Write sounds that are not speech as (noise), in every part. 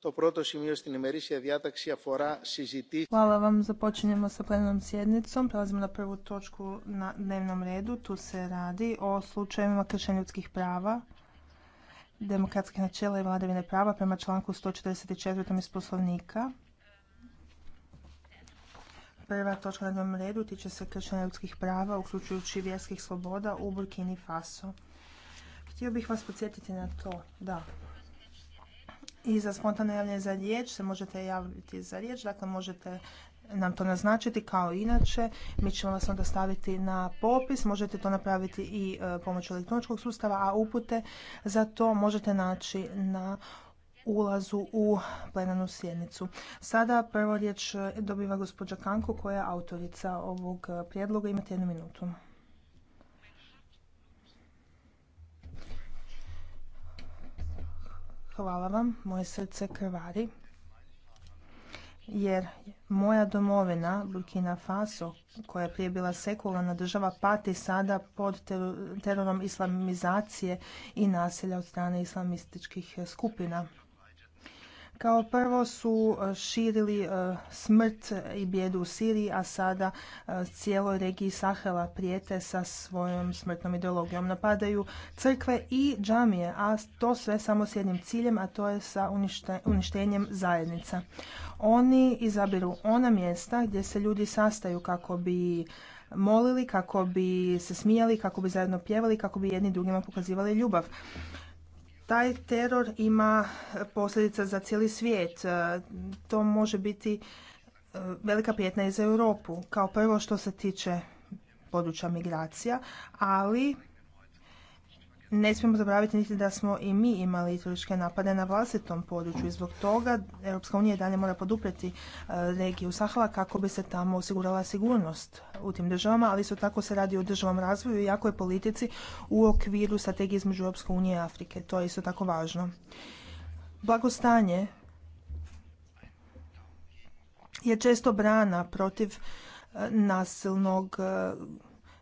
To proto Hvala vam, započinjemo sa plenarnom sjednicom. Prelazimo na prvu točku na dnevnom redu. Tu se radi o slučajevima kršenja ljudskih prava, demokratskih načela i vladavine prava prema članku 144. iz poslovnika. Prva točka na dnevnom redu tiče se kršenja ljudskih prava, uključujući vjerskih sloboda u Burkini Faso. Htio bih vas podsjetiti na to da i za spontano javljanje za riječ se možete javiti za riječ, dakle možete nam to naznačiti kao inače. Mi ćemo vas onda staviti na popis, možete to napraviti i e, pomoću elektroničkog sustava, a upute za to možete naći na ulazu u plenarnu sjednicu. Sada prvo riječ dobiva gospođa Kanko koja je autorica ovog e, prijedloga. Imate jednu minutu. Hvala vam, moje srce krvari. Jer moja domovina, Burkina Faso, koja je prije bila sekularna država, pati sada pod terorom islamizacije i nasilja od strane islamističkih skupina. Kao prvo su e, širili e, smrt i bjedu u Siriji, a sada e, cijeloj regiji Sahela prijete sa svojom smrtnom ideologijom. Napadaju crkve i džamije, a to sve samo s jednim ciljem, a to je sa uništenjem zajednica. Oni izabiru ona mjesta gdje se ljudi sastaju kako bi molili, kako bi se smijali, kako bi zajedno pjevali, kako bi jedni drugima pokazivali ljubav. Taj teror ima e, posljedica za cijeli svijet. E, to može biti e, velika prijetnja i za Europu, kao prvo što se tiče područja migracija, ali ne smijemo zaboraviti niti da smo i mi imali turističke napade na vlastitom području i zbog toga Europska unija dalje mora poduprijeti e, regiju Sahala kako bi se tamo osigurala sigurnost u tim državama, ali isto tako se radi o državom razvoju i jakoj politici u okviru strategije između Europske unije i Afrike. To je isto tako važno. Blagostanje je često brana protiv e, nasilnog e,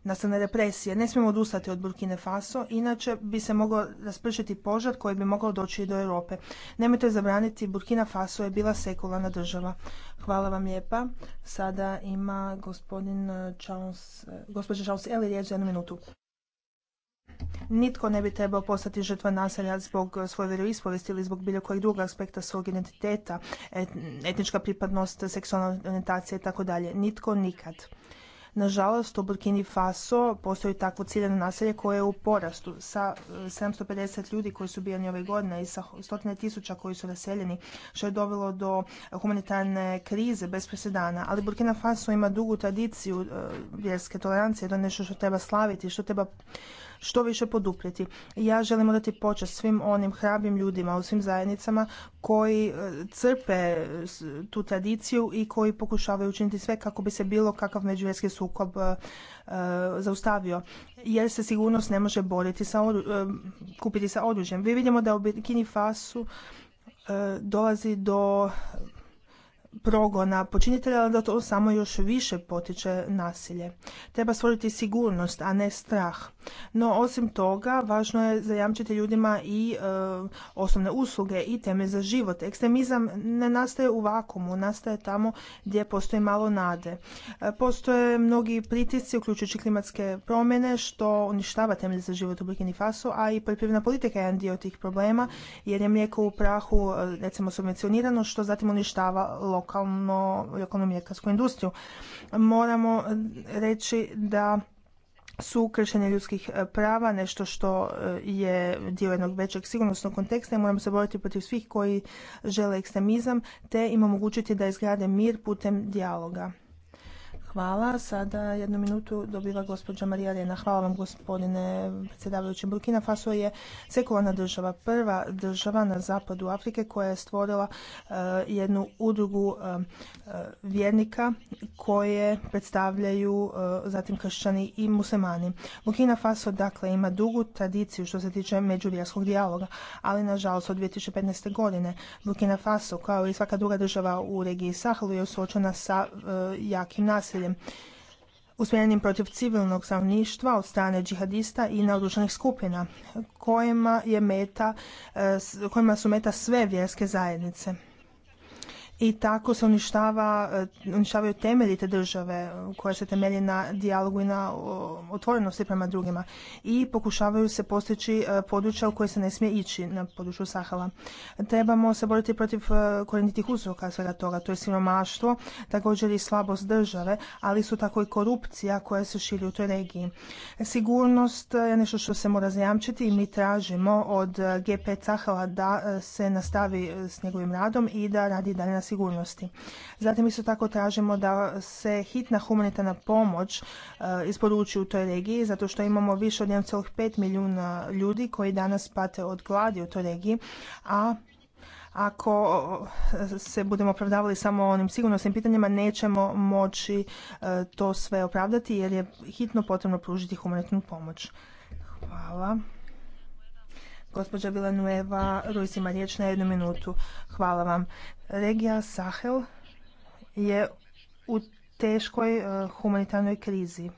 nastane represije. Ne smijemo odustati od Burkine Faso, inače bi se mogao raspršiti požar koji bi mogao doći do Europe. Nemojte zabraniti, Burkina Faso je bila sekularna država. Hvala vam lijepa. Sada ima gospodin eh, Charles, eh, gospođa Charles Eli riječ za jednu minutu. Nitko ne bi trebao postati žrtva nasilja zbog eh, svoje vjeroispovesti ili zbog bilo kojeg drugog aspekta svog identiteta, etnička pripadnost, seksualna orientacija i tako dalje. Nitko nikad. Nažalost, u Burkini Faso postoji takvo ciljeno naselje koje je u porastu. Sa 750 e, ljudi koji su bijeni ove godine i sa stotine tisuća koji su raseljeni, što je dovelo do humanitarne krize bez presedana. Ali Burkina Faso ima dugu tradiciju e, vjerske tolerancije, to je nešto što treba slaviti, što treba što više poduprijeti. Ja želim odati počast svim onim hrabim ljudima u svim zajednicama koji e, crpe tu tradiciju i koji pokušavaju učiniti sve kako bi se bilo kakav međuvjerski sukob e, e, zaustavio. Jer se sigurnost ne može boriti sa kupiti sa oružjem. Vi vidimo da u Bikini Fasu dolazi do progona počinitelja, ali da to samo još više potiče nasilje. Treba stvoriti sigurnost, a ne strah. No, osim toga, važno je zajamčiti ljudima i e, osnovne usluge i teme za život. Ekstremizam ne nastaje u vakumu, nastaje tamo gdje postoji malo nade. E, postoje mnogi pritisci, uključujući klimatske promjene, što uništava temelje za život u Burkini Faso, a i poljoprivredna politika je jedan dio tih problema, jer je mlijeko u prahu, e, recimo, subvencionirano, što zatim uništava lokalno, lokalnu industriju. Moramo reći da su kršenje ljudskih e, prava nešto što e, je dio jednog većeg sigurnosnog konteksta i moramo se boriti protiv svih koji žele ekstremizam te im omogućiti da izgrade mir putem dijaloga. Hvala. Sada jednu minutu dobiva gospođa Marija Rena. Hvala vam gospodine predsjedavajući. Burkina Faso je sekularna država, prva država na zapadu Afrike koja je stvorila e, jednu udrugu e, e, vjernika koje predstavljaju zatim kršćani i muslimani. Burkina Faso dakle ima dugu tradiciju što se tiče međuvjerskog dijaloga, ali nažalost od 2015. godine Burkina Faso kao i svaka druga država u regiji Sahalu, je suočena sa jakim nasiljem dalje usmjerenim protiv civilnog stanovništva od strane džihadista i naoružanih skupina kojima, je e, kojima su meta sve vjerske zajednice i tako se uništava, e, uništavaju temelji te države e, koja se temelji na dijalogu i na otvorenosti prema drugima i pokušavaju se postići e, područja u koje se ne smije ići na području Sahala. Trebamo se boriti protiv korenitih uzroka svega toga, to je siromaštvo, također i slabost države, ali su tako i korupcija koja se širi u toj regiji. Sigurnost je nešto što se mora zajamčiti i mi tražimo od GP Sahala da se nastavi s njegovim radom i da radi dalje na sigurnosti. Zatim isto tako tražimo da se hitna humanitarna pomoć e, isporuči u toj regiji zato što imamo više od 1,5 milijuna ljudi koji danas pate od gladi u toj regiji, a ako se budemo opravdavali samo onim sigurnosnim pitanjima nećemo moći e, to sve opravdati jer je hitno potrebno pružiti humanitarnu pomoć. Hvala. Gospođa Villanueva, Ruiz ima riječ na jednu minutu. Hvala vam. Regija Sahel je u teškoj e, humanitarnoj krizi.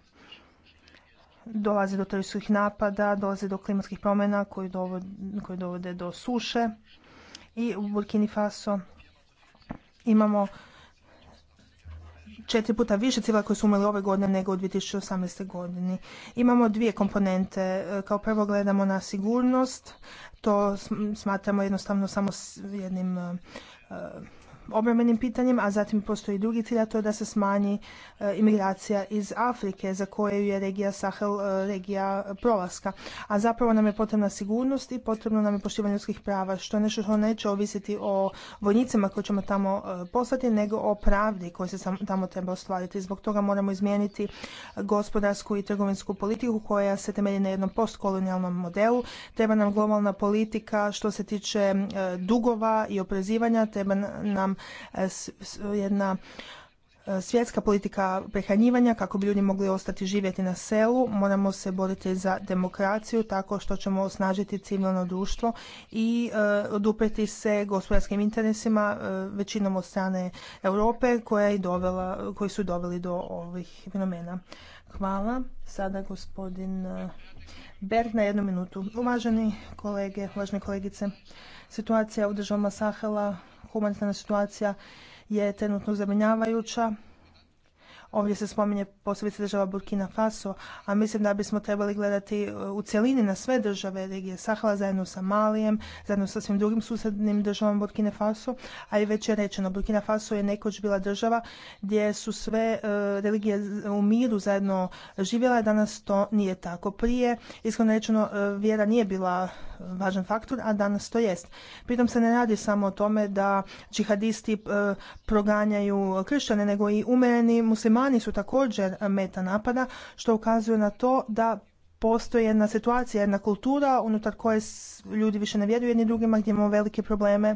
Dolazi do terorističkih napada, dolazi do klimatskih promjena koji dovode, koji dovode do suše i u Burkini Faso imamo četiri puta više civila koje su umrli ove godine nego u 2018. godini. Imamo dvije komponente. E, kao prvo gledamo na sigurnost. To smatramo jednostavno samo jednim e, e, obrambenim pitanjem, a zatim postoji drugi cilj, a to je da se smanji e, imigracija iz Afrike za koju je regija Sahel e, regija prolaska. A zapravo nam je potrebna sigurnost i potrebno nam je poštivanje ljudskih prava, što je nešto što neće ovisiti o vojnicima koje ćemo tamo e, poslati, nego o pravdi koje se tamo treba ostvariti. Zbog toga moramo izmijeniti gospodarsku i trgovinsku politiku koja se temelji na jednom postkolonijalnom modelu. Treba nam globalna politika što se tiče dugova i oprezivanja, treba nam E, jedna e, svjetska politika prehranjivanja kako bi ljudi mogli ostati živjeti na selu. Moramo se boriti za demokraciju tako što ćemo osnažiti civilno društvo i e, odupreti se gospodarskim interesima većinom od strane Europe koja koji su doveli do ovih fenomena. Hvala. Sada gospodin Berg na jednu minutu. Uvaženi kolege, uvažene kolegice, situacija u državama Sahela humanitarna situacija je trenutno zabrinjavajuća. Ovdje se spominje posebice država Burkina Faso, a mislim da bismo trebali gledati e, u cjelini na sve države regije Sahala zajedno sa Malijem, zajedno sa svim drugim susjednim državama Burkina Faso, a i već je rečeno Burkina Faso je nekoć bila država gdje su sve e, religije u miru zajedno živjela, danas to nije tako. Prije, iskreno rečeno, e, vjera nije bila važan faktor, a danas to jest. Pritom se ne radi samo o tome da džihadisti e, proganjaju kršćane, nego i umereni muslimani su također meta napada, što ukazuje na to da postoji jedna situacija, jedna kultura unutar koje ljudi više ne vjeruju jedni drugima, gdje imamo velike probleme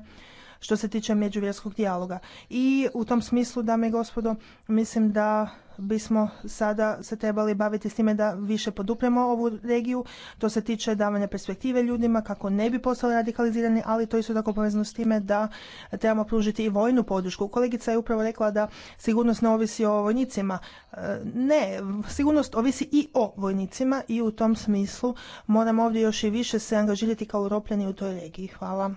što se tiče međuvjerskog dijaloga. I u tom smislu, dame i gospodo, mislim da bismo sada se trebali baviti s time da više podupremo ovu regiju. To se tiče davanja perspektive ljudima kako ne bi postali radikalizirani, ali to isto tako povezano s time da trebamo pružiti i vojnu podršku. Kolegica je upravo rekla da sigurnost ne ovisi o vojnicima. E, ne, sigurnost ovisi i o vojnicima i u tom smislu moramo ovdje još i više se angažirati kao uropljeni u toj regiji. Hvala.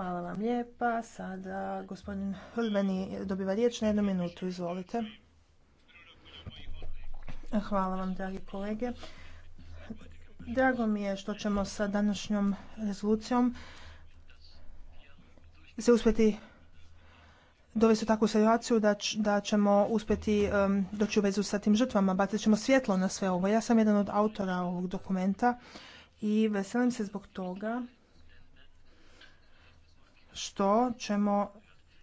Hvala vam lijepa. Sada gospodin Hulmeni dobiva riječ na jednu minutu. Izvolite. Hvala vam, dragi kolege. Drago mi je što ćemo sa današnjom rezolucijom se uspjeti dovesti u takvu situaciju da, da ćemo uspjeti doći u vezu sa tim žrtvama, bacit ćemo svjetlo na sve ovo. Ja sam jedan od autora ovog dokumenta i veselim se zbog toga što ćemo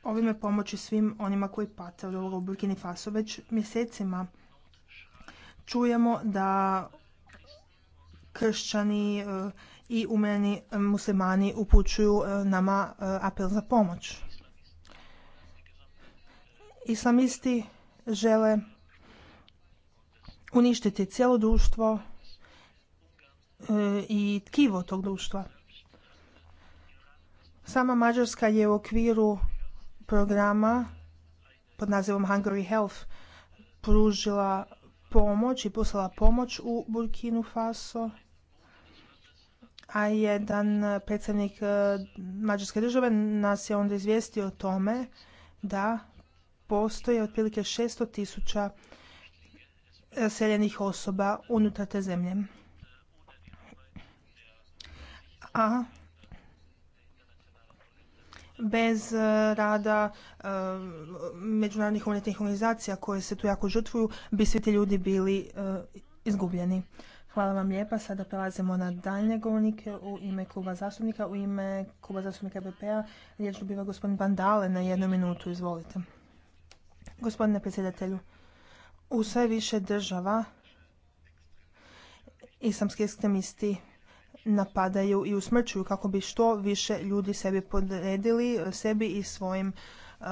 ovime pomoći svim onima koji pate od u Burkini Faso. Već mjesecima čujemo da kršćani e, i umeni e, muslimani upućuju e, nama apel za pomoć. Islamisti žele uništiti cijelo društvo i tkivo tog društva. Sama Mađarska je u okviru programa pod nazivom Hungary Health pružila pomoć i poslala pomoć u Burkinu Faso, a jedan predsjednik e, Mađarske države nas je onda izvijestio o tome da postoje otprilike 600 tisuća seljenih osoba unutar te zemlje. A bez e, rada e, međunarodnih humanitarnih organizacija koje se tu jako žrtvuju bi svi ti ljudi bili e, izgubljeni. Hvala vam lijepa. Sada prelazimo na daljnje govornike u ime kluba zastupnika. U ime kluba zastupnika BPA riječ dobiva gospodin Bandale na jednu minutu. Izvolite. Gospodine predsjedatelju, u sve više država islamski ekstremisti napadaju i usmrćuju kako bi što više ljudi sebi podredili, sebi i svojim um,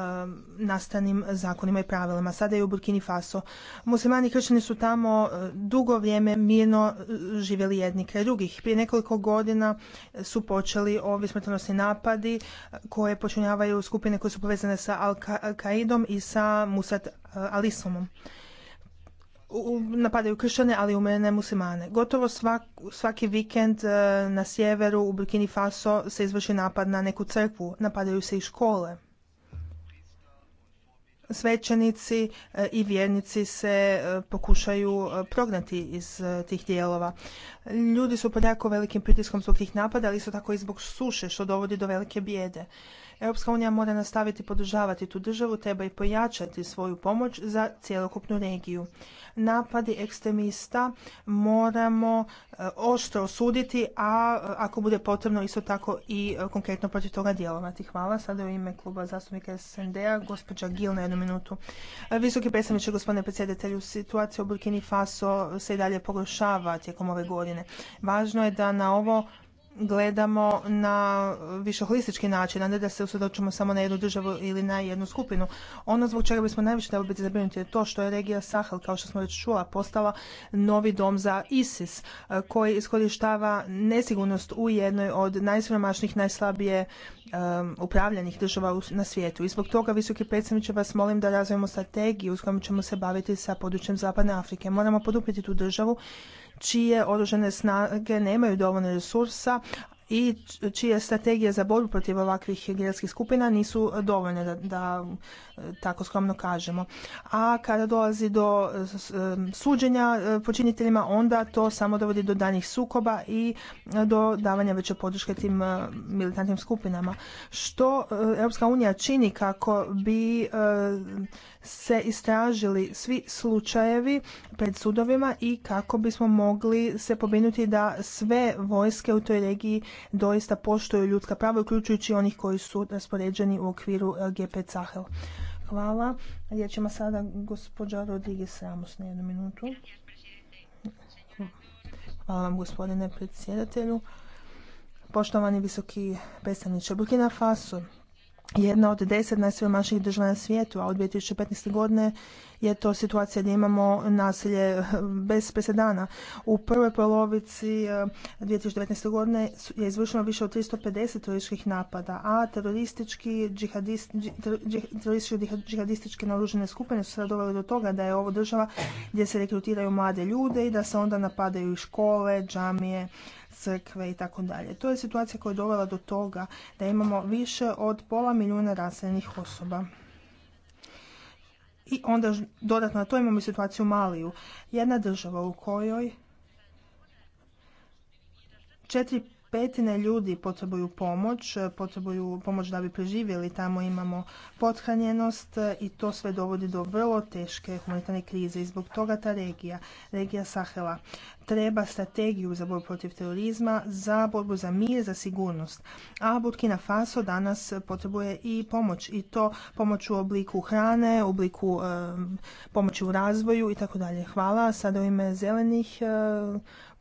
nastanim zakonima i pravilima. Sada je u Burkini Faso. Muslimani i kršćani su tamo uh, dugo vrijeme mirno uh, živjeli jedni kraj drugih. Prije nekoliko godina su počeli ovi smrtonosni napadi uh, koje počinjavaju skupine koje su povezane sa Al-Qaidom i sa Musat Alisomom napadaju kršćane, ali u mene muslimane. Gotovo svaki vikend e, na sjeveru u Burkini Faso se izvrši napad na neku crkvu. Napadaju se i škole. Svećenici e, i vjernici se e, pokušaju prognati iz tih dijelova. Ljudi su pod jako velikim pritiskom zbog tih napada, ali isto tako i zbog suše, što dovodi do velike bijede. Europska unija mora nastaviti podržavati tu državu, treba i pojačati svoju pomoć za cjelokupnu regiju. Napadi ekstremista moramo e, oštro osuditi, a ako bude potrebno isto tako i e, konkretno protiv toga djelovati. Hvala. Sada u ime kluba zastupnika SND-a gospođa Gil na jednu minutu. E, visoki predstavniče, gospodine predsjedatelju, situacija u Burkini Faso se i dalje pogoršava tijekom ove godine. Važno je da na ovo gledamo na više način, a ne da se usredočimo samo na jednu državu ili na jednu skupinu. Ono zbog čega bismo najviše trebali biti zabrinuti je to što je regija Sahel, kao što smo već čula, postala novi dom za ISIS, eh, koji iskorištava nesigurnost u jednoj od najsiromašnijih, najslabije upravljenih upravljanih država na svijetu. I zbog toga, visoki predstavniče, vas molim da razvijemo strategiju s kojom ćemo se baviti sa područjem Zapadne Afrike. Moramo poduprijeti tu državu čije oružane snage nemaju dovoljno resursa i čije strategije za borbu protiv ovakvih gerilskih skupina nisu dovoljne, da, da tako skromno kažemo. A kada dolazi do suđenja e, počiniteljima, onda to samo dovodi do danjih sukoba i e, do davanja veće podrške tim e, militantnim skupinama. Što Europska unija čini kako bi se istražili svi slučajevi pred sudovima i kako bismo mogli se pobinuti da sve vojske u toj regiji doista poštuju ljudska prava, uključujući onih koji su raspoređeni u okviru eh, GP Sahel. Hvala. Riječ ima sada gospođa Rodriguez Ramos na jednu minutu. Hvala vam gospodine predsjedatelju. Poštovani visoki predstavniče Burkina Faso jedna od deset najsiromašnijih država na svijetu, a od 2015. godine je to situacija gdje imamo nasilje eh, bez presedana. U prvoj polovici 2019. Eh, godine je izvršeno više od 350 terorističkih napada, a teroristički džihadist, teroristički džihadističke naoružene skupine su sada do toga da je ovo država gdje se rekrutiraju mlade ljude i da se onda napadaju i škole, džamije, crkve i tako dalje. To je situacija koja je dovela do toga da imamo više od pola milijuna raseljenih osoba. I onda dodatno na to imamo situaciju Maliju. Jedna država u kojoj četiri petine ljudi potrebuju pomoć, e, potrebuju pomoć da bi preživjeli. Tamo imamo pothranjenost e, i to sve dovodi do vrlo teške humanitarne krize. I zbog toga ta regija, regija Sahela, treba strategiju za borbu protiv terorizma, za borbu za mir, za sigurnost. A Burkina Faso danas potrebuje i pomoć i to pomoć u obliku hrane, u obliku e, pomoći u razvoju i tako dalje. Hvala. Sada u ime zelenih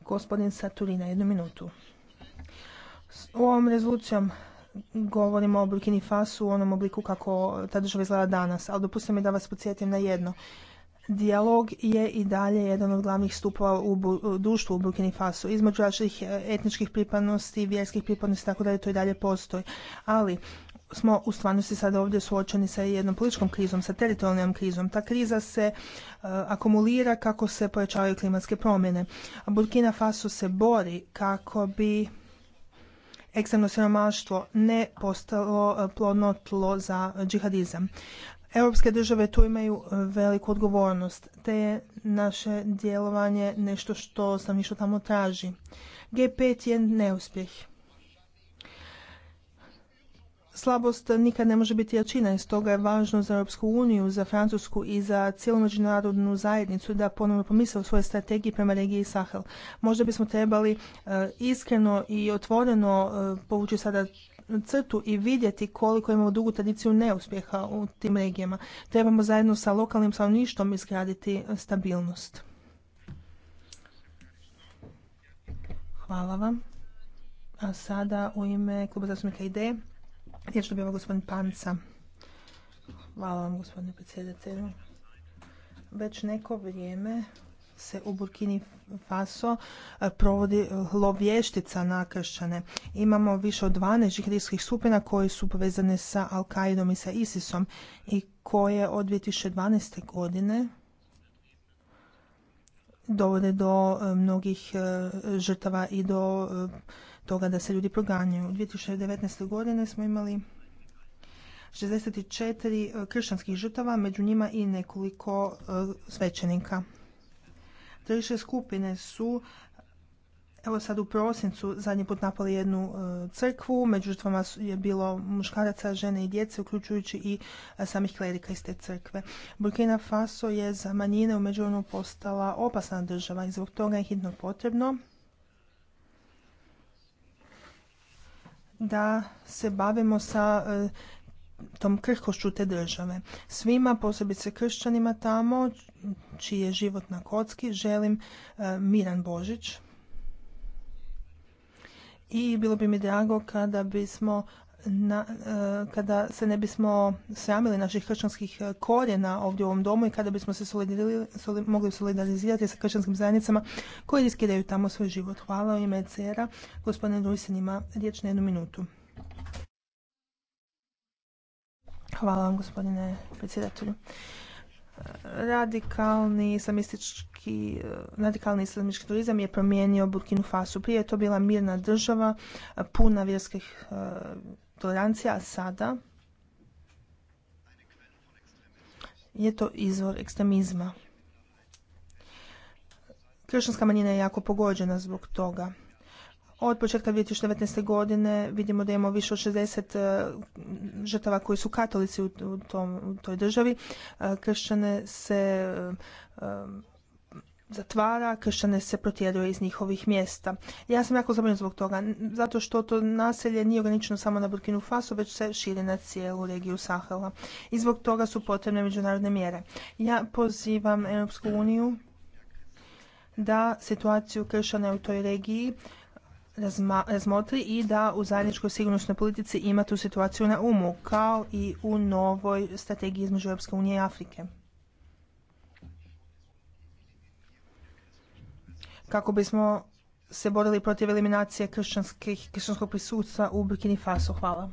gospodin Saturina, jednu minutu. U ovom rezolucijom govorimo o Burkini Fasu u onom obliku kako ta država izgleda danas, ali dopustite mi da vas podsjetim na jedno. Dijalog je i dalje jedan od glavnih stupova u u Burkini Fasu. Između različitih e, etničkih pripadnosti, vjerskih pripadnosti, tako da je to i dalje postoji. Ali smo u stvarnosti sada ovdje suočeni sa jednom političkom krizom, sa teritorijalnom krizom. Ta kriza se e, akumulira kako se pojačavaju klimatske promjene. A Burkina Faso se bori kako bi ekstremno siromaštvo ne postalo e, plodno tlo za džihadizam. Europske države tu imaju e, veliku odgovornost, te je naše djelovanje nešto što sam ništa tamo traži. G5 je neuspjeh slabost nikad ne može biti jačina i stoga je važno za Europsku uniju, za Francusku i za cijelu međunarodnu zajednicu da ponovno pomisle o svojoj strategiji prema regiji Sahel. Možda bismo trebali e, iskreno i otvoreno e, povući sada crtu i vidjeti koliko imamo dugu tradiciju neuspjeha u tim regijama. Trebamo zajedno sa lokalnim stanovništvom izgraditi stabilnost. Hvala vam. A sada u ime Kluba zastupnika IDE Riječ dobiva gospodin Panca. Hvala vam gospodine predsjedatelju. Već neko vrijeme se u Burkini Faso eh, provodi eh, lovještica na kršćane. Imamo više od 12 žihadijskih skupina koje su povezane sa Al-Qaidom i sa ISISom i koje od 2012. godine dovode do eh, mnogih žrtava i do toga da se ljudi proganjaju. U 2019. godine smo imali 64 e, kršćanskih žrtava, među njima i nekoliko e, svećenika. Treće skupine su Evo sad u prosincu zadnji put napali jednu e, crkvu, među žrtvama je bilo muškaraca, žene i djece, uključujući i samih klerika iz te crkve. Burkina Faso je za manjine u međuvremenu postala opasna država i zbog toga je hitno potrebno da se bavimo sa e, tom krhkošću te države. Svima, posebice kršćanima tamo, čiji je život na kocki, želim e, miran Božić. I bilo bi mi drago kada bismo na, e, kada se ne bismo sramili naših kršćanskih e, korijena ovdje u ovom domu i kada bismo se mogli solidarizirati sa kršćanskim zajednicama koji riskiraju tamo svoj život. Hvala u ime cera a Gospodin Rusin ima riječ na jednu minutu. Hvala vam gospodine predsjedatelju. Radikalni islamistički, e, radikalni islamistički turizam je promijenio Burkinu Fasu. Prije je to bila mirna država, puna vjerskih tolerancija, sada je to izvor ekstremizma. Kršćanska manjina je jako pogođena zbog toga. Od početka 2019. godine vidimo da imamo više od 60 e, žrtava koji su katolici u, tom, u toj državi. E, kršćane se e, zatvara, kršćane se protjeruje iz njihovih mjesta. Ja sam jako zabrinut zbog toga, zato što to naselje nije ograničeno samo na Burkinu Faso, već se širi na cijelu regiju Sahela. I zbog toga su potrebne međunarodne mjere. Ja pozivam Europsku uniju da situaciju kršćane u toj regiji razmotri i da u zajedničkoj sigurnosnoj politici ima tu situaciju na umu, kao i u novoj strategiji između Europske unije i Afrike. kako bismo se borili protiv eliminacije kršćanskog prisutstva u Burkini Faso. Hvala.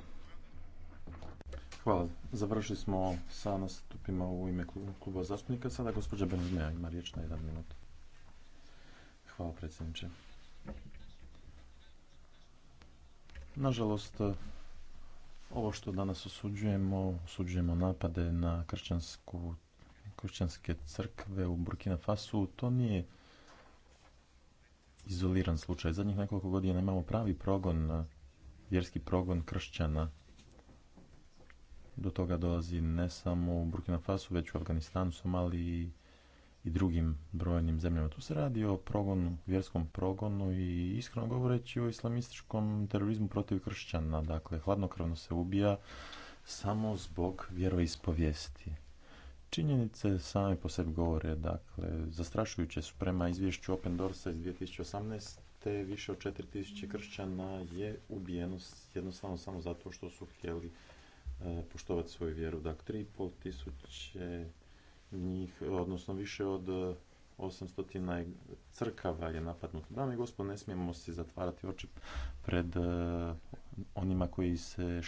Hvala. Završili smo sa nastupima u ime kluba zastupnika. Sada gospođa Benuzmeja ima riječ na jedan minut. Hvala predsjedniče. Nažalost, ovo što danas osuđujemo, osuđujemo napade na kršćansku, kršćanske crkve u Burkina Fasu, to nije izoliran slučaj. Zadnjih nekoliko godina imamo pravi progon, vjerski progon kršćana. Do toga dolazi ne samo u Burkina Fasu, već u Afganistanu, Somaliji i drugim brojnim zemljama. Tu se radi o progonu, vjerskom progonu i iskreno govoreći o islamističkom terorizmu protiv kršćana. Dakle, hladnokrvno se ubija samo zbog vjeroispovijesti. Činjenice same po sebi govore, dakle, zastrašujuće su prema izvješću Open Doorsa iz 2018. Te više od 4000 kršćana je ubijeno jednostavno samo zato što su htjeli e, poštovati svoju vjeru. Dakle, 3500 njih, odnosno više od 800 crkava je napadnuto. Dame i gospod, ne smijemo se zatvarati oči pred e, onima koji, se,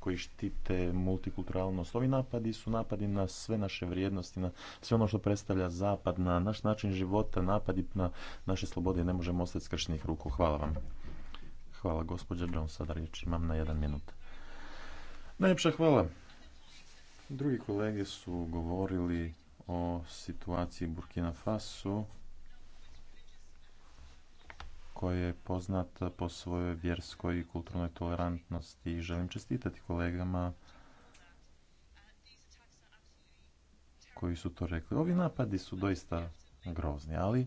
koji štite multikulturalnost. Ovi napadi su napadi na sve naše vrijednosti, na sve ono što predstavlja zapad, na naš način života, napadi na naše slobode. Ne možemo ostati skršnih ruku. Hvala vam. Hvala, gospođa Jones. imam na jedan minut. Najljepša hvala. Drugi kolege su govorili o situaciji Burkina Faso koja je poznata po svojoj vjerskoj i kulturnoj tolerantnosti. Želim čestitati kolegama koji su to rekli. Ovi napadi su doista grozni, ali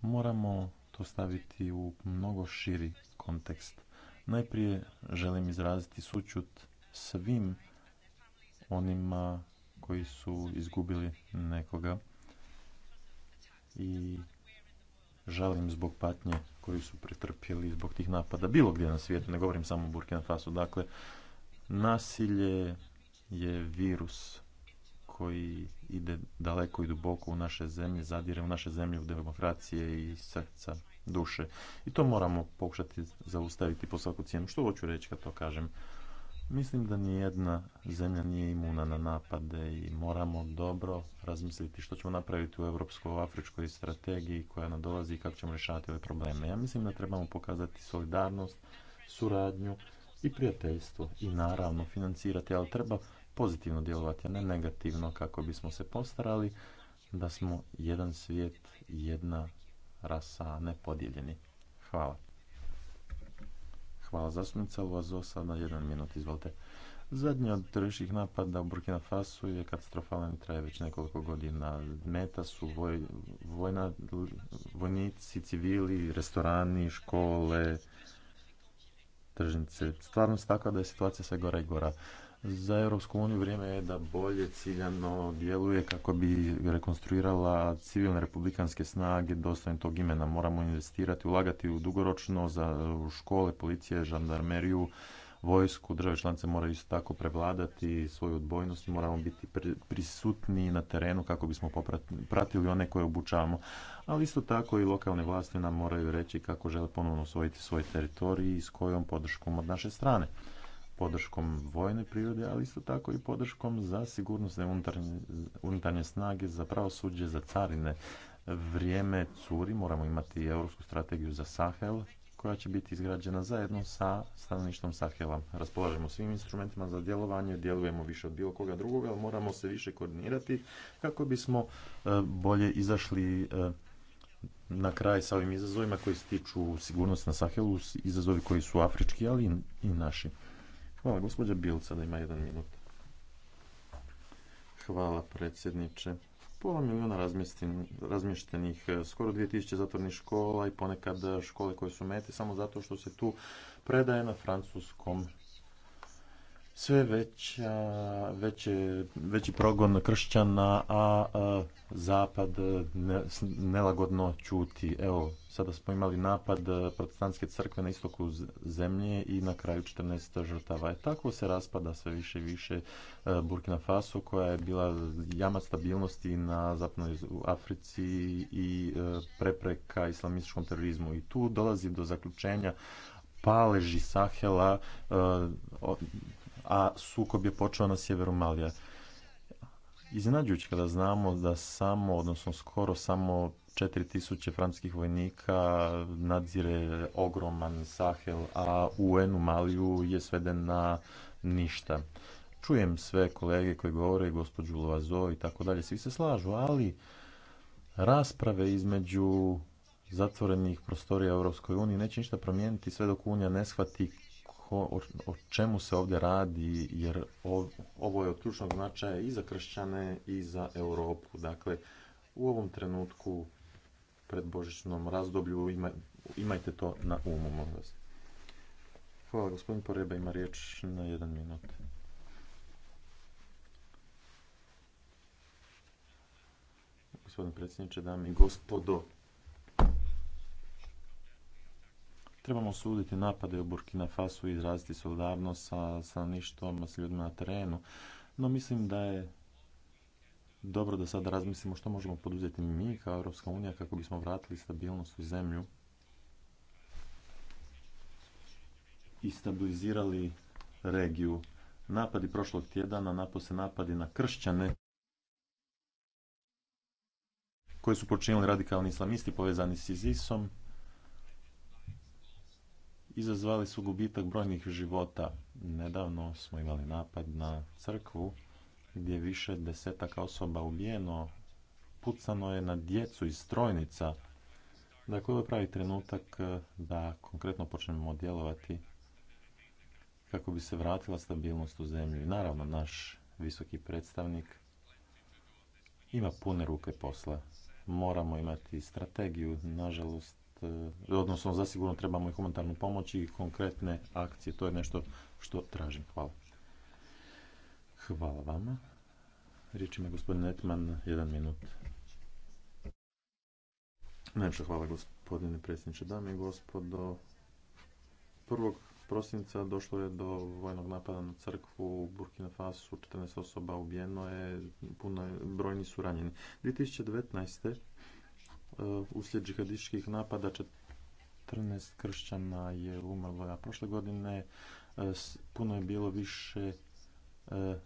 moramo to staviti u mnogo širi kontekst. Najprije želim izraziti sućut svim onima koji su izgubili nekoga i žalim zbog patnje koju su pretrpjeli zbog tih napada bilo gdje na svijetu, ne govorim samo o Burkina Faso. Dakle, nasilje je virus koji ide daleko i duboko u naše zemlje, zadire u naše zemlje, u demokracije i srca, duše. I to moramo pokušati zaustaviti po svaku cijenu. Što hoću reći kad to kažem? Mislim da nijedna zemlja nije imuna na napade i moramo dobro razmisliti što ćemo napraviti u europsko-afričkoj strategiji koja nam dolazi i kako ćemo rješavati ove probleme. Ja mislim da trebamo pokazati solidarnost, suradnju i prijateljstvo i naravno financirati, ali treba pozitivno djelovati, a ne negativno kako bismo se postarali da smo jedan svijet, jedna rasa, nepodijeljeni. Hvala. Hvala zastupnica u na jedan minut, izvolite. Zadnji od terorističkih napada u Burkina Fasu je katastrofalan i traje već nekoliko godina. Meta su vojna, vojnici, civili, restorani, škole, tržnice. Stvarno se tako da je situacija sve gora i gora za Europsku uniju vrijeme je da bolje ciljano djeluje kako bi rekonstruirala civilne republikanske snage dostojne tog imena. Moramo investirati, ulagati u dugoročno za škole, policije, žandarmeriju, vojsku. Države članice moraju isto tako prevladati svoju odbojnost i moramo biti prisutni na terenu kako bismo pratili one koje obučavamo. Ali isto tako i lokalne vlasti nam moraju reći kako žele ponovno osvojiti svoj teritorij i s kojom podrškom od naše strane podrškom vojne prirode, ali isto tako i podrškom za sigurnosne unutarnje, snage, za pravosuđe, za carine. Vrijeme curi, moramo imati europsku strategiju za Sahel, koja će biti izgrađena zajedno sa stanovništvom Sahela. Raspolažemo svim instrumentima za djelovanje, djelujemo više od bilo koga drugoga, ali moramo se više koordinirati kako bismo e, bolje izašli e, na kraj sa ovim izazovima koji se tiču sigurnosti na Sahelu, izazovi koji su afrički, ali i naši. Hvala, gospođa Bilca, da ima jedan minut. Hvala, predsjedniče. Pola milijuna razmještenih, e, skoro 2000 zatvornih škola i ponekad škole koje su mete samo zato što se tu predaje na francuskom sve veća, veće, veći progon kršćana, a, a zapad ne, nelagodno čuti. Evo, sada smo imali napad protestantske crkve na istoku zemlje i na kraju 14 žrtava. je tako se raspada sve više i više e, Burkina Faso koja je bila jama stabilnosti na zapadnoj Africi i e, prepreka islamističkom terorizmu. I tu dolazi do zaključenja paleži Sahela e, a sukob je počeo na sjeveru Malija. Iznenađujući kada znamo da samo, odnosno skoro samo 4000 francuskih vojnika nadzire ogroman Sahel, a UN u Maliju je sveden na ništa. Čujem sve kolege koji govore, gospođu Lovazo i tako dalje, svi se slažu, ali rasprave između zatvorenih prostorija Europskoj uniji neće ništa promijeniti sve dok Unija ne shvati o, o čemu se ovdje radi, jer ovo je od ključnog značaja i za kršćane i za Europu. Dakle, u ovom trenutku pred božićnom razdoblju imajte to na umu, molim vas. Hvala, gospodin Poreba ima riječ na jedan minut. Gospodin predsjedniče, dame i gospodo, Trebamo suditi napade u Burkina Fasu i izraziti solidarnost sa stanovništvom, s ljudima na terenu. No mislim da je dobro da sada razmislimo što možemo poduzeti mi kao Europska unija kako bismo vratili stabilnost u zemlju i stabilizirali regiju. Napadi prošlog tjedana, napose napadi na kršćane koje su počinili radikalni islamisti povezani s ISIS-om izazvali su gubitak brojnih života. Nedavno smo imali napad na crkvu gdje više desetak osoba ubijeno. Pucano je na djecu iz strojnica. Dakle, ovo je pravi trenutak eh, da konkretno počnemo djelovati kako bi se vratila stabilnost u zemlju. I naravno, naš visoki predstavnik ima pune ruke posla. Moramo imati strategiju. Nažalost, E, odnosno zasigurno trebamo i humanitarnu pomoć i konkretne akcije. To je nešto što tražim. Hvala. Hvala vama. Riječ ima gospodin Etman, jedan minut. Najpša hvala gospodine predsjedniče, dame i gospodo. prvog prosinca došlo je do vojnog napada na crkvu u Burkina Fasu, 14 osoba ubijeno je, puno, brojni su ranjeni. 2019. Uh, uslijed džihadističkih napada 14 kršćana je umrlo, a prošle godine uh, puno je bilo više uh,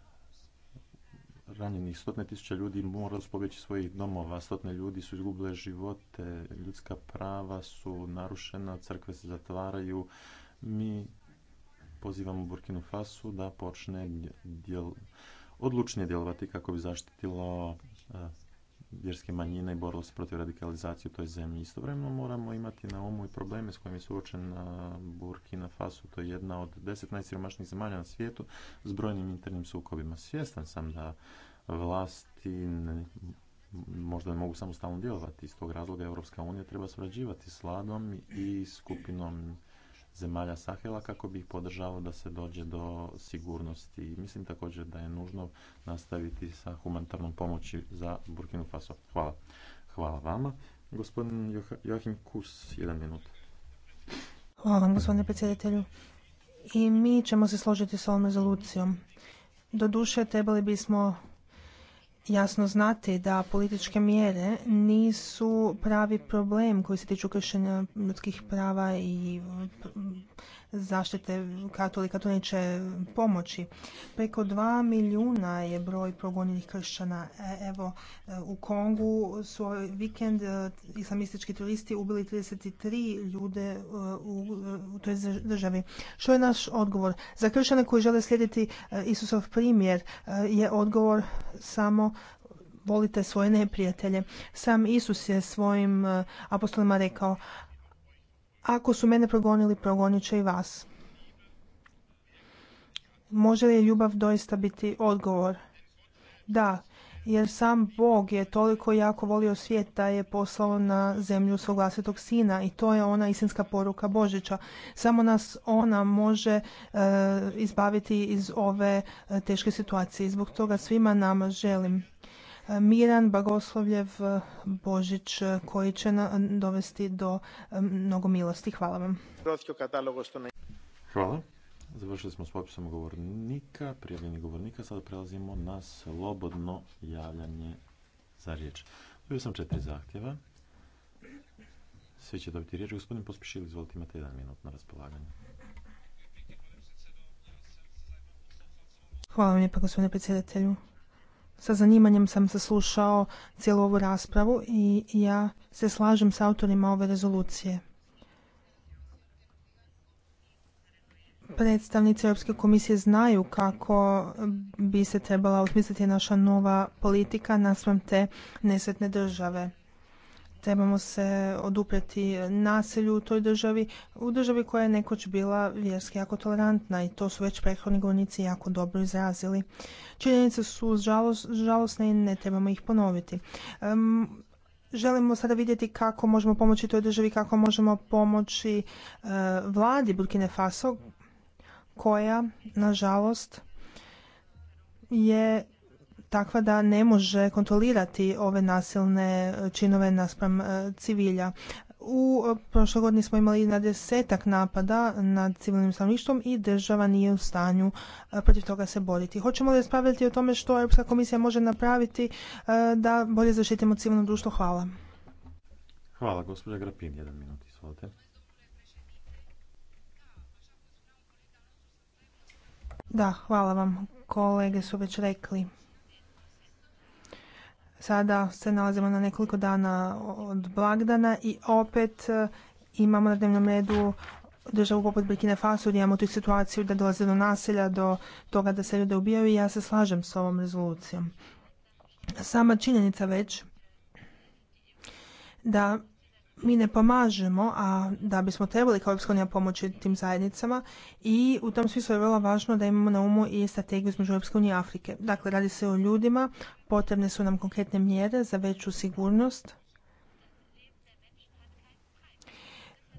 ranjenih, stotne tisuća ljudi morali su pobjeći svojih domova, stotne ljudi su izgubile živote, ljudska prava su narušena, crkve se zatvaraju. Mi pozivamo Burkinu Fasu da počne odlučnije djelovati kako bi zaštitilo vjerske manjine i borilo se protiv radikalizacije u toj zemlji. Istovremeno moramo imati na umu i probleme s kojima je suočena Burkina Faso. To je jedna od deset najsiromašnijih zemalja na svijetu s brojnim internim sukobima. Svjestan sam da vlasti možda ne mogu samostalno djelovati. Iz tog razloga Europska unija treba surađivati s Ladom i skupinom zemalja Sahela kako bi ih podržao da se dođe do sigurnosti. Mislim također da je nužno nastaviti sa humanitarnom pomoći za Burkinu Faso. Hvala. Hvala vama. Gospodin Joachim Kus, jedan minut. Hvala vam, gospodine predsjedatelju. I mi ćemo se složiti s ovom rezolucijom. Doduše, trebali bismo jasno znati da političke mjere nisu pravi problem koji se tiču kršenja ljudskih prava i zaštite katolika, to neće pomoći. Preko 2 milijuna je broj progonjenih kršćana. E, evo, e, u Kongu su ovaj vikend e, islamistički turisti ubili 33 ljude u, u toj državi. Što je naš odgovor? Za kršćane koji žele slijediti Isusov primjer je odgovor samo volite svoje neprijatelje. Sam Isus je svojim apostolima rekao ako su mene progonili, progonit će i vas. Može li ljubav doista biti odgovor? Da, jer sam Bog je toliko jako volio svijet da je poslao na zemlju svog vlastitog sina i to je ona istinska poruka Božića. Samo nas ona može e, izbaviti iz ove e, teške situacije. Zbog toga svima nama želim miran Bagoslovljev eh, Božić eh, koji će dovesti do eh, mnogo milosti. Hvala vam. Hvala. Završili smo s popisom govornika, prijavljenih govornika. Sada prelazimo na slobodno javljanje za riječ. Dobio sam četiri zahtjeva. Svi će dobiti riječ. Gospodin Pospišil, izvolite, imate jedan minut na raspolaganje. Hvala vam lijepa, gospodine predsjedatelju sa zanimanjem sam saslušao cijelu ovu raspravu i ja se slažem s autorima ove rezolucije. Predstavnici Europske komisije znaju kako bi se trebala osmisliti naša nova politika naspram te nesretne države trebamo se oduprijeti nasilju u toj državi, u državi koja je nekoć bila vjerski jako tolerantna i to su već prethodni govornici jako dobro izrazili. Činjenice su žalos, žalosne i ne trebamo ih ponoviti. Um, želimo sada vidjeti kako možemo pomoći toj državi, kako možemo pomoći e, vladi Burkine Faso koja, nažalost, je takva da ne može kontrolirati ove nasilne e, činove naspram e, civilja. U e, prošloj godini smo imali na desetak napada nad civilnim stanovništvom i država nije u stanju protiv toga se boriti. Hoćemo li raspravljati o tome što Europska komisija može napraviti da bolje zaštitimo civilno društvo? Hvala. Hvala, gospođa Grapin, jedan minut, izvolite. Da, hvala vam. Kolege su već rekli Sada se nalazimo na nekoliko dana od blagdana i opet e, imamo na dnevnom redu državu poput Bekine Faso gdje imamo tu situaciju da dolaze do nasilja, do toga da se ljude ubijaju i ja se slažem s ovom rezolucijom. Sama činjenica već da mi ne pomažemo, a da bismo trebali kao Europska pomoći tim zajednicama i u tom smislu je vrlo važno da imamo na umu i strategiju između Europske unije i Afrike. Dakle, radi se o ljudima, potrebne su nam konkretne mjere za veću sigurnost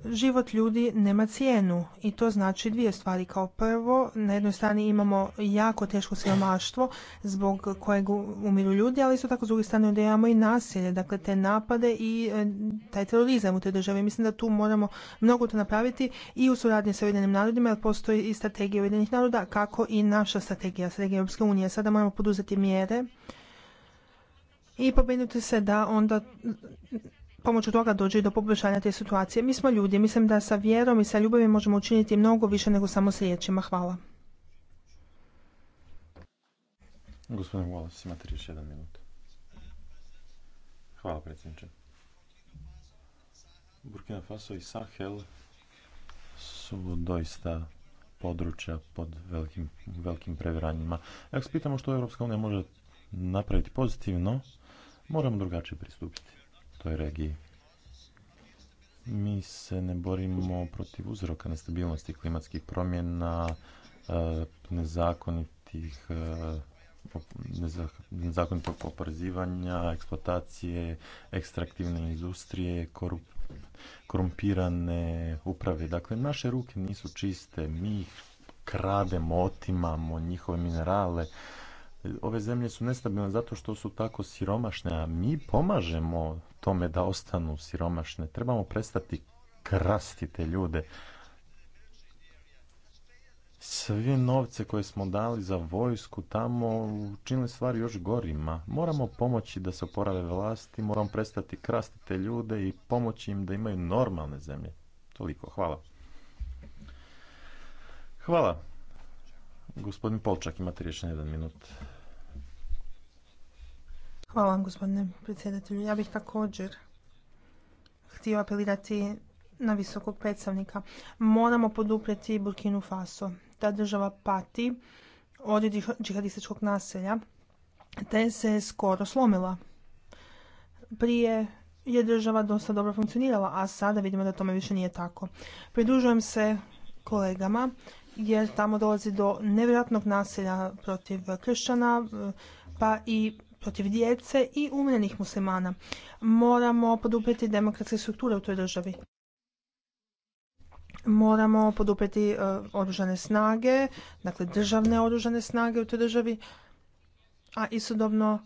život ljudi nema cijenu i to znači dvije stvari. Kao prvo, na jednoj strani imamo jako teško siromaštvo zbog kojeg umiru ljudi, ali isto tako s druge strane imamo i nasilje, dakle te napade i e, taj terorizam u toj državi. Mislim da tu moramo mnogo to napraviti i u suradnji sa ujedinjenim narodima, jer postoji i strategija ujedinjenih naroda, kako i naša strategija, strategija Europske unije. Sada moramo poduzeti mjere i pobrinuti se da onda pomoću toga dođe i do poboljšanja te situacije. Mi smo ljudi, mislim da sa vjerom i sa ljubavim možemo učiniti mnogo više nego samo s Hvala. Gospodin Wallace, imate još jedan minut. Hvala predsjedniče. Burkina Faso i Sahel su doista područja pod velikim, velikim previranjima. Ako se pitamo što Europska unija može napraviti pozitivno, moramo drugačije pristupiti toj regiji. Mi se ne borimo protiv uzroka nestabilnosti klimatskih promjena, e, nezakonitih e, nezakonitog oporezivanja, eksploatacije, ekstraktivne industrije, korumpirane uprave. Dakle, naše ruke nisu čiste, mi ih krademo, otimamo njihove minerale, ove zemlje su nestabilne zato što su tako siromašne, a mi pomažemo tome da ostanu siromašne. Trebamo prestati krasti ljude. Svi novce koje smo dali za vojsku tamo učinili stvari još gorima. Moramo pomoći da se oporave vlasti, moramo prestati krasti te ljude i pomoći im da imaju normalne zemlje. Toliko, hvala. Hvala. Gospodin Polčak, imate riječ na jedan minut. Hvala vam gospodine predsjedatelju. Ja bih također htio apelirati na visokog predstavnika. Moramo poduprijeti Burkinu Faso. Ta država pati od džihadističkog naselja te se skoro slomila. Prije je država dosta dobro funkcionirala, a sada vidimo da tome više nije tako. Pridružujem se kolegama jer tamo dolazi do nevjerojatnog nasilja protiv kršćana, pa i protiv djece i umljenih muslimana. Moramo poduprijeti demokratske strukture u toj državi. Moramo poduprijeti e, oružane snage, dakle državne oružane snage u toj državi, a istodobno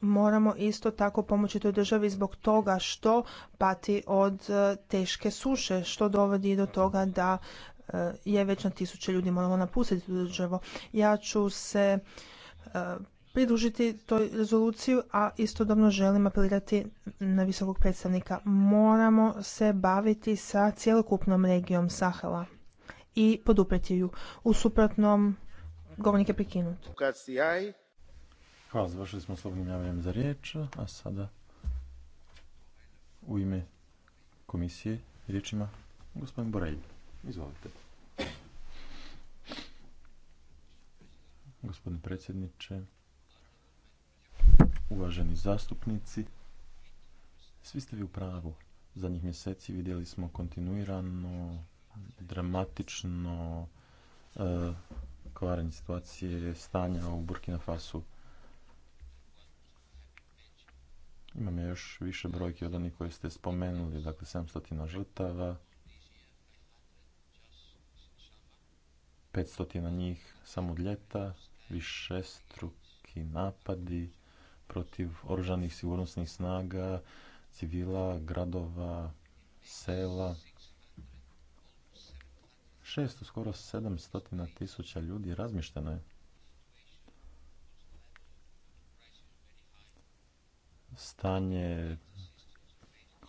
moramo isto tako pomoći toj državi zbog toga što pati od e, teške suše, što dovodi do toga da e, je već na tisuće ljudi moramo napustiti tu državu. Ja ću se pridružiti toj rezoluciju, a istodobno želim apelirati na visokog predstavnika. Moramo se baviti sa cjelokupnom regijom Sahela i poduprijeti ju. U suprotnom, govornik je prekinut. Hvala, završili smo slobodnim javljanjem za riječ, a sada u ime komisije riječ gospodin Borelj. Izvolite. Gospodine predsjedniče, uvaženi zastupnici. Svi ste vi u pravu. Zadnjih mjeseci vidjeli smo kontinuirano, dramatično e, kvaranje situacije stanja u Burkina Fasu. Imam još više brojki od onih koje ste spomenuli, dakle 700 žrtava, 500 njih samo od ljeta, višestruki napadi, protiv oružanih sigurnosnih snaga, civila, gradova, sela. Šesto, skoro 700 tisuća ljudi razmišteno je. Stanje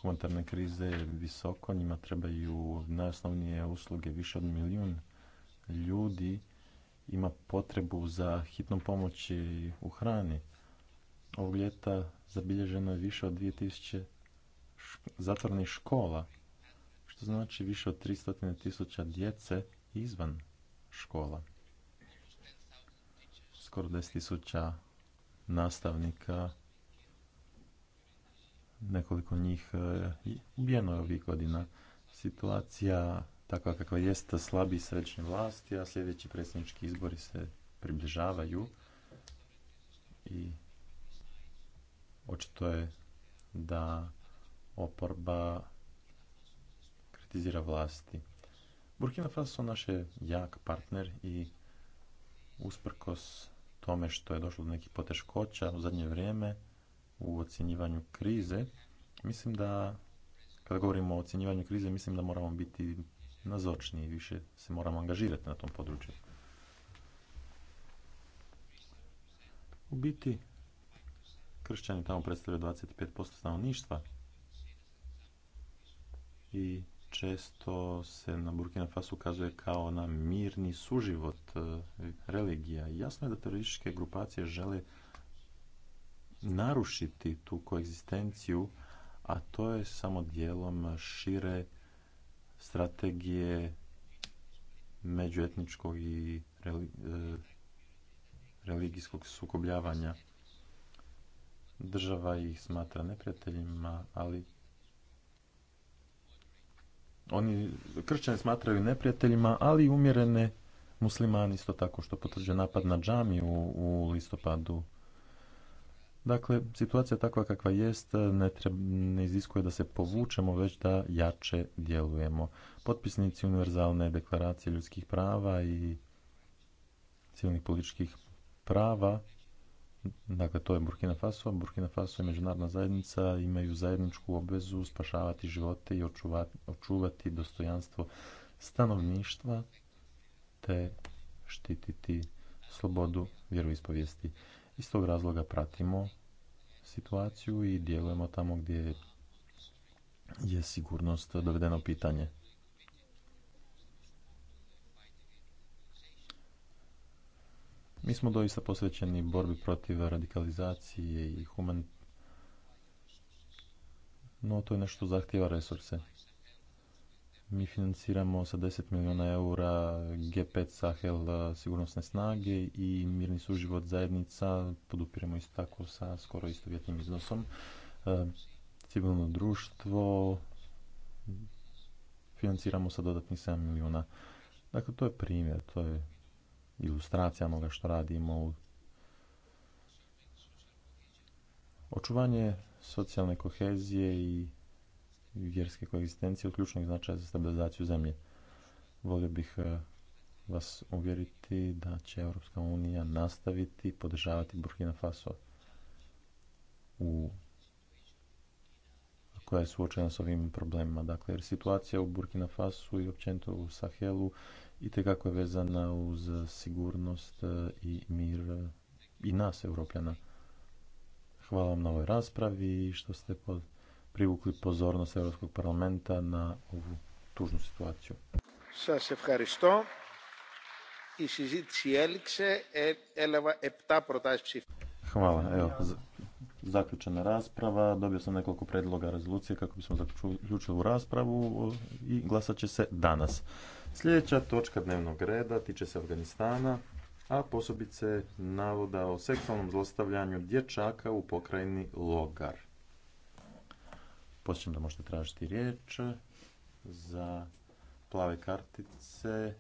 humanitarne krize je visoko, njima trebaju najosnovnije usluge, više od milijun ljudi ima potrebu za hitnom pomoći u hrani ovog ljeta zabilježeno je više od 2000 zatvornih škola, što znači više od 300.000 djece izvan škola. Skoro 10.000 tisuća nastavnika, nekoliko njih e, ubijeno je ovih godina. Situacija takva kakva jeste slabi srećni vlasti, a sljedeći predsjednički izbori se približavaju i Očito je da oporba kritizira vlasti. Burkina Faso naš je jak partner i usprkos tome što je došlo do nekih poteškoća u zadnje vrijeme u ocjenjivanju krize, mislim da kada govorimo o ocjenjivanju krize, mislim da moramo biti nazočni i više se moramo angažirati na tom području. U biti, kršćani tamo predstavljaju 25% stanovništva i često se na Burkina Faso ukazuje kao na mirni suživot e, religija. Jasno je da terorističke grupacije žele narušiti tu koegzistenciju, a to je samo dijelom šire strategije međuetničkog i e, religijskog sukobljavanja država ih smatra neprijateljima, ali oni kršćani smatraju neprijateljima, ali umjerene muslimani isto tako što potvrđuje napad na džami u, u listopadu. Dakle, situacija takva kakva jest ne, ne iziskuje da se povučemo, već da jače djelujemo. Potpisnici univerzalne deklaracije ljudskih prava i civilnih političkih prava Dakle, to je Burkina Faso. Burkina Faso i međunarodna zajednica imaju zajedničku obvezu spašavati živote i očuvati, dostojanstvo stanovništva te štititi slobodu vjeroispovijesti. Iz tog razloga pratimo situaciju i djelujemo tamo gdje je sigurnost dovedeno pitanje. Mi smo doista posvećeni borbi protiv radikalizacije i human... No, to je nešto zahtjeva resurse. Mi financiramo sa 10 milijuna eura G5 Sahel sigurnosne snage i mirni suživot zajednica Podupiramo isto tako sa skoro istovjetnim iznosom. E, civilno društvo financiramo sa dodatnih 7 milijuna. Dakle, to je primjer, to je ilustracija onoga što radimo. Očuvanje socijalne kohezije i vjerske koegzistencije od ključnog značaja za stabilizaciju zemlje. Volio bih e, vas uvjeriti da će Europska unija nastaviti podržavati Burkina Faso u koja je suočena s ovim problemima. Dakle, jer situacija u Burkina Fasu i općenito u Sahelu i kako je vezana uz sigurnost e, i mir e, i nas, Europljana. Hvala vam na ovoj raspravi i što ste privukli pozornost Europskog parlamenta na ovu tužnu situaciju. sa i Hvala. Evo, zaključena rasprava. Dobio sam nekoliko predloga rezolucije kako bismo zaključili u raspravu i glasat će se danas. Sljedeća točka dnevnog reda tiče se Afganistana, a posobice navoda o seksualnom zlostavljanju dječaka u pokrajini Logar. Počnem da možete tražiti riječ za plave kartice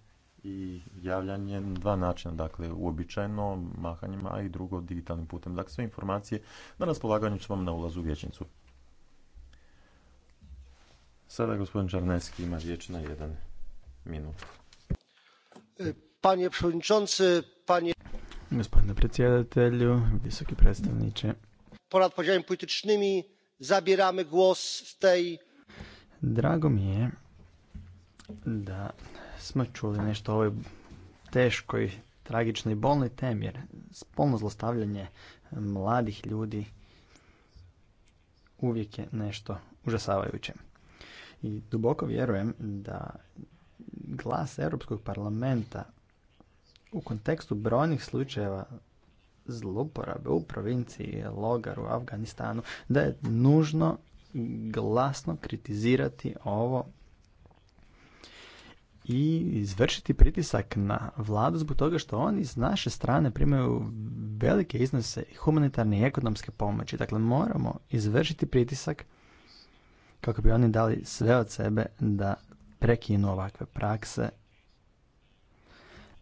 i javljanje na dva načina, dakle uobičajeno mahanjima, a i drugo digitalnim putem. Dakle, sve informacije na raspolaganju ću vam na ulazu u vječnicu. Sada gospodin Čarneski ima riječ na jedan minutu. E, panie Gospodine predsjedatelju, visoki predstavniče. Ponad podziałami politycznymi zabieramy głos w tej... Drago mi je da smo čuli nešto o ovoj teškoj, tragičnoj i bolnoj temi, jer spolno zlostavljanje mladih ljudi uvijek je nešto užasavajuće. I duboko vjerujem da glas Europskog parlamenta u kontekstu brojnih slučajeva zlouporabe u provinciji Logar u Afganistanu, da je nužno glasno kritizirati ovo i izvršiti pritisak na vladu zbog toga što oni s naše strane primaju velike iznose humanitarne i ekonomske pomoći. Dakle, moramo izvršiti pritisak kako bi oni dali sve od sebe da prekinu ovakve prakse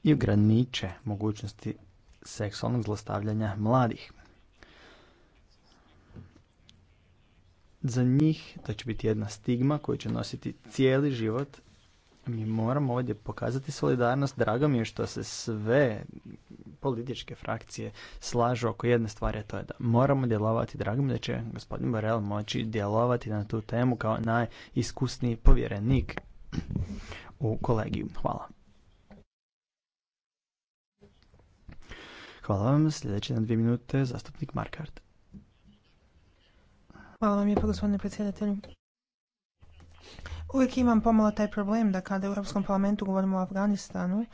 i ograniče mogućnosti seksualnog zlostavljanja mladih. Za njih to će biti jedna stigma koju će nositi cijeli život. Mi moramo ovdje pokazati solidarnost. Drago mi je što se sve političke frakcije slažu oko jedne stvari, a to je da moramo djelovati. Drago mi je da će gospodin Borel moći djelovati na tu temu kao najiskusniji povjerenik u kolegiju. Hvala. Hvala vam. Sljedeće na dvije minute zastupnik Markard. Hvala vam lijepo gospodine predsjedatelju. Uvijek imam pomalo taj problem da kada u Europskom parlamentu govorimo o Afganistanu,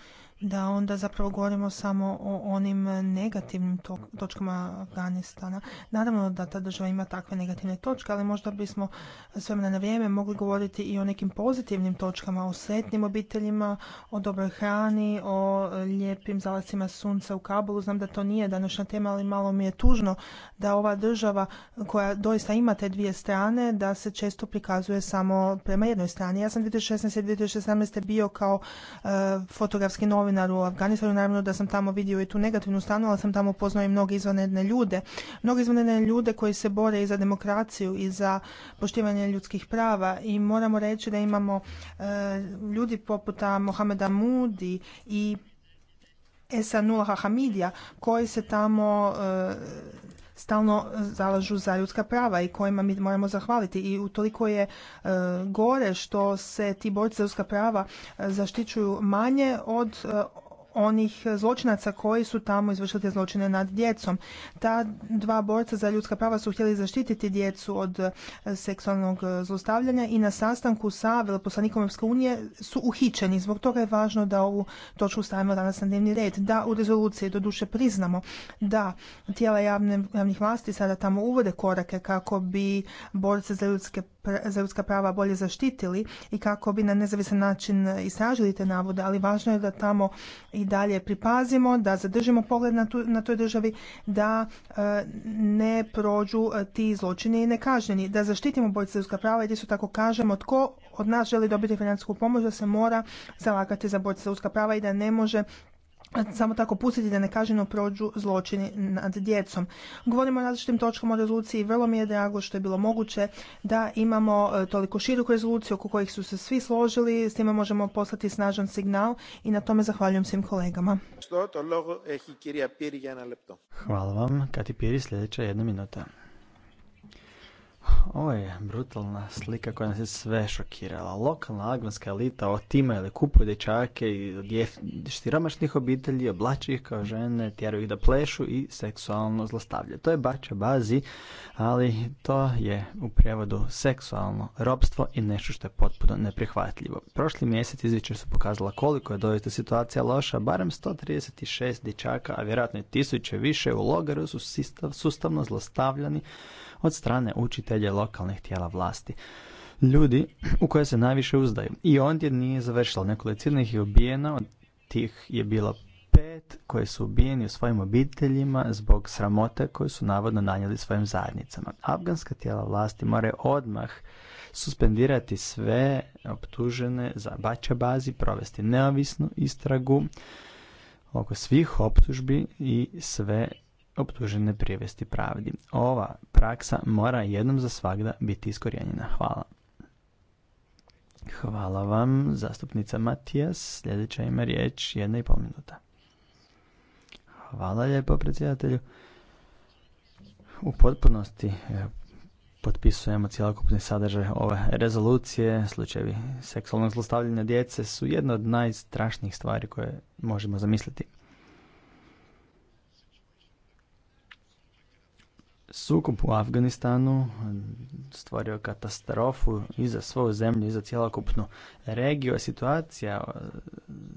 da onda zapravo govorimo samo o onim negativnim točkama Afganistana. Naravno da ta država ima takve negativne točke, ali možda bismo s vremena na vrijeme mogli govoriti i o nekim pozitivnim točkama, o sretnim obiteljima, o dobroj hrani, o lijepim zalacima sunca u Kabulu. Znam da to nije današnja tema, ali malo mi je tužno da ova država koja doista ima te dvije strane, da se često prikazuje samo prema jednoj strani. Ja sam 2016. i 2017. bio kao e, fotografski novi novinar u Afganistanu, naravno da sam tamo vidio i tu negativnu stanu, ali sam tamo poznao i mnoge izvanredne ljude. Mnoge izvanredne ljude koji se bore i za demokraciju i za poštivanje ljudskih prava i moramo reći da imamo e, ljudi poput Mohameda Mudi i Esa Nulaha Hamidija koji se tamo e, stalno zalažu za ljudska prava i kojima mi moramo zahvaliti. I utoliko je e, gore što se ti borci za ljudska prava e, zaštićuju manje od e, onih zločinaca koji su tamo izvršili te zločine nad djecom. Ta dva borca za ljudska prava su htjeli zaštititi djecu od e, seksualnog e, zlostavljanja i na sastanku sa veleposlanikom Europske unije su uhićeni. Zbog toga je važno da ovu točku stavimo danas na dnevni red. Da u rezoluciji doduše priznamo da tijela javne, javnih vlasti sada tamo uvode korake kako bi borce za ljudske za ljudska prava bolje zaštitili i kako bi na nezavisan način istražili te navode, ali važno je da tamo i dalje pripazimo, da zadržimo pogled na, tu, na toj državi, da e, ne prođu e, ti zločini i nekažnjeni, da zaštitimo bolje za ljudska prava i isto tako kažemo tko od nas želi dobiti financijsku pomoć da se mora zalagati za borce za ljudska prava i da ne može samo tako pustiti da ne kažemo prođu zločini nad djecom. Govorimo o različitim točkama o rezoluciji i vrlo mi je drago što je bilo moguće da imamo e, toliko široku rezoluciju oko kojih su se svi složili, s time možemo poslati snažan signal i na tome zahvaljujem svim kolegama. Eh, Hvala vam, Kati Piri, sljedeća jedna minuta. Ovo je brutalna slika koja nas je sve šokirala. Lokalna albanska elita otima ili kupuje dječake i štiromašnih obitelji, oblači ih kao žene, tjeraju ih da plešu i seksualno zlostavlja. To je bača bazi, ali to je u prijevodu seksualno robstvo i nešto što je potpuno neprihvatljivo. Prošli mjesec izvješće su pokazala koliko je doista situacija loša, barem 136 dječaka, a vjerojatno i tisuće više u logaru su sustavno zlostavljani od strane učitelja lokalnih tijela vlasti. Ljudi u koje se najviše uzdaju. I ondje nije završila. Nekolicina ih je ubijena, od tih je bilo pet koji su ubijeni u svojim obiteljima zbog sramote koju su navodno nanijeli svojim zajednicama. Afganska tijela vlasti mora odmah suspendirati sve optužene za bača bazi, provesti neovisnu istragu oko svih optužbi i sve optužene privesti pravdi. Ova praksa mora jednom za svagda biti iskorijenjena. Hvala. Hvala vam, zastupnica Matijas. Sljedeća ima riječ, jedna i pol minuta. Hvala lijepo, predsjedatelju. U potpunosti e, potpisujemo cjelokupni sadržaj ove rezolucije. Slučajevi seksualnog zlostavljanja djece su jedna od najstrašnijih stvari koje možemo zamisliti. Sukup u Afganistanu stvorio katastrofu i za svoju zemlju i za cjelokupnu regiju. Situacija e,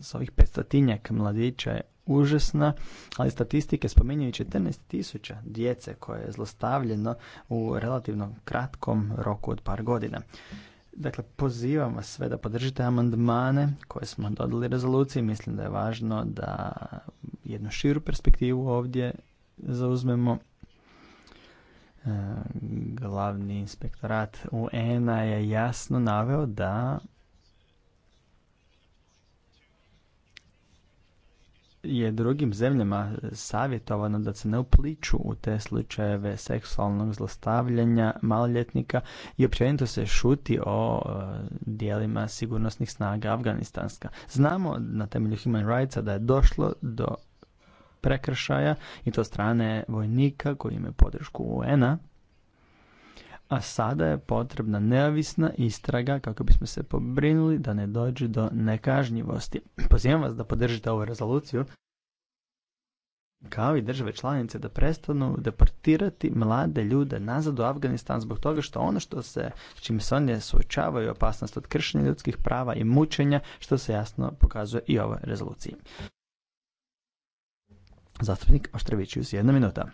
s ovih petstotinjak mladića je užasna, ali statistike spominjaju 14.000 djece koje je zlostavljeno u relativno kratkom roku od par godina. Dakle, pozivam vas sve da podržite amandmane koje smo dodali rezoluciji. Mislim da je važno da jednu širu perspektivu ovdje zauzmemo E, glavni inspektorat UN-a je jasno naveo da je drugim zemljama savjetovano da se ne upliču u te slučajeve seksualnog zlostavljanja maloljetnika i općenito se šuti o e, dijelima sigurnosnih snaga Afganistanska. Znamo na temelju Human Rightsa da je došlo do prekršaja i to strane vojnika koji imaju podršku UN-a. A sada je potrebna neovisna istraga kako bismo se pobrinuli da ne dođe do nekažnjivosti. Pozivam vas da podržite ovu rezoluciju kao i države članice da prestanu deportirati mlade ljude nazad u Afganistan zbog toga što ono što se, s čim se oni suočavaju opasnost od kršenja ljudskih prava i mučenja, što se jasno pokazuje i ovoj rezoluciji. Zastupnik Oštrevićius, jedna minuta.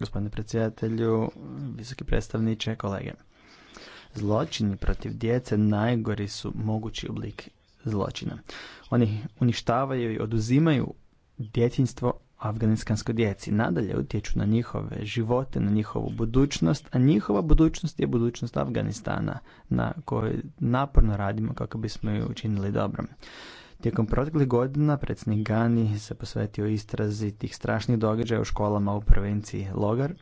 Gospodine predsjedatelju, visoki predstavniče, kolege. Zločini protiv djece najgori su mogući oblik zločina. Oni uništavaju i oduzimaju djetinstvo afganistanskoj djeci. Nadalje utječu na njihove živote, na njihovu budućnost, a njihova budućnost je budućnost Afganistana na kojoj naporno radimo kako bismo ju učinili dobrom. Tijekom proteklih godina predsjednik Gani se posvetio istrazi tih strašnih događaja u školama u provinciji Logar.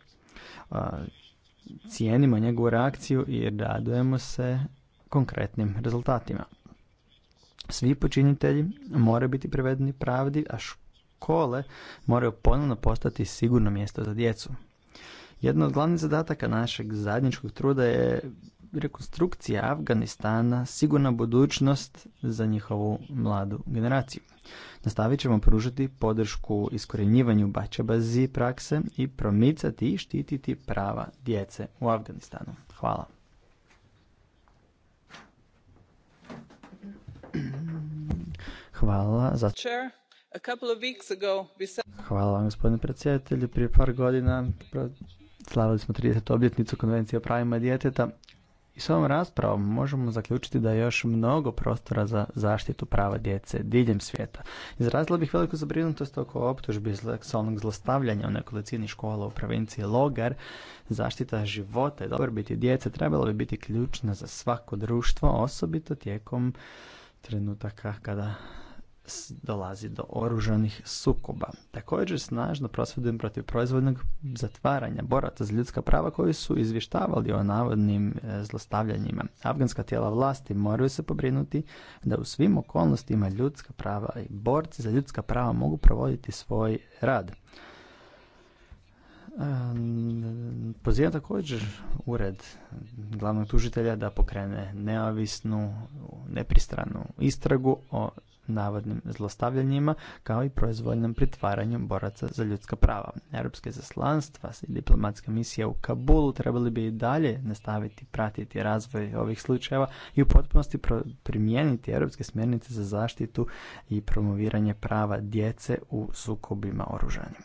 Cijenimo njegovu reakciju i radujemo se konkretnim rezultatima. Svi počinitelji moraju biti privedeni pravdi, a škole moraju ponovno postati sigurno mjesto za djecu. Jedna od glavnih zadataka našeg zajedničkog truda je rekonstrukcija Afganistana sigurna budućnost za njihovu mladu generaciju. Nastavit ćemo pružati podršku iskorjenjivanju bačabazi prakse i promicati i štititi prava djece u Afganistanu. Hvala. Hvala za... Hvala vam, gospodine predsjedatelju. Prije par godina slavili smo 30. obljetnicu konvencije o pravima djeteta i s ovom raspravom možemo zaključiti da je još mnogo prostora za zaštitu prava djece diljem svijeta. Izrazila bih veliku zabrinutost oko optužbi seksualnog zlostavljanja u nekolicini škola u provinciji Logar. Zaštita života i dobrobiti djece trebala bi biti ključna za svako društvo, osobito tijekom trenutaka kada dolazi do oružanih sukoba. Također snažno prosvjedujem protiv proizvodnog zatvaranja borata za ljudska prava koji su izvještavali o navodnim e, zlostavljanjima. Afganska tijela vlasti moraju se pobrinuti da u svim okolnostima ljudska prava i borci za ljudska prava mogu provoditi svoj rad. E, pozivam također ured glavnog tužitelja da pokrene neovisnu, nepristranu istragu o navodnim zlostavljanjima kao i proizvoljnom pritvaranju boraca za ljudska prava. Europske zaslanstva i diplomatska misija u Kabulu trebali bi i dalje nastaviti pratiti razvoj ovih slučajeva i u potpunosti primijeniti europske smjernice za zaštitu i promoviranje prava djece u sukobima oružanjem.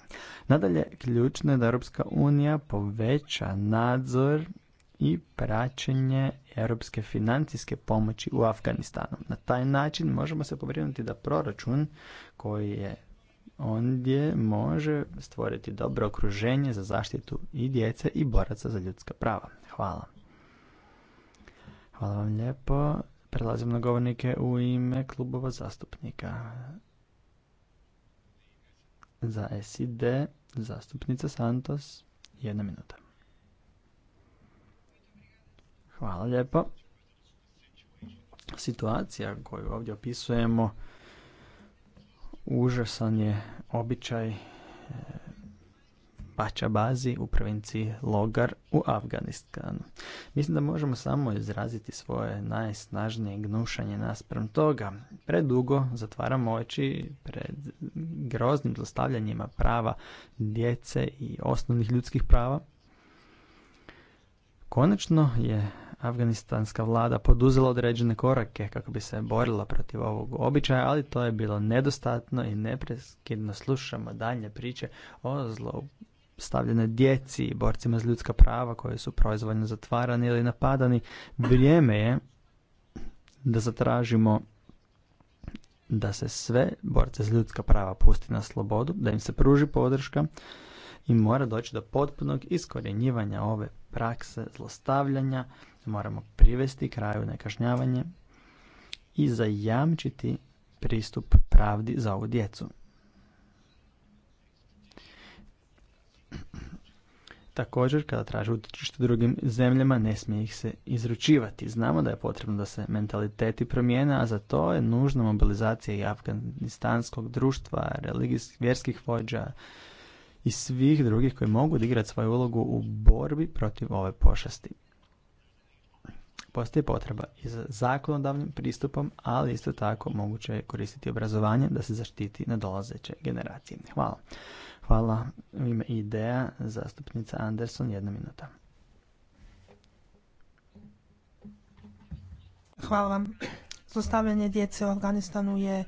Nadalje, ključno je da Europska unija poveća nadzor i praćenje europske financijske pomoći u Afganistanu. Na taj način možemo se pobrinuti da proračun koji je ondje može stvoriti dobro okruženje za zaštitu i djece i boraca za ljudska prava. Hvala. Hvala vam lijepo. Prelazim na govornike u ime klubova zastupnika. Za SID, zastupnica Santos, jedna minuta. Hvala lijepo. Situacija koju ovdje opisujemo užasan je običaj e, Pača Bazi u provinciji Logar u Afganistanu. Mislim da možemo samo izraziti svoje najsnažnije gnušanje naspram toga. Predugo zatvaramo oči pred groznim zlostavljanjima prava djece i osnovnih ljudskih prava. Konačno je afganistanska vlada poduzela određene korake kako bi se borila protiv ovog običaja, ali to je bilo nedostatno i nepreskidno slušamo dalje priče o zlostavljene djeci i borcima za ljudska prava koji su proizvoljno zatvarani ili napadani. Vrijeme je da zatražimo da se sve borce za ljudska prava pusti na slobodu, da im se pruži podrška i mora doći do potpunog iskorjenjivanja ove prakse zlostavljanja Moramo privesti kraju nekašnjavanje i zajamčiti pristup pravdi za ovu djecu. Također, kada traže utječište drugim zemljama, ne smije ih se izručivati. Znamo da je potrebno da se mentaliteti promijene, a za to je nužna mobilizacija i afganistanskog društva, religijskih, vjerskih vođa i svih drugih koji mogu odigrati svoju ulogu u borbi protiv ove pošasti. Postoji potreba i za zakonodavnim pristupom, ali isto tako moguće je koristiti obrazovanje da se zaštiti dolazeće generacije. Hvala. Hvala u ime ideja zastupnica Anderson, jedna minuta. Hvala vam. Zlostavljanje djece u Afganistanu je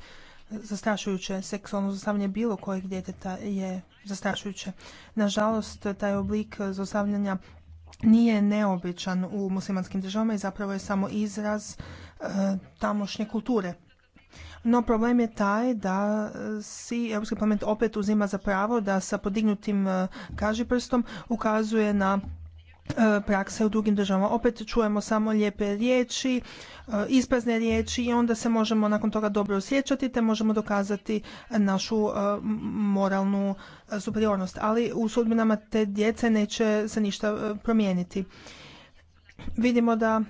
zastrašujuće. Seksualno zlostavljanje bilo kojeg djeteta je zastrašujuće. Nažalost, taj oblik zlostavljanja nije neobičan u muslimanskim državama i zapravo je samo izraz e, tamošnje kulture. No problem je taj da e, si Europski parlament opet uzima za pravo da sa podignutim e, kažiprstom ukazuje na E, prakse u drugim državama. Opet čujemo samo lijepe riječi, e, isprazne riječi i onda se možemo nakon toga dobro osjećati te možemo dokazati našu e, moralnu superiornost. Ali u sudbinama te djece neće se ništa promijeniti. Vidimo da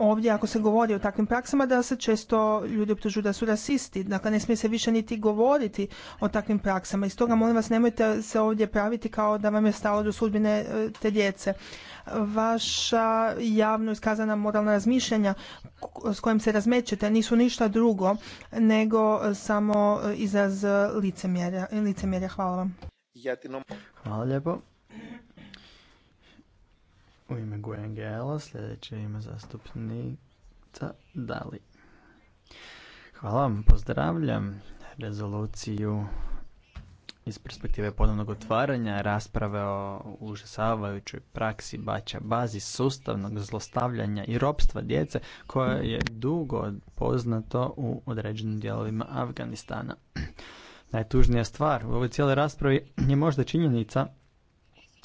ovdje ako se govori o takvim praksama da se često ljudi optužuju da su rasisti. Dakle, ne smije se više niti govoriti o takvim praksama. I stoga molim vas nemojte se ovdje praviti kao da vam je stalo do sudbine e, te djece. Vaša javno iskazana moralna razmišljanja s kojim se razmećete nisu ništa drugo nego samo e, izraz e, licemjerja. licemjerja. Hvala vam. Hvala lijepo. U ime Guengela sljedeće ima zastupnica Dali. Hvala vam, pozdravljam rezoluciju iz perspektive ponovnog otvaranja rasprave o užasavajućoj praksi baća bazi sustavnog zlostavljanja i ropstva djece koja je dugo poznato u određenim dijelovima Afganistana. (clears throat) Najtužnija stvar u ovoj cijeloj raspravi je možda činjenica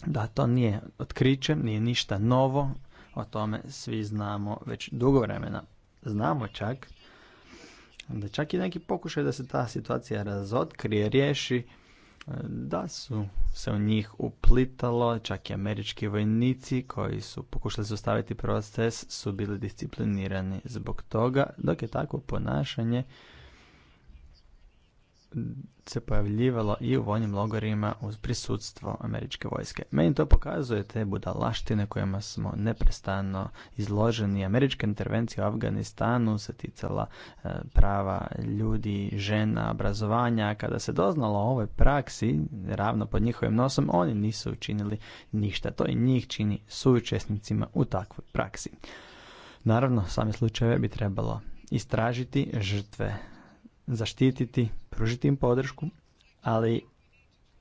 da, to nije otkriće, nije ništa novo, o tome svi znamo već dugo vremena. Znamo čak da čak i neki pokušaj da se ta situacija razotkrije, riješi, e, da su se u njih uplitalo, čak i američki vojnici koji su pokušali zaustaviti proces su bili disciplinirani zbog toga, dok je takvo ponašanje se pojavljivalo i u vojnim logorima uz prisutstvo američke vojske. Meni to pokazuje te budalaštine kojima smo neprestano izloženi. Američka intervencija u Afganistanu se ticala e, prava ljudi, žena, obrazovanja. Kada se doznalo o ovoj praksi, ravno pod njihovim nosom, oni nisu učinili ništa. To i njih čini suučesnicima u takvoj praksi. Naravno, same slučajeve bi trebalo istražiti žrtve zaštititi, pružiti im podršku, ali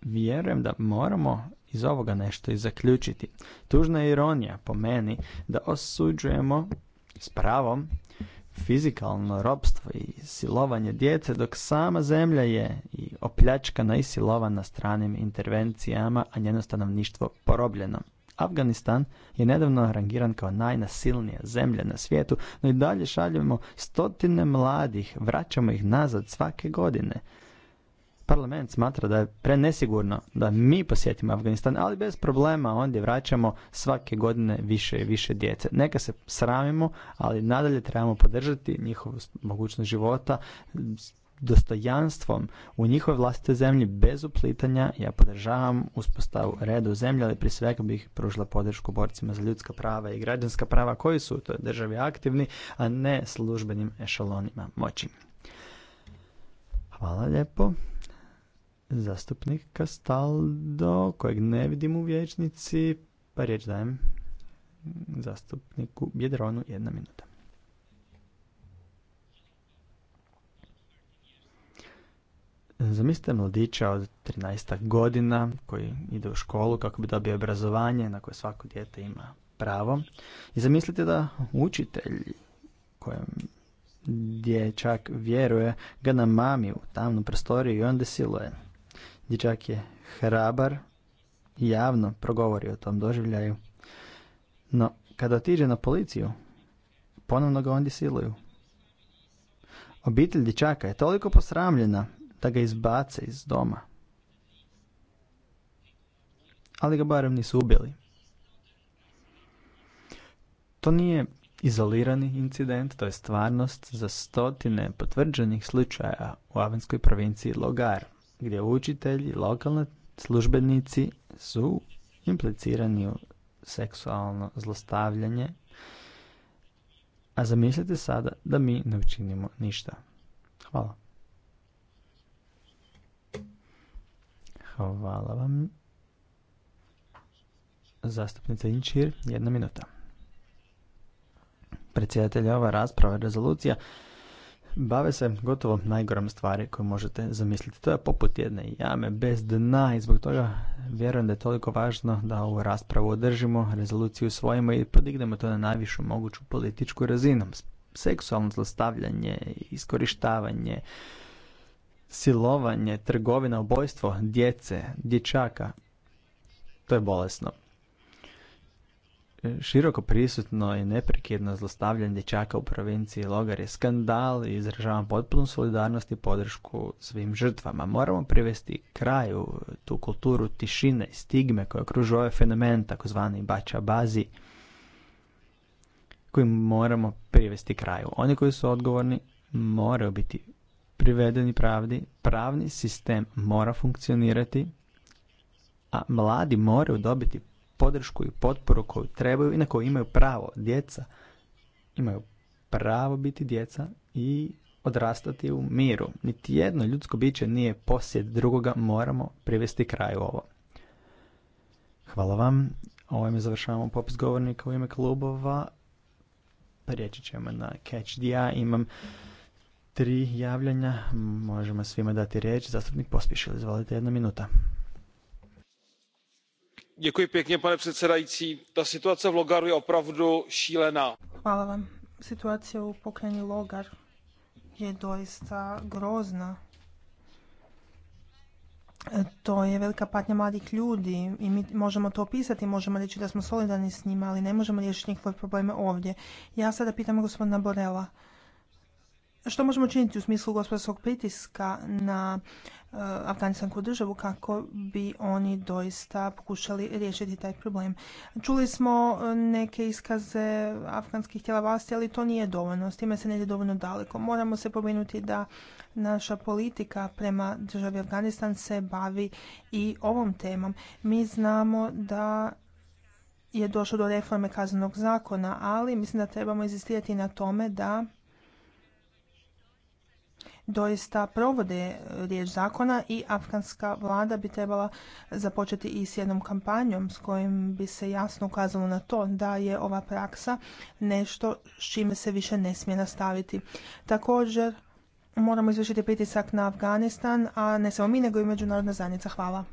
vjerujem da moramo iz ovoga nešto i zaključiti. Tužna je ironija po meni da osuđujemo s pravom fizikalno robstvo i silovanje djece dok sama zemlja je i opljačkana i silovana stranim intervencijama, a njeno stanovništvo porobljeno. Afganistan je nedavno rangiran kao najnasilnija zemlja na svijetu, no i dalje šaljemo stotine mladih, vraćamo ih nazad svake godine. Parlament smatra da je prenesigurno da mi posjetimo Afganistan, ali bez problema ondje vraćamo svake godine više i više djece. Neka se sramimo, ali nadalje trebamo podržati njihovu mogućnost života, dostojanstvom u njihovoj vlastitoj zemlji bez uplitanja. Ja podržavam uspostavu reda u zemlji, ali prije svega bih pružila podršku borcima za ljudska prava i građanska prava koji su u toj državi aktivni, a ne službenim ešalonima moći. Hvala lijepo. Zastupnik Kastaldo, kojeg ne vidim u vječnici, pa riječ dajem zastupniku Bjedronu jedna minuta. Zamislite mladića od 13 godina koji ide u školu kako bi dobio obrazovanje na koje svako dijete ima pravo. I zamislite da učitelj kojem dječak vjeruje ga na mami u tamnu prostoriju i onda siluje. Dječak je hrabar i javno progovori o tom doživljaju. No, kada otiđe na policiju, ponovno ga on siluju. Obitelj dječaka je toliko posramljena da ga izbace iz doma. Ali ga barem nisu ubili. To nije izolirani incident, to je stvarnost za stotine potvrđenih slučaja u avenskoj provinciji Logar, gdje učitelji, lokalni službenici su implicirani u seksualno zlostavljanje, a zamislite sada da mi ne učinimo ništa. Hvala. Hvala vam. Zastupnica Inčir, jedna minuta. Predsjedatelja ova rasprava rezolucija bave se gotovo najgorom stvari koju možete zamisliti. To je poput jedne jame bez dna i zbog toga vjerujem da je toliko važno da ovu raspravu održimo, rezoluciju usvojimo i podignemo to na najvišu moguću političku razinu. Seksualno zlostavljanje, iskorištavanje, silovanje, trgovina, ubojstvo djece, dječaka. To je bolesno. Široko prisutno i neprekidno zlostavljanje dječaka u provinciji Logar je skandal i izražavam potpunu solidarnost i podršku svim žrtvama. Moramo privesti kraju tu kulturu tišine i stigme koja okružuje ovaj fenomen, takozvani bača bazi, koji moramo privesti kraju. Oni koji su odgovorni moraju biti privedeni pravdi, pravni sistem mora funkcionirati, a mladi moraju dobiti podršku i potporu koju trebaju i na koju imaju pravo. Djeca imaju pravo biti djeca i odrastati u miru. Niti jedno ljudsko biće nije posjed drugoga, moramo privesti kraju ovo. Hvala vam. Ovime završavamo popis govornika u ime klubova. Prijeći ćemo na Catch DI. Imam tri javljanja. Možemo svima dati riječ. Zastupnik Pospišil, izvolite, jedna minuta. Děkuji pěkně, pane předsedající. Ta situace v Logaru je opravdu šílená. Hvala vam. Situacija u pokrajini Logar je doista grozna. To je velika patnja mladih ljudi i mi možemo to opisati, možemo reći da smo solidarni s njima, ali ne možemo riješiti njihove probleme ovdje. Ja sada pitam gospodina Borela što možemo činiti u smislu gospodarskog pritiska na e, afganistanku državu kako bi oni doista pokušali riješiti taj problem. Čuli smo e, neke iskaze afganskih tijela vlasti, ali to nije dovoljno. S time se ne ide dovoljno daleko. Moramo se pobrinuti da naša politika prema državi Afganistan se bavi i ovom temom. Mi znamo da je došlo do reforme kaznenog zakona, ali mislim da trebamo inzistirati na tome da doista provode riječ zakona i afganska vlada bi trebala započeti i s jednom kampanjom s kojom bi se jasno ukazalo na to da je ova praksa nešto s čime se više ne smije nastaviti. Također moramo izvršiti pritisak na Afganistan, a ne samo mi nego i međunarodna zajednica. Hvala.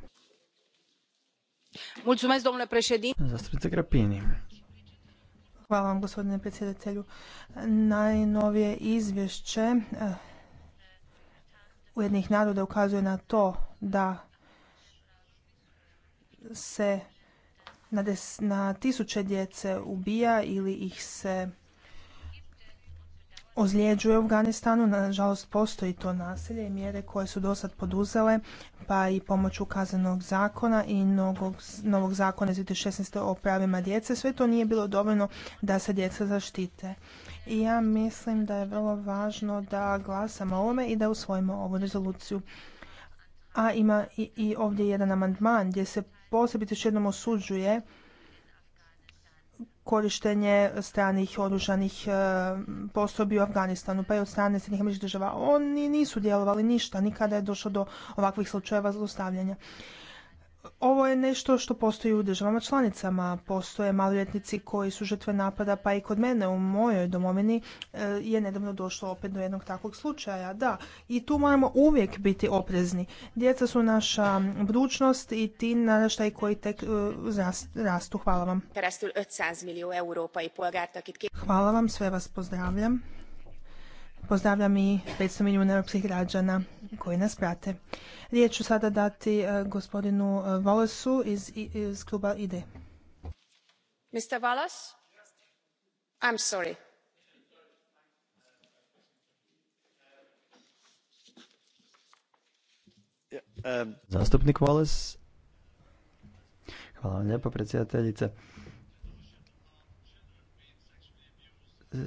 Hvala vam gospodine predsjedatelju. Najnovije izvješće eh, Ujednih naroda ukazuje na to da se na, na tisuće djece ubija ili ih se ozljeđuje u Afganistanu. Nažalost, postoji to nasilje i mjere koje su dosad poduzele, pa i pomoću kaznenog zakona i novog, novog zakona iz 2016. o pravima djece. Sve to nije bilo dovoljno da se djeca zaštite. I ja mislim da je vrlo važno da glasamo ovome i da usvojimo ovu rezoluciju. A ima i, i ovdje jedan amandman gdje se posebno još jednom osuđuje korištenje stranih oružanih e, posobi u Afganistanu, pa i od strane američkih država. Oni nisu djelovali ništa, nikada je došlo do ovakvih slučajeva zlostavljanja. Ovo je nešto što postoji u državama članicama. Postoje maloljetnici koji su žrtve napada, pa i kod mene u mojoj domovini e, je nedavno došlo opet do jednog takvog slučaja. Da, i tu moramo uvijek biti oprezni. Djeca su naša budućnost i ti naraštaj koji tek e, rastu. Hvala vam. Hvala vam, sve vas pozdravljam. Pozdravljam i 500 milijuna europskih građana koji nas prate. Riječ ću sada dati e, gospodinu e, Wallaceu iz, iz kluba IDE. Mr. Wallace? I'm sorry. Zastupnik Wallace. Hvala vam lijepo, predsjedateljice.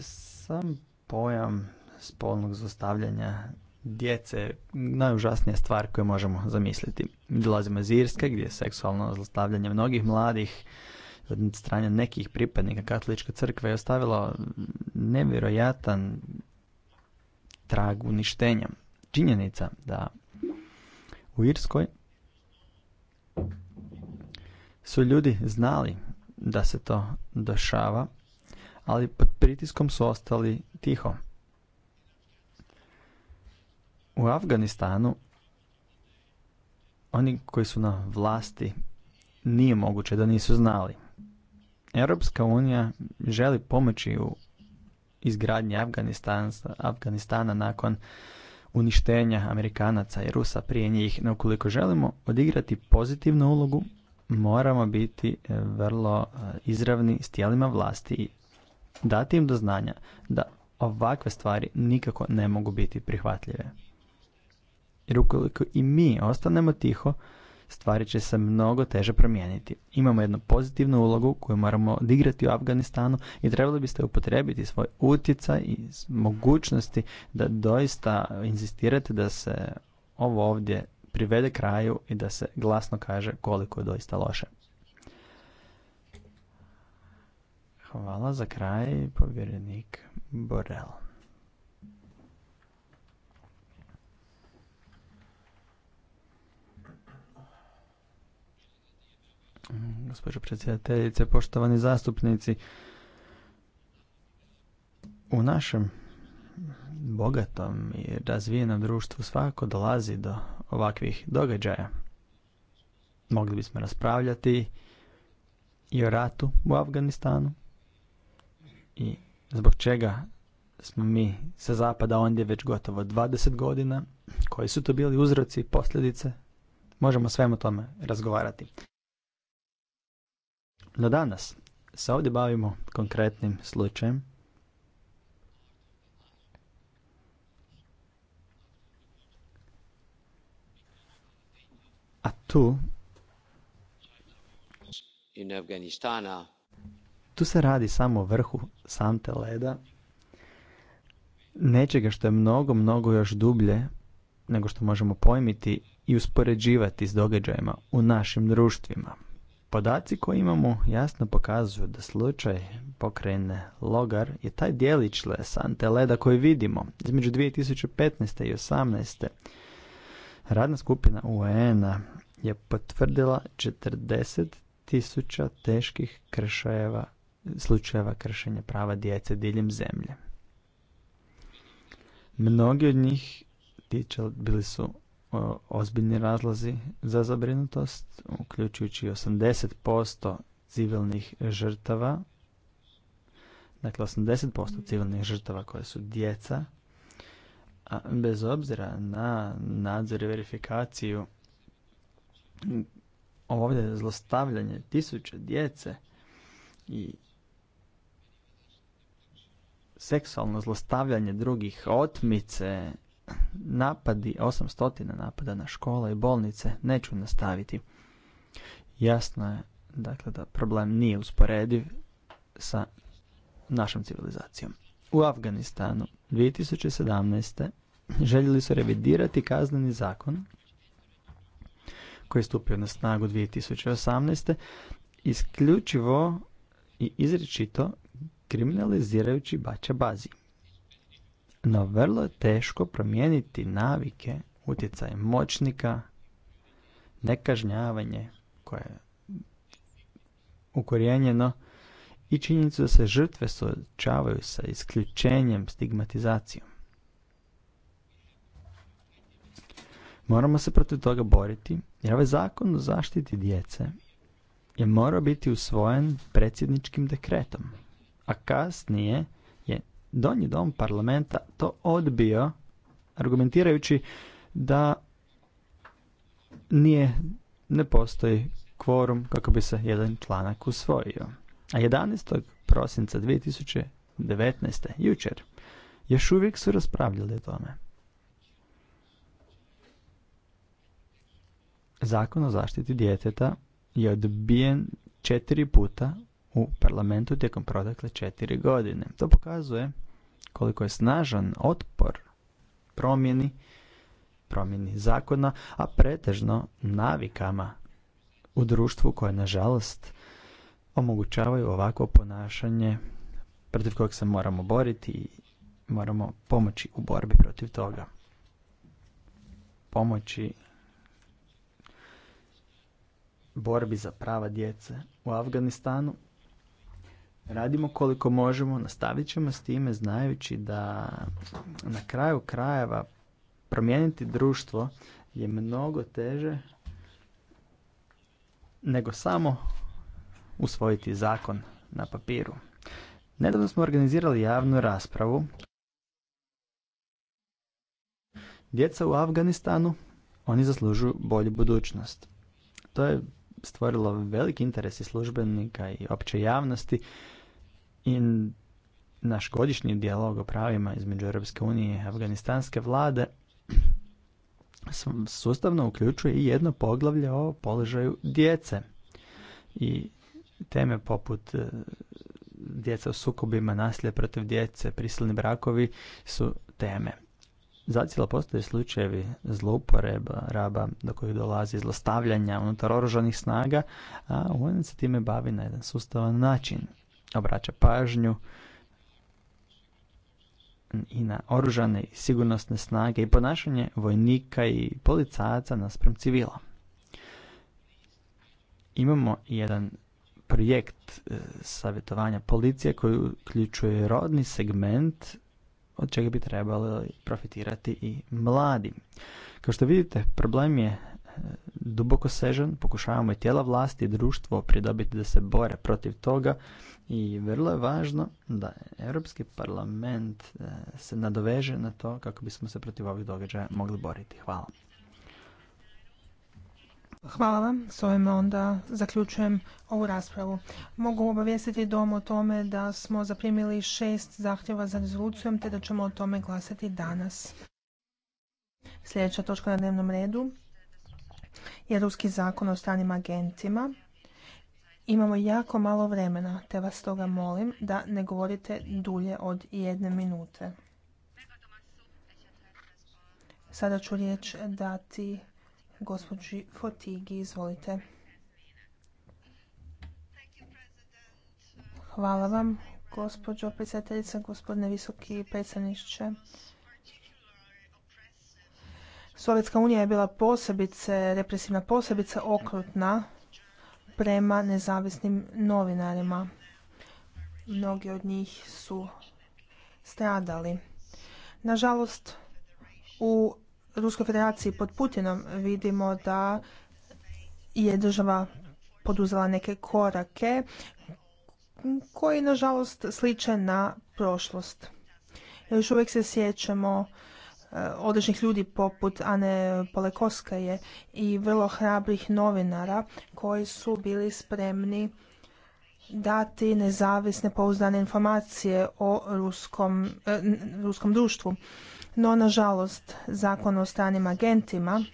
Sam pojam spolnog zlostavljanja djece je najužasnija stvar koju možemo zamisliti. Dolazimo iz Irske gdje je seksualno zlostavljanje mnogih mladih od strane nekih pripadnika katoličke crkve je ostavilo nevjerojatan trag uništenja. Činjenica da u Irskoj su ljudi znali da se to dešava, ali pod pritiskom su ostali tiho. U Afganistanu oni koji su na vlasti nije moguće da nisu znali. Europska unija želi pomoći u izgradnji Afganistana, Afganistana nakon uništenja Amerikanaca i Rusa prije njih. No ukoliko želimo odigrati pozitivnu ulogu, moramo biti e, vrlo e, izravni s tijelima vlasti i dati im do znanja da ovakve stvari nikako ne mogu biti prihvatljive. Jer ukoliko i mi ostanemo tiho, stvari će se mnogo teže promijeniti. Imamo jednu pozitivnu ulogu koju moramo odigrati u Afganistanu i trebali biste upotrebiti svoj utjecaj i mogućnosti da doista inzistirate da se ovo ovdje privede kraju i da se glasno kaže koliko je doista loše. Hvala za kraj, povjerenik Borel. Gospođo predsjedateljice, poštovani zastupnici, u našem bogatom i razvijenom društvu svako dolazi do ovakvih događaja. Mogli bismo raspravljati i o ratu u Afganistanu i zbog čega smo mi sa zapada ondje već gotovo 20 godina, koji su to bili uzroci i posljedice, možemo svemu tome razgovarati. No danas se ovdje bavimo konkretnim slučajem a tu tu se radi samo o vrhu sante leda nečega što je mnogo, mnogo još dublje nego što možemo pojmiti i uspoređivati s događajima u našim društvima. Podaci koje imamo jasno pokazuju da slučaj pokrene Logar je taj djelić sante leda koji vidimo između 2015. i 2018. Radna skupina un je potvrdila 40.000 teških kršajeva, slučajeva kršenja prava djece diljem zemlje. Mnogi od njih bili su ozbiljni razlozi za zabrinutost, uključujući 80% civilnih žrtava, dakle 80% civilnih žrtava koje su djeca, a bez obzira na nadzor i verifikaciju, ovdje je zlostavljanje tisuće djece i seksualno zlostavljanje drugih otmice, napadi, 800 napada na škole i bolnice neću nastaviti. Jasno je dakle, da problem nije usporediv sa našom civilizacijom. U Afganistanu 2017. željeli su revidirati kazneni zakon koji je stupio na snagu 2018. isključivo i izričito kriminalizirajući Baća Bazi. No vrlo je teško promijeniti navike, utjecaj moćnika, nekažnjavanje koje je ukorijenjeno i činjenicu da se žrtve suočavaju sa isključenjem, stigmatizacijom. Moramo se protiv toga boriti jer ovaj zakon o zaštiti djece je morao biti usvojen predsjedničkim dekretom, a kasnije – Donji dom parlamenta to odbio argumentirajući da nije, ne postoji kvorum kako bi se jedan članak usvojio. A 11. prosinca 2019. jučer još uvijek su raspravljali o tome. Zakon o zaštiti djeteta je odbijen četiri puta u parlamentu tijekom protekle četiri godine. To pokazuje koliko je snažan otpor promjeni, promjeni zakona, a pretežno navikama u društvu koje nažalost omogućavaju ovako ponašanje protiv kojeg se moramo boriti i moramo pomoći u borbi protiv toga. Pomoći borbi za prava djece u Afganistanu radimo koliko možemo, nastavit ćemo s time znajući da na kraju krajeva promijeniti društvo je mnogo teže nego samo usvojiti zakon na papiru. Nedavno smo organizirali javnu raspravu. Djeca u Afganistanu, oni zaslužuju bolju budućnost. To je stvorilo veliki interes i službenika i opće javnosti i naš godišnji dijalog o pravima između Europske unije i afganistanske vlade (clears throat) sustavno uključuje i jedno poglavlje o položaju djece i teme poput e, djeca u sukobima, nasilje protiv djece, prisilni brakovi su teme. Zacijelo postoje slučajevi zlouporeba, raba do kojih dolazi zlostavljanja unutar oružanih snaga, a UN se time bavi na jedan sustavan način obraća pažnju i na oružane i sigurnosne snage i ponašanje vojnika i policajaca naspram civila. Imamo jedan projekt e, savjetovanja policije koji uključuje rodni segment od čega bi trebali profitirati i mladi. Kao što vidite, problem je e, duboko sežen. pokušavamo i tijela vlasti i društvo pridobiti da se bore protiv toga, i vrlo je važno da Europski parlament e, se nadoveže na to kako bismo se protiv ovih događaja mogli boriti. Hvala. Hvala vam. S ovim onda zaključujem ovu raspravu. Mogu obavijestiti dom o tome da smo zaprimili šest zahtjeva za rezolucijom te da ćemo o tome glasati danas. Sljedeća točka na dnevnom redu je Ruski zakon o stranim agentima. Imamo jako malo vremena, te vas toga molim da ne govorite dulje od jedne minute. Sada ću riječ dati gospođi Fotigi, izvolite. Hvala vam, gospođo predsjedateljica, gospodine visoki predstavniče Sovjetska unija je bila posebice, represivna posebice okrutna prema nezavisnim novinarima. Mnogi od njih su stradali. Nažalost, u Ruskoj federaciji pod Putinom vidimo da je država poduzela neke korake koji nažalost sliče na prošlost. Još uvijek se sjećamo Eh, odličnih ljudi poput Ane Polekoskaje i vrlo hrabrih novinara koji su bili spremni dati nezavisne pouzdane informacije o ruskom, eh, ruskom društvu. No, nažalost, zakon o stranim agentima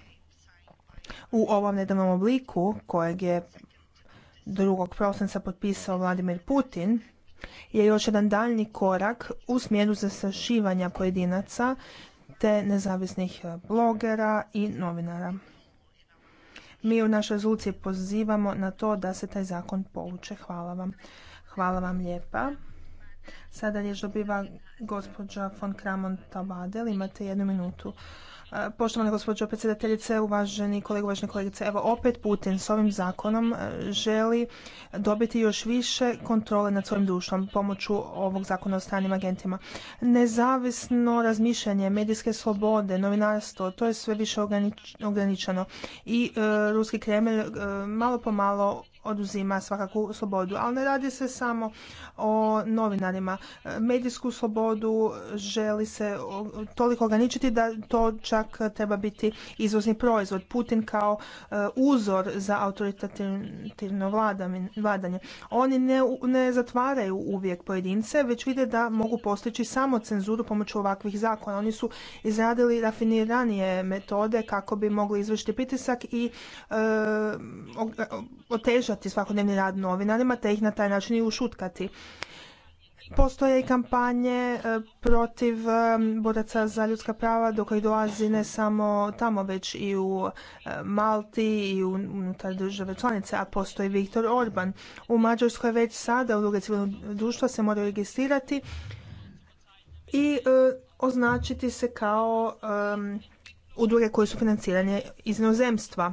u ovom nedavnom obliku kojeg je drugog prosinca potpisao Vladimir Putin je još jedan daljni korak u smjeru zastrašivanja pojedinaca te nezavisnih e, blogera i novinara. Mi u našoj rezoluciji pozivamo na to da se taj zakon povuče. Hvala vam. Hvala vam lijepa. Sada riječ dobiva gospođa von Kramon Tabadel. Imate jednu minutu. Poštovana gospođo predsjedateljice, uvaženi kolega, uvažene kolegice, evo opet Putin s ovim zakonom e, želi dobiti još više kontrole nad svojim društvom pomoću ovog zakona o stranim agentima. Nezavisno razmišljanje, medijske slobode, novinarstvo, to je sve više ograničeno i e, ruski Kreml e, malo po malo oduzima svakakvu slobodu. Ali ne radi se samo o novinarima. Medijsku slobodu želi se toliko ograničiti da to čak treba biti izvozni proizvod. Putin kao e, uzor za autoritativno vladanje. Oni ne, ne zatvaraju uvijek pojedince, već vide da mogu postići samo cenzuru pomoću ovakvih zakona. Oni su izradili rafiniranije metode kako bi mogli izvršiti pritisak i e, otežati olakšati svakodnevni rad novinarima te ih na taj način i ušutkati. Postoje i kampanje e, protiv e, boraca za ljudska prava do kojih dolazi ne samo tamo već i u e, Malti i unutar države članice, a postoji Viktor Orban. U Mađarskoj već sada udruge civilnog društva se moraju registrirati i označiti se kao udruge koje su financirane iz inozemstva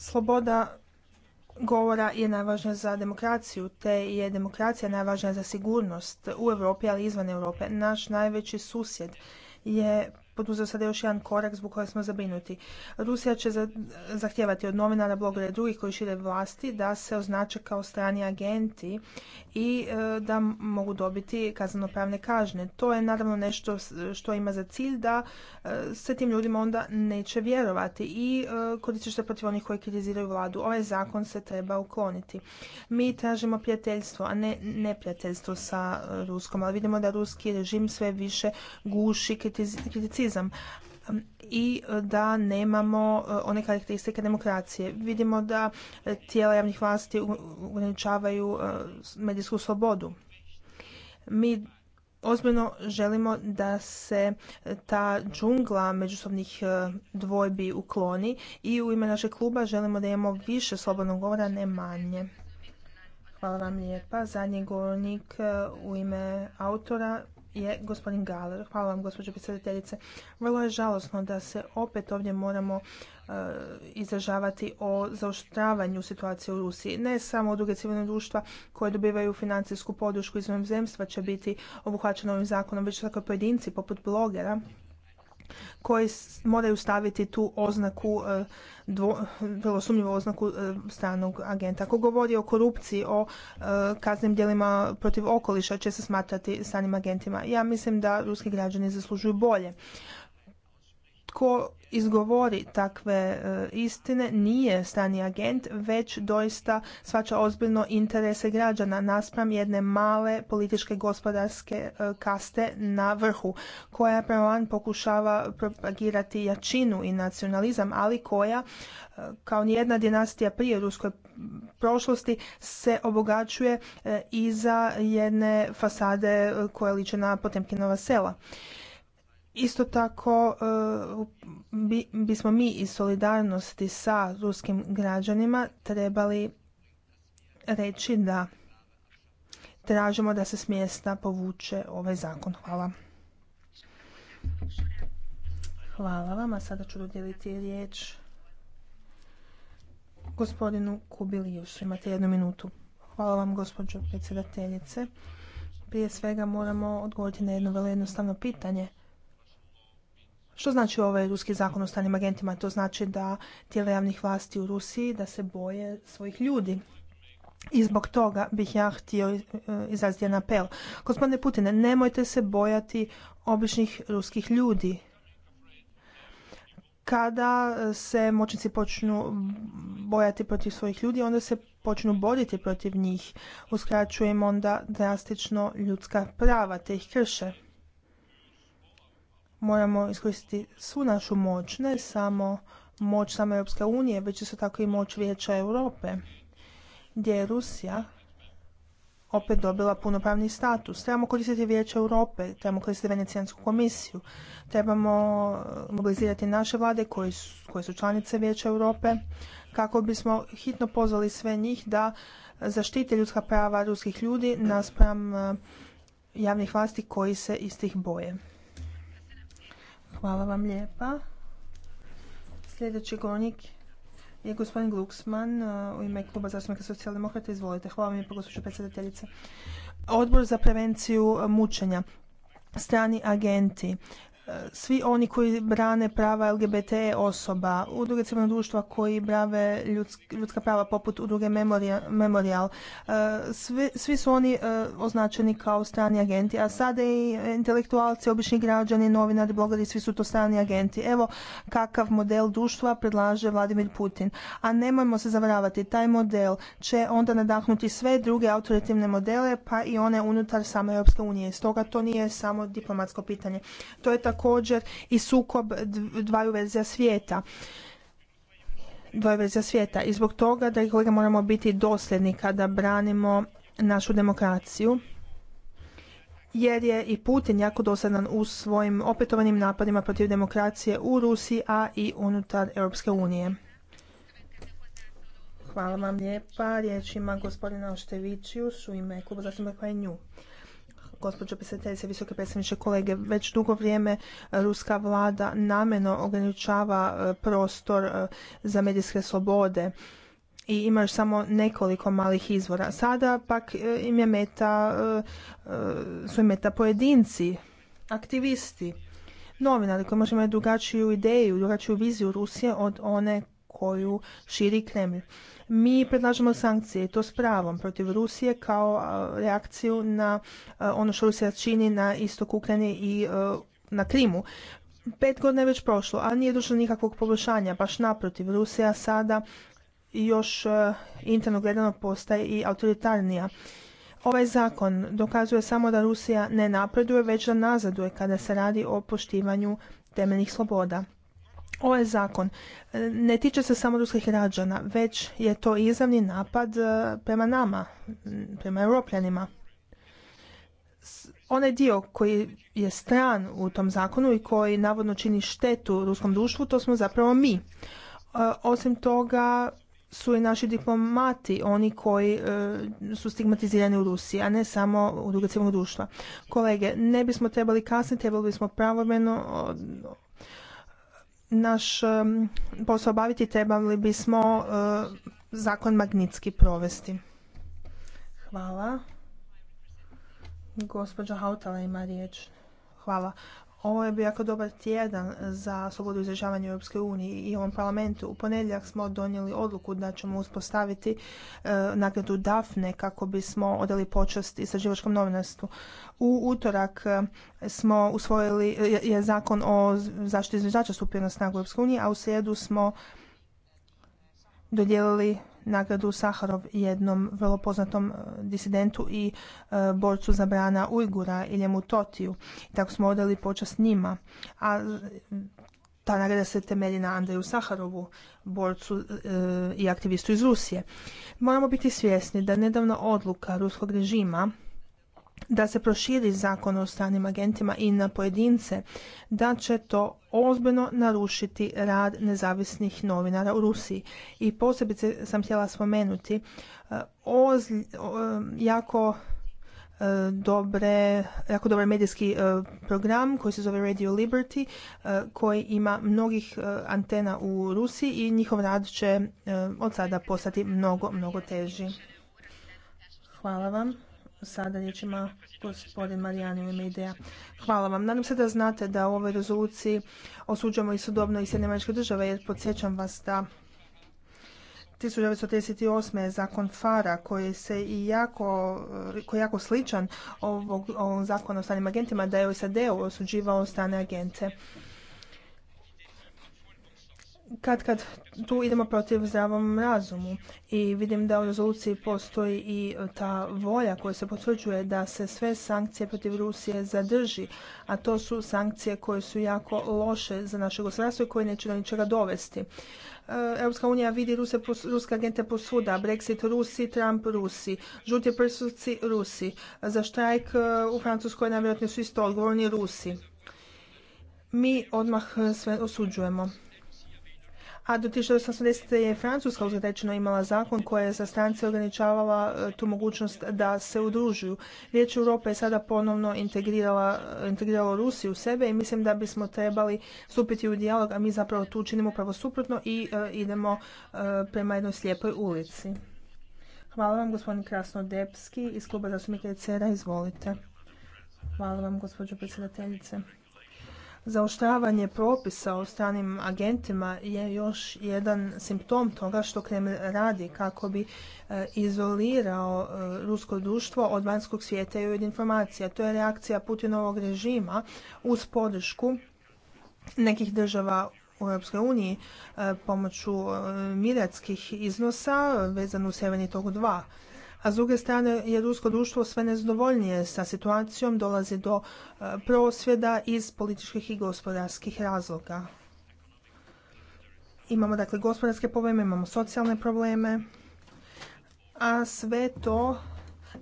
Sloboda govora je najvažnija za demokraciju, te je demokracija najvažnija za sigurnost u Europi, ali i izvan Europe. Naš najveći susjed je poduzeo sada još jedan korak zbog kojeg smo zabrinuti. Rusija će zahtijevati od novinara, blogera i drugih koji šire vlasti da se označe kao strani agenti i e, da mogu dobiti kazano-pravne kažne. To je naravno nešto što ima za cilj da e, se tim ljudima onda neće vjerovati i e, koristit se protiv onih koji kritiziraju vladu. Ovaj zakon se treba ukloniti. Mi tražimo prijateljstvo, a ne neprijateljstvo sa Ruskom, ali vidimo da ruski režim sve više guši kritici Um, i e, da nemamo e, one karakteristike demokracije. Vidimo da e, tijela javnih vlasti ograničavaju medijsku slobodu. Mi ozbiljno želimo da se ta džungla međusobnih dvojbi ukloni i u ime našeg kluba želimo da imamo više slobodnog govora, ne manje. Hvala vam lijepa. Zadnji govornik u ime autora je gospodin Galer. Hvala vam, gospođo predsjedateljice. Vrlo je žalosno da se opet ovdje moramo e, izražavati o zaoštravanju situacije u Rusiji. Ne samo druge civilne društva koje dobivaju financijsku podršku iz zemstva će biti obuhvaćeno ovim zakonom, već tako pojedinci poput blogera koji moraju staviti tu oznaku e, dvo, vrlo sumnjivu oznaku e, stranog agenta. Ako govori o korupciji, o e, kaznim djelima protiv okoliša će se smatrati stranim agentima. Ja mislim da ruski građani zaslužuju bolje. Ko izgovori takve e, istine nije strani agent, već doista svača ozbiljno interese građana naspram jedne male političke gospodarske e, kaste na vrhu, koja prema van pokušava propagirati jačinu i nacionalizam, ali koja e, kao nijedna dinastija prije ruskoj prošlosti se obogaćuje iza jedne fasade koja liče na Potemkinova sela. Isto tako eh, bismo mi iz solidarnosti sa ruskim građanima trebali reći da tražimo da se smjesta povuče ovaj zakon. Hvala. Hvala vam, a sada ću dodijeliti riječ gospodinu Kubilijušu. Imate jednu minutu. Hvala vam, gospođo predsjedateljice. Prije svega moramo odgovoriti na jedno vrlo jednostavno pitanje. Što znači ovaj ruski zakon o stranim agentima? To znači da tijela javnih vlasti u Rusiji da se boje svojih ljudi. I zbog toga bih ja htio e, izraziti jedan apel. Gospodine Putine, nemojte se bojati običnih ruskih ljudi. Kada e, se moćnici počnu bojati protiv svojih ljudi, onda se počnu boriti protiv njih. Uskraćujem onda drastično ljudska prava, te ih krše moramo iskoristiti svu našu moć, ne samo moć same Europske unije, već isto tako i moć Vijeća Europe, gdje je Rusija opet dobila punopravni status. Trebamo koristiti Vijeće Europe, trebamo koristiti Venecijansku komisiju, trebamo uh, mobilizirati naše vlade koje su, koje su članice Vijeća Europe kako bismo hitno pozvali sve njih da zaštite ljudska prava ruskih ljudi naspram uh, javnih vlasti koji se istih boje. Hvala vam lijepa. Sljedeći govornik je gospodin Gluksman uh, u ime Kluba zastupnika socijaldemokrata. Izvolite. Hvala vam lijepa, gospođo predsjedateljice. Odbor za prevenciju mučenja strani agenti svi oni koji brane prava LGBT osoba, udruge civilnog društva koji brave ljudska prava poput udruge Memorial, e, svi, svi su oni e, označeni kao strani agenti, a sada i intelektualci, obični građani, novinari, blogari, svi su to strani agenti. Evo kakav model društva predlaže Vladimir Putin. A nemojmo se zavaravati, taj model će onda nadahnuti sve druge autoritivne modele, pa i one unutar same Europske unije. Stoga to nije samo diplomatsko pitanje. To je tako također i sukob dvaju verzija svijeta dvoje verzija svijeta i zbog toga da kolega moramo biti dosljedni kada branimo našu demokraciju jer je i Putin jako dosadan u svojim opetovanim napadima protiv demokracije u Rusiji, a i unutar Europske unije. Hvala vam lijepa. Riječ ima gospodina Oštevićius u ime kluba zastupnika Nju gospođo predsjedateljice, visoke predstavniče kolege, već dugo vrijeme e, ruska vlada nameno ograničava e, prostor e, za medijske slobode i ima još samo nekoliko malih izvora. Sada pak im je meta, su im meta pojedinci, aktivisti, novinari koji možda imaju drugačiju ideju, drugačiju viziju Rusije od one koju širi Kremlj. Mi predlažemo sankcije i to s pravom protiv Rusije kao reakciju na ono što Rusija čini na istoku Ukrajine i e, na Krimu. Pet godina je već prošlo, a nije došlo nikakvog poboljšanja, baš naprotiv. Rusija sada još e, interno gledano postaje i autoritarnija. Ovaj zakon dokazuje samo da Rusija ne napreduje, već da nazaduje kada se radi o poštivanju temeljnih sloboda. Ovaj zakon e, ne tiče se samo ruskih građana, već je to izravni napad e, prema nama, prema europljanima. Onaj dio koji je stran u tom zakonu i koji navodno čini štetu ruskom društvu, to smo zapravo mi. E, osim toga su i naši diplomati oni koji su stigmatizirani u Rusiji, a ne samo u civilnog društva. Kolege, ne bismo trebali kasniti, trebali bismo pravomeno naš posao obaviti trebali bismo eh, zakon Magnitski provesti. Hvala. Gospođa Hautala ima riječ. Hvala. Ovo je bio jako dobar tjedan za slobodu izražavanja u Europskoj uniji i ovom parlamentu. U ponedjeljak smo donijeli odluku da ćemo uspostaviti e, nagradu DAFNE kako bismo odali počast istraživačkom novinarstvu. U utorak e, smo usvojili, e, je, zakon o zaštiti izražača stupio na snagu u a u srijedu smo dodijelili nagradu Saharov jednom vrlo poznatom e, disidentu i e, borcu za brana Ujgura Iljemu Totiju. tako smo odali počast njima. A e, ta nagrada se temelji na Andreju Saharovu, borcu i aktivistu iz Rusije. Moramo biti svjesni da nedavna odluka ruskog režima da se proširi zakon o stranim agentima i na pojedince, da će to ozbiljno narušiti rad nezavisnih novinara u Rusiji. I posebice sam htjela spomenuti e, e, jako e, dobre, jako dobar medijski program koji se zove Radio Liberty koji ima mnogih antena u Rusiji i njihov rad će od sada postati mnogo, mnogo teži. Hvala vam sada riječima gospodin Marijani u ime ideja. Hvala vam. Nadam se da znate da u ovoj rezoluciji osuđujemo i sudobno i Sjedinjene države jer podsjećam vas da 1938. je zakon FARA koji se i jako, koji je jako sličan ovom, ovom zakonu o stanim agentima da je u SAD-u osuđivao strane agente kad kad tu idemo protiv zdravom razumu i vidim da u rezoluciji postoji i ta volja koja se potvrđuje da se sve sankcije protiv Rusije zadrži, a to su sankcije koje su jako loše za naše gospodarstvo i koje neće do ničega dovesti. E, Europska unija vidi ruske agente posvuda, Brexit Rusi, Trump Rusi, žuti prsuci Rusi, za štrajk e, u Francuskoj najvjerojatnije su isto odgovorni Rusi. Mi odmah sve osuđujemo a do 1980. je Francuska uzrečeno imala zakon koja je za strance ograničavala e, tu mogućnost da se udružuju. Riječ Europa je sada ponovno integrirala, Rusiju u sebe i mislim da bismo trebali stupiti u dijalog, a mi zapravo tu činimo upravo suprotno i e, idemo e, prema jednoj slijepoj ulici. Hvala vam gospodin Krasnodepski iz kluba zastupnika Cera, izvolite. Hvala vam gospođo predsjedateljice. Zaoštravanje propisa o stranim agentima je još jedan simptom toga što Kreml radi kako bi e, izolirao e, rusko društvo od vanjskog svijeta i od informacija. To je reakcija Putinovog režima uz podršku nekih država u Europskoj uniji e, pomoću miratskih iznosa vezano u Sjeverni toku 2 a s druge strane je rusko društvo sve nezadovoljnije sa situacijom, dolazi do e, prosvjeda iz političkih i gospodarskih razloga. Imamo dakle gospodarske probleme, imamo socijalne probleme, a sve to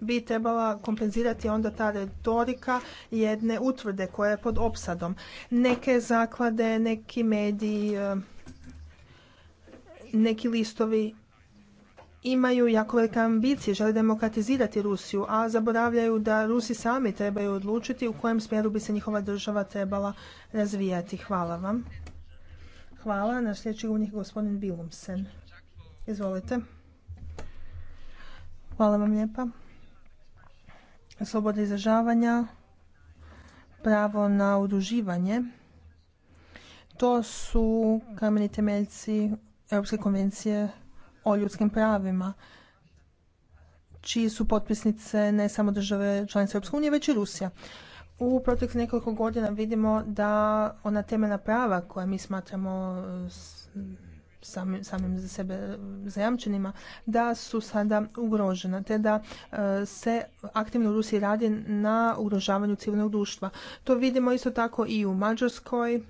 bi trebala kompenzirati onda ta retorika jedne utvrde koja je pod opsadom. Neke zaklade, neki mediji, e, neki listovi imaju jako velike ambicije, žele demokratizirati Rusiju, a zaboravljaju da Rusi sami trebaju odlučiti u kojem smjeru bi se njihova država trebala razvijati. Hvala vam. Hvala. Na sljedeći u njih gospodin Bilumsen. Izvolite. Hvala vam lijepa. Sloboda izražavanja, pravo na uduživanje. To su kameni temeljci Europske konvencije o ljudskim pravima čiji su potpisnice ne samo države članice Europske unije, već i Rusija. U proteklih nekoliko godina vidimo da ona temeljna prava koja mi smatramo eh, samim, samim za sebe zajamčenima, da su sada ugrožena, te da eh, se aktivno u Rusiji radi na ugrožavanju civilnog društva. To vidimo isto tako i u Mađarskoj,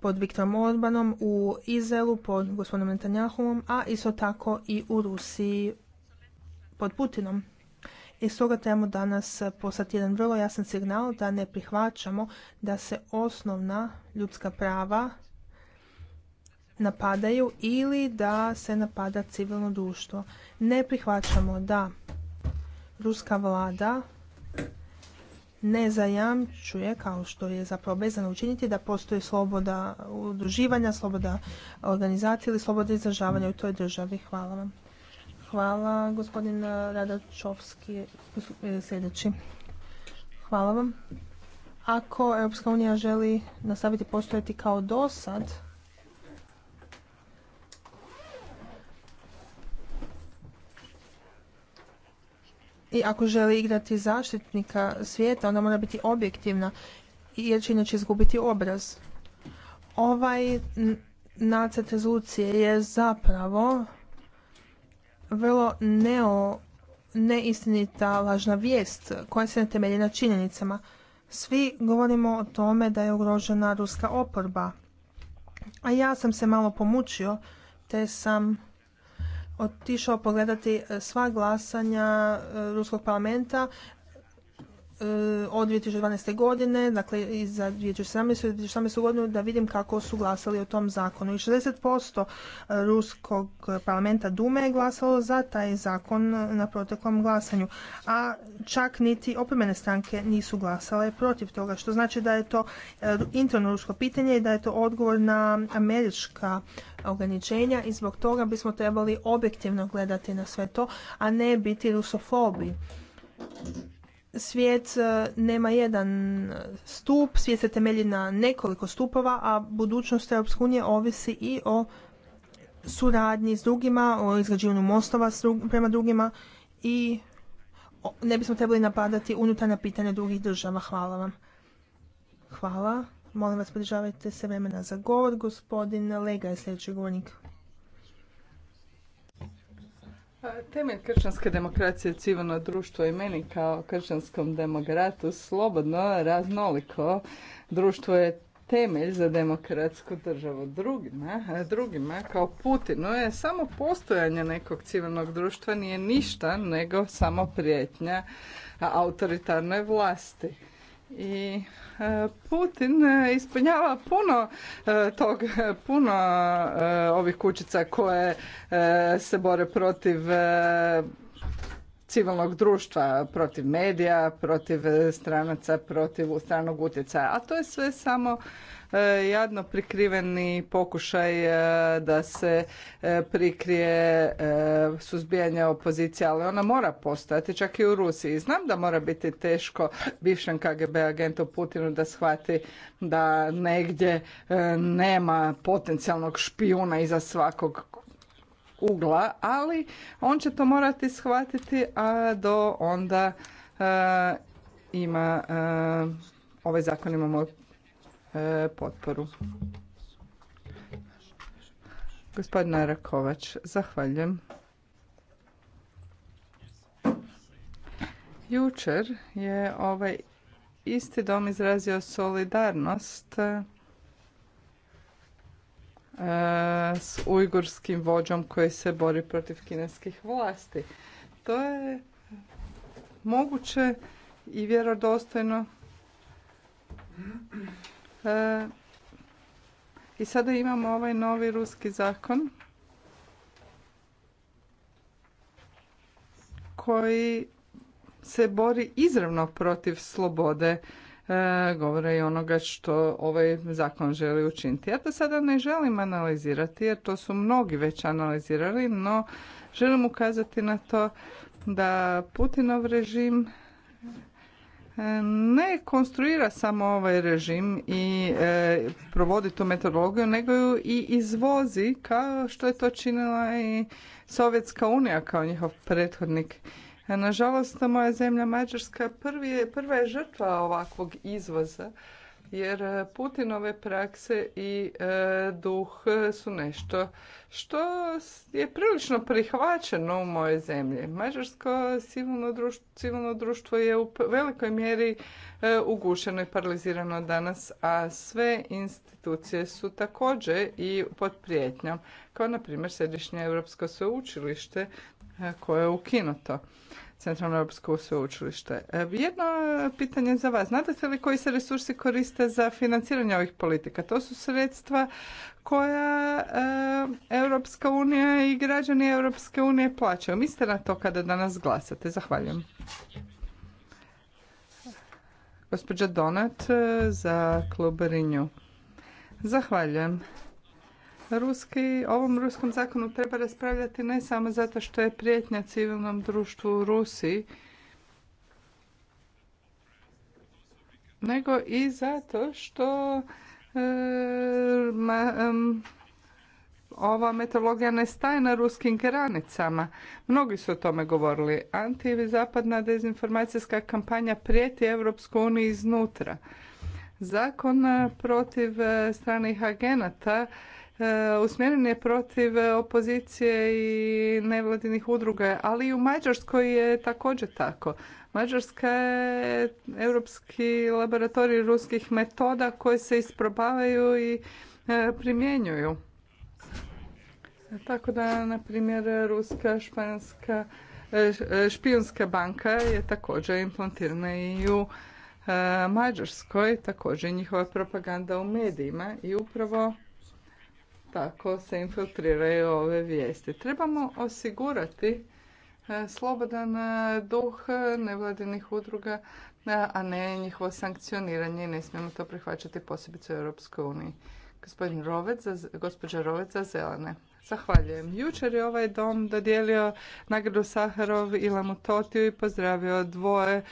pod Viktorom Orbanom, u Izelu pod gospodinom Netanjahovom, a isto tako i u Rusiji pod Putinom. I stoga trebamo danas poslati jedan vrlo jasan signal da ne prihvaćamo da se osnovna ljudska prava napadaju ili da se napada civilno društvo. Ne prihvaćamo da ruska vlada ne zajamčuje, kao što je zapravo vezano učiniti, da postoji sloboda udruživanja, sloboda organizacije ili sloboda izražavanja u toj državi. Hvala vam. Hvala, gospodin Radačovski, e, sljedeći. Hvala vam. Ako Europska unija želi nastaviti postojati kao do sad, i ako želi igrati zaštitnika svijeta, onda mora biti objektivna jer će inače izgubiti obraz. Ovaj nacrt rezolucije je zapravo vrlo neo, neistinita lažna vijest koja se ne temelji na činjenicama. Svi govorimo o tome da je ugrožena ruska oporba. A ja sam se malo pomučio, te sam otišao pogledati sva glasanja eh, ruskog parlamenta E, od 2012. godine, dakle i za 2017. 2017. godinu da vidim kako su glasali o tom zakonu. I 60% e, ruskog parlamenta Dume je glasalo za taj zakon na proteklom glasanju, a čak niti opremene stranke nisu glasale protiv toga, što znači da je to e, interno rusko pitanje i da je to odgovor na američka ograničenja i zbog toga bismo trebali objektivno gledati na sve to, a ne biti rusofobi svijet e, nema jedan stup, svijet se temelji na nekoliko stupova, a budućnost Europske unije ovisi i o suradnji s drugima, o izgrađivanju mostova prema drugima i ne bismo trebali napadati unutarnja pitanja drugih država. Hvala vam. Hvala. Molim vas, podržavajte se vremena za govor. Gospodin Lega je sljedeći govornik. Temelj kršćanske demokracije civilno društvo i meni kao kršćanskom demokratu slobodno, raznoliko društvo je temelj za demokratsku državu. Drugima, drugima kao Putinu je samo postojanje nekog civilnog društva nije ništa nego samo prijetnja autoritarnoj vlasti i e, Putin e, ispunjava puno e, tog, puno ovih kućica koje se bore protiv civilnog društva, protiv medija, protiv stranaca, protiv stranog utjecaja. A to je sve samo E, jadno prikriveni pokušaj e, da se e, prikrije suzbijanje opozicije, ali ona mora postojati čak i u Rusiji. Znam da mora biti teško bivšem KGB agentu Putinu da shvati da negdje nema potencijalnog špijuna iza svakog ugla, ali on će to morati shvatiti, a do onda ima ovaj zakon imamo E, potporu. Gospodin Rakovač, zahvaljujem. Jučer je ovaj isti dom izrazio solidarnost e, s ujgurskim vođom koji se bori protiv kineskih vlasti. To je moguće i vjerodostojno E, I sada imamo ovaj novi ruski zakon koji se bori izravno protiv slobode e, govore i onoga što ovaj zakon želi učiniti. Ja to sada ne želim analizirati jer to su mnogi već analizirali, no želim ukazati na to da Putinov režim ne konstruira samo ovaj režim i e, provodi tu metodologiju, nego ju i izvozi kao što je to činila i Sovjetska unija kao njihov prethodnik. E, nažalost, moja zemlja Mađarska prvi je, prva je žrtva ovakvog izvoza jer e, Putinove prakse i e, duh e, su nešto što je prilično prihvaćeno u mojoj zemlji. Mađarsko civilno društvo, civilno društvo je u velikoj mjeri ugušeno i paralizirano danas, a sve institucije su također i pod prijetnjom, kao na primjer Središnje europsko sveučilište koje je ukinuto. Centralno Europsko sveučilište. E, jedno pitanje za vas. Znate li koji se resursi koriste za financiranje ovih politika? To su sredstva koja e, Europska unija i građani Europske unije plaćaju. Mislite na to kada danas glasate? Zahvaljujem. Gospođa Donat e, za klub Rinju. Zahvaljujem. Ruski, ovom ruskom zakonu treba raspravljati ne samo zato što je prijetnja civilnom društvu u Rusiji, nego i zato što e, ova metodologija ne staje na ruskim granicama. Mnogi su o tome govorili. Anti-zapadna dezinformacijska kampanja prijeti Europsku uniju iznutra. Zakon e, protiv e, stranih agenata E, usmjeren je protiv opozicije i nevladinih udruga, ali i u Mađarskoj je također tako. Mađarska je europski laboratorij ruskih metoda koje se isprobavaju i e, primjenjuju. Tako da, na primjer, Ruska, španska, e, Špijunska banka je također implantirana i u Mađarskoj, također njihova propaganda u medijima i upravo tako se infiltriraju ove vijesti. Trebamo osigurati e, slobodan e, duh nevladinih udruga, e, a ne njihovo sankcioniranje ne smijemo to prihvaćati posebice u Europskoj uniji. Gospodin Rovec, gospođa Rovec za zelene. Zahvaljujem. Jučer je ovaj dom dodijelio nagradu Saharov i Lamutotiju i pozdravio dvoje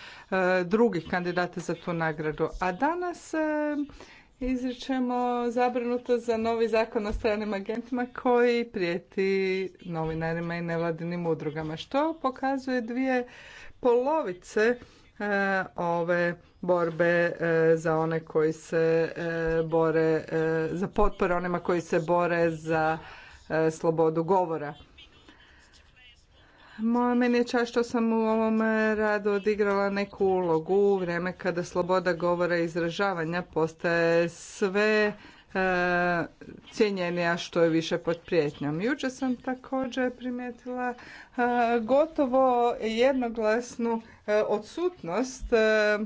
drugih kandidata za tu nagradu. A danas izričemo zabrinutost za novi zakon o stranim agentima koji prijeti novinarima i nevladinim udrugama, što pokazuje dvije polovice e, ove borbe e, za one koji se e, bore za potpore onima koji se bore za slobodu govora. Moja meni je čast što sam u ovom radu odigrala neku ulogu u vrijeme kada sloboda govora i izražavanja postaje sve e, cijenjenija što je više pod prijetnjom. Juče sam također primijetila e, gotovo jednoglasnu e, odsutnost e,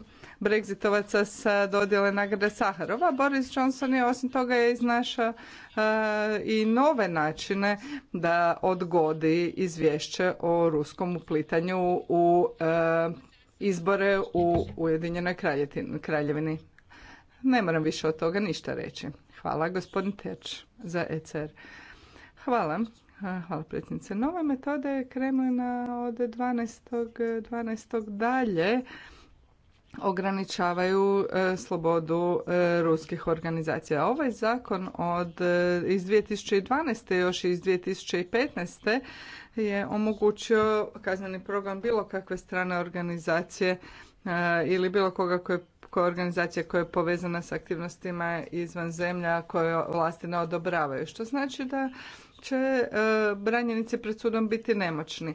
Brexitovaca sa dodjele nagrade Saharova. Boris Johnson je osim toga je iznašao e, i nove načine da odgodi izvješće o ruskom uplitanju u e, izbore u Ujedinjenoj kraljevini. Ne moram više od toga ništa reći. Hvala gospodin Teč za ECR. Hvala. E, hvala predsjednice. Nova metoda je krenula od 12. 12. dalje ograničavaju e, slobodu e, ruskih organizacija. Ovaj zakon od, e, iz 2012. još i iz 2015. je omogućio kazneni program bilo kakve strane organizacije ili bilo koga koje koja organizacija koja je povezana s aktivnostima izvan zemlja koje vlasti ne odobravaju. Što znači da će branjenici pred sudom biti nemoćni.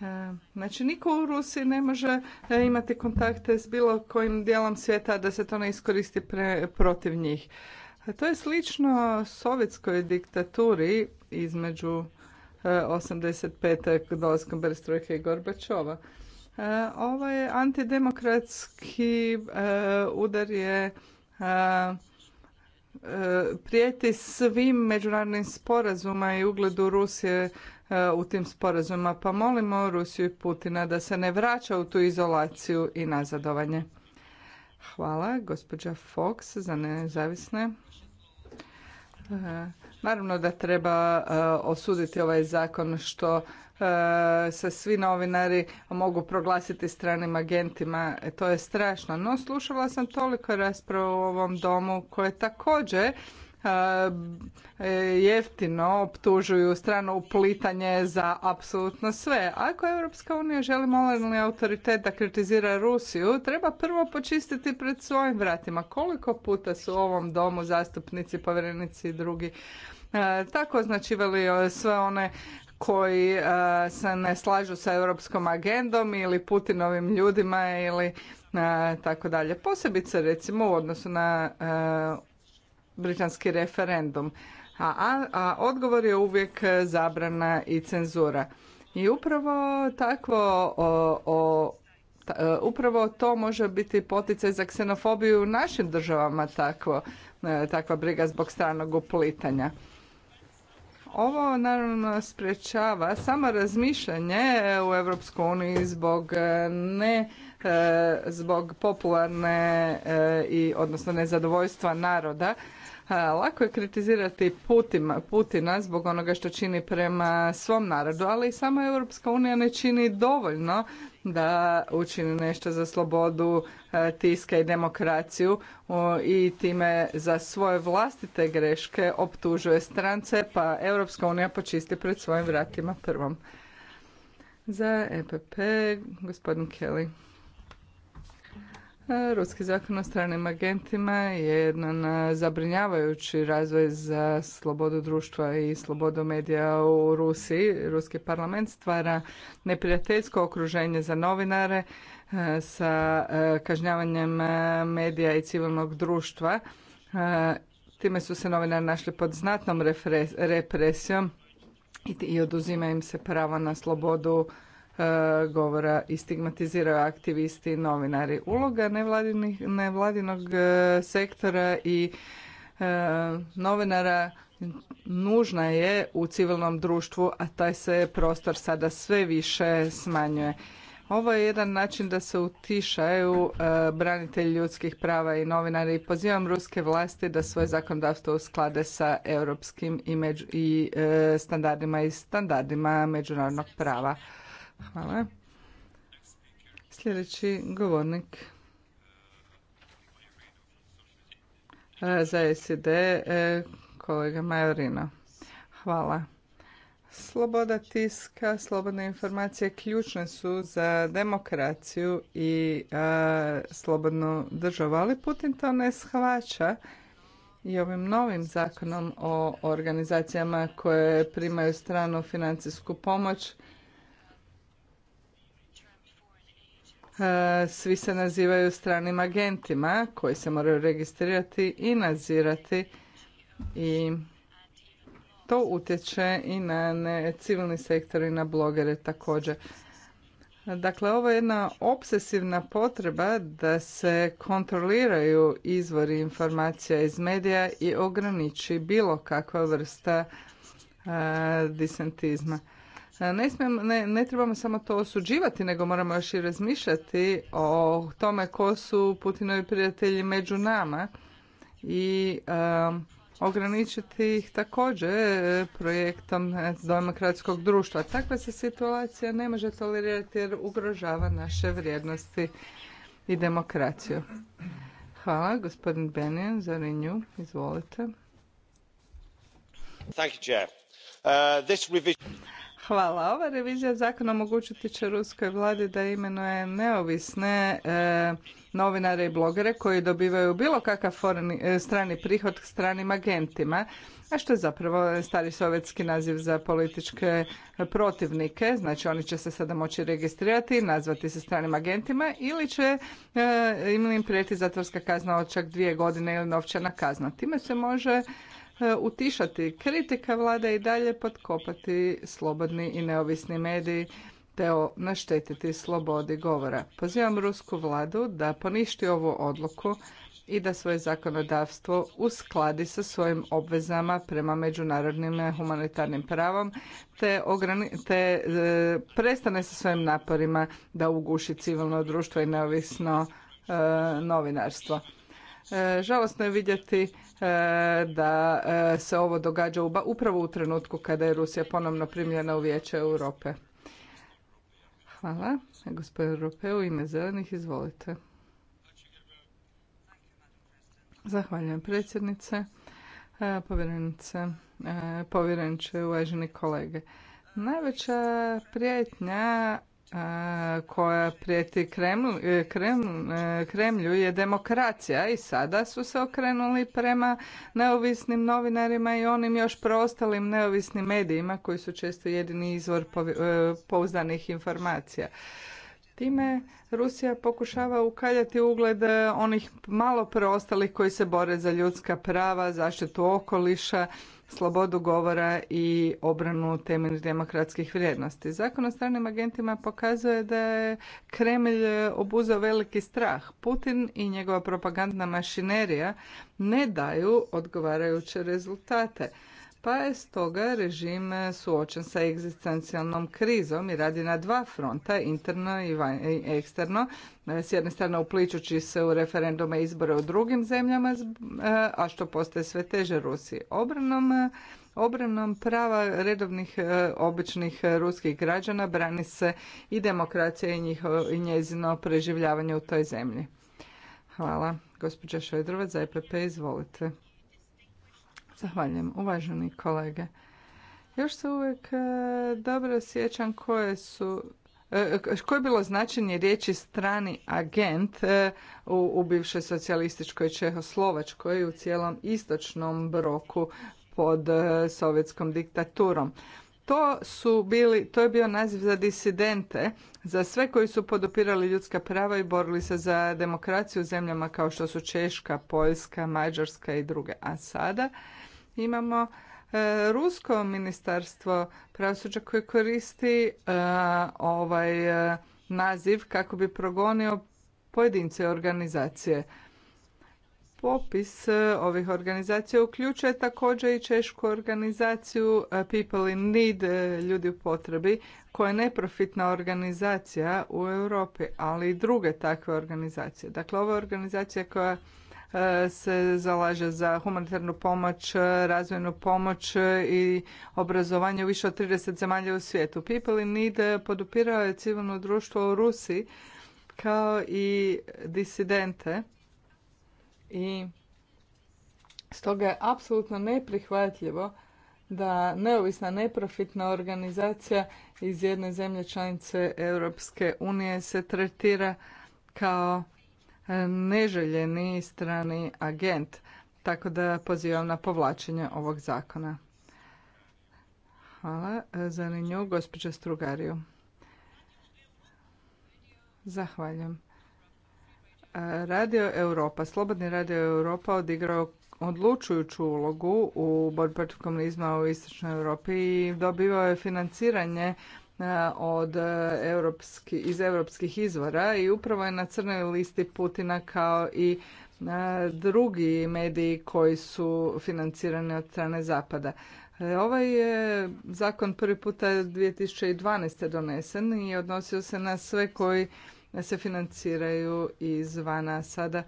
E, znači, niko u Rusiji ne može e, imati kontakte s bilo kojim dijelom svijeta da se to ne iskoristi protiv njih. E, to je slično sovjetskoj diktaturi između 85. dolaskom Berstrojke i Gorbačova. je ovaj antidemokratski udar je prijeti svim međunarodnim sporazuma i ugledu Rusije E, u tim sporazumima. pa molimo Rusiju i Putina da se ne vraća u tu izolaciju i nazadovanje. Hvala, gospođa Fox za nezavisne. E, naravno da treba e, osuditi ovaj zakon što se svi novinari mogu proglasiti stranim agentima. To je strašno. No, slušala sam toliko rasprava u ovom domu koje također E, e, jeftino optužuju strano uplitanje za apsolutno sve. Ako Europska unija želi moralni autoritet da kritizira Rusiju, treba prvo počistiti pred svojim vratima. Koliko puta su u ovom domu zastupnici, povjerenici i drugi e, tako označivali sve one koji se ne slažu sa europskom agendom ili Putinovim ljudima ili tako dalje. Posebice recimo u odnosu na britanski referendum. A, a, odgovor je uvijek zabrana i cenzura. I upravo takvo o, e, upravo to može biti poticaj za ksenofobiju u našim državama takvo, e, takva briga zbog stranog uplitanja. Ovo naravno sprječava samo razmišljanje u EU uniji zbog e, ne zbog popularne i odnosno nezadovoljstva naroda Lako je kritizirati Putina zbog onoga što čini prema svom narodu, ali i sama Europska unija ne čini dovoljno da učini nešto za slobodu tiska i demokraciju i time za svoje vlastite greške optužuje strance, pa Europska unija počisti pred svojim vratima prvom. Za EPP, gospodin Kelly. E, Ruski zakon o stranim agentima je jedan e, zabrinjavajući razvoj za slobodu društva i slobodu medija u Rusiji. Ruski parlament stvara neprijateljsko okruženje za novinare e, sa kažnjavanjem medija i civilnog društva. Time su se novinari našli pod znatnom represijom i oduzima im se pravo na slobodu E, govora i stigmatiziraju aktivisti i novinari. Uloga nevladinog e, sektora i e, novinara nužna je u civilnom društvu, a taj se prostor sada sve više smanjuje. Ovo je jedan način da se utišaju branitelji ljudskih prava i novinari i pozivam ruske vlasti da svoje zakonodavstvo usklade sa europskim i, i standardima i standardima međunarodnog prava. Hvala. Sljedeći govornik e, za SED, e, kolega Majorino. Hvala. Sloboda tiska, slobodne informacije ključne su za demokraciju i e, slobodnu državu, ali Putin to ne shvaća i ovim novim zakonom o organizacijama koje primaju stranu financijsku pomoć E, svi se nazivaju stranim agentima koji se moraju registrirati i nadzirati i to utječe i na civilni sektor i na blogere također. Dakle, ovo je jedna obsesivna potreba da se kontroliraju izvori informacija iz medija i ograniči bilo kakva vrsta e, disentizma. Ne, ne, ne trebamo samo to osuđivati, nego moramo još i razmišljati o tome ko su Putinovi prijatelji među nama i um, ograničiti ih također e, projektom demokratskog društva. Takva se situacija ne može tolerirati jer ugrožava naše vrijednosti i demokraciju. Hvala, gospodin Benjen, za Izvolite. Thank you, uh, this revision... Hvala. Ova revizija zakona omogućiti će ruskoj vladi da imenuje neovisne e, novinare i blogere koji dobivaju bilo kakav e, strani prihod k stranim agentima, a što je zapravo stari sovjetski naziv za političke protivnike. Znači oni će se sada moći registrirati, nazvati se stranim agentima ili će e, im prijeti zatvorska kazna od čak dvije godine ili novčana kazna. Time se može E, utišati. Kritika vlade i dalje potkopati slobodni i neovisni mediji te naštetiti slobodi govora. Pozivam rusku vladu da poništi ovu odluku i da svoje zakonodavstvo uskladi sa svojim obvezama prema međunarodnim humanitarnim pravom te, te e, prestane sa svojim naporima da uguši civilno društvo i neovisno e, novinarstvo. E, Žalostno je vidjeti e, da e, se ovo događa upravo u trenutku kada je Rusija ponovno primljena u Vijeće Europe. Hvala. Gospodin Rupe u ime zelenih, izvolite. Zahvaljujem predsjednice, povjerenice, povjereniče, uvaženi kolege. Najveća prijetnja koja prijeti e, e, Kremlju je demokracija i sada su se okrenuli prema neovisnim novinarima i onim još preostalim neovisnim medijima koji su često jedini izvor e, pouzdanih informacija. Time Rusija pokušava ukaljati ugled onih malo preostalih koji se bore za ljudska prava, zaštitu okoliša slobodu govora i obranu temeljnih demokratskih vrijednosti. Zakon o stranim agentima pokazuje da je Kremlj obuzao veliki strah. Putin i njegova propagandna mašinerija ne daju odgovarajuće rezultate pa je stoga režim suočen sa egzistencijalnom krizom i radi na dva fronta, interno i eksterno. S jedne strane upličući se u referendume izbore u drugim zemljama, e, a što postaje sve teže Rusiji. Obranom Obranom prava redovnih e, običnih e, ruskih građana brani se i demokracija i, njihovo, njezino preživljavanje u toj zemlji. Hvala. Gospođa Šojdrova za EPP, izvolite. Zahvaljujem, uvaženi kolege. Još se uvijek e, dobro sjećam koje su e, e, koje je bilo značenje riječi strani agent u, u bivšoj socijalističkoj Čehoslovačkoj i u cijelom istočnom broku pod sovjetskom diktaturom. To su bili, to je bio naziv za disidente, za sve koji su podopirali ljudska prava i borili se za demokraciju u zemljama kao što su Češka, Poljska, Mađarska i druge. A sada imamo e, rusko ministarstvo pravosuđa koje koristi e, ovaj e, naziv kako bi progonio pojedince organizacije. Popis ovih organizacija uključuje također i češku organizaciju People in Need, ljudi u potrebi, koja je neprofitna organizacija u Europi, ali i druge takve organizacije. Dakle, ova organizacija koja se zalaže za humanitarnu pomoć, razvojnu pomoć i obrazovanje u više od 30 zemalja u svijetu. People in Need podupirao je civilno društvo u Rusiji kao i disidente i stoga je apsolutno neprihvatljivo da neovisna neprofitna organizacija iz jedne zemlje članice Europske unije se tretira kao neželjeni strani agent. Tako da pozivam na povlačenje ovog zakona. Hvala. Za nju, gospođa Strugariju. Zahvaljujem. Radio Europa, Slobodni Radio Europa odigrao odlučujuću ulogu u borbi protiv komunizma u Istočnoj Europi i dobivao je financiranje E, od e, iz europskih izvora i upravo je na crnoj listi Putina kao i e, drugi mediji koji su financirani od strane Zapada. Ovaj je zakon prvi puta 2012. donesen i odnosio se na sve koji se financiraju izvana. Sada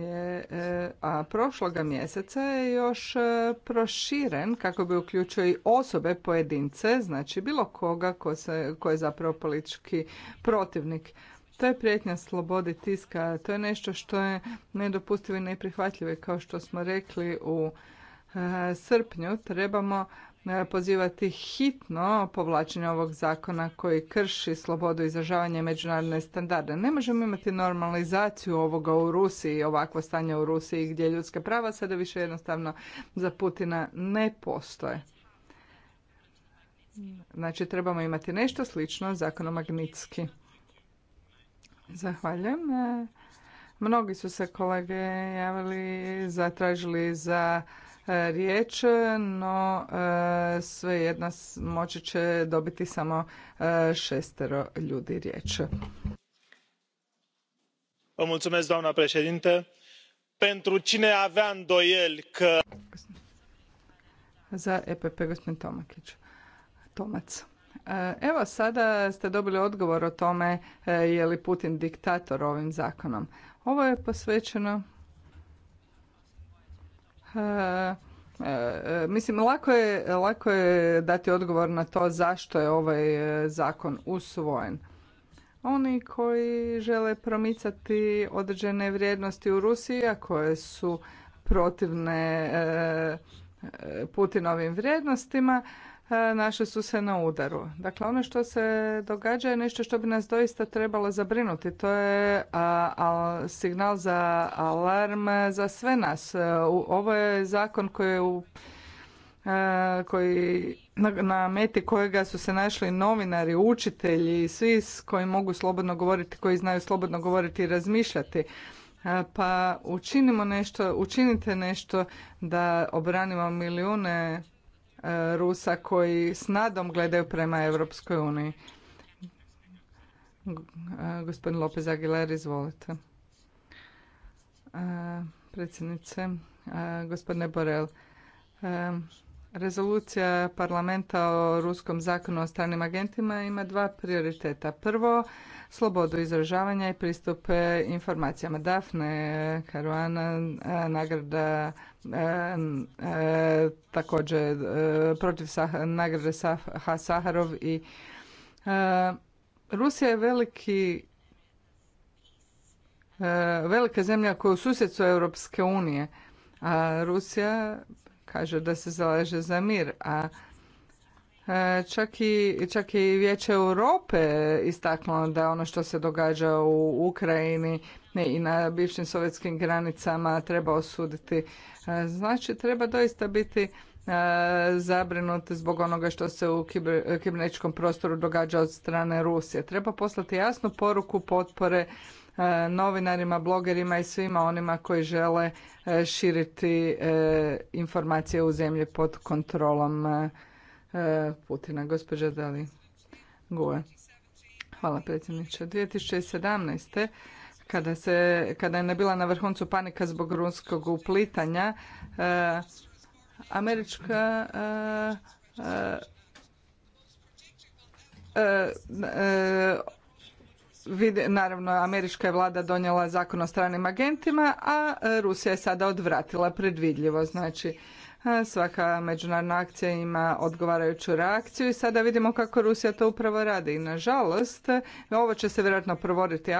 je, e, a prošloga mjeseca je još e, proširen kako bi uključio i osobe pojedince, znači bilo koga ko, se, ko je zapravo politički protivnik. To je prijetnja slobodi tiska, to je nešto što je nedopustivo i neprihvatljivo kao što smo rekli u e, srpnju trebamo E, pozivati hitno povlačenje ovog zakona koji krši slobodu izražavanja i međunarodne standarde. Ne možemo imati normalizaciju ovoga u Rusiji, ovakvo stanje u Rusiji gdje ljudska prava sada više jednostavno za Putina ne postoje. Znači trebamo imati nešto slično zakonom Magnitski. Zahvaljujem. E, mnogi su se kolege javili, zatražili za riječ, no e, svejedno moći će dobiti samo e, šestero ljudi riječ. pentru za EPP gospodin Tomakić. Tomac. E, evo sada ste dobili odgovor o tome je li Putin diktator ovim zakonom. Ovo je posvećeno Eh, eh, eh, mislim, lako je, lako je dati odgovor na to zašto je ovaj zakon usvojen. Oni koji žele promicati određene vrijednosti u Rusiji, a koje su protivne Putinovim vrijednostima, naše su se na udaru. Dakle, ono što se događa je nešto što bi nas doista trebalo zabrinuti. To je a, signal za alarm za sve nas. E, u, ovo je zakon koji je u e, koji, na, na meti kojega su se našli novinari, učitelji i svi koji mogu slobodno govoriti, koji znaju slobodno govoriti i razmišljati e, pa učinimo nešto, učinite nešto da obranimo milijune E, Rusa koji s nadom gledaju prema Europskoj uniji. E, gospodin Lopez Aguilar, izvolite. E, predsjednice, gospodine Borel, rezolucija parlamenta o ruskom zakonu o stranim agentima ima dva prioriteta. Prvo, slobodu izražavanja i pristup informacijama. Dafne Karuana, e, nagrada e, e, također protiv nagrade Saharov i Rusija je veliki velika zemlja koja je u susjedstvu Europske unije, a Rusija kaže da se zalaže za mir, a E, čak i, čak i Vijeće Europe istaknulo da ono što se događa u Ukrajini i na bivšim sovjetskim granicama treba osuditi. E, znači treba doista biti e, zabrinut zbog onoga što se u kibernetičkom prostoru događa od strane Rusije. Treba poslati jasnu poruku potpore novinarima, blogerima i svima onima koji žele širiti informacije u zemlji pod kontrolom E, Putina. Gospođa Dali Gue. Hvala predsjedniče. 2017. Kada, se, kada je bila na vrhuncu panika zbog runskog uplitanja, e, američka e, naravno američka je vlada donijela zakon o stranim agentima, a Rusija je sada odvratila predvidljivo. Znači, Svaka međunarodna akcija ima odgovarajuću reakciju i sada vidimo kako Rusija to upravo radi. I nažalost, ovo će se vjerojatno provoditi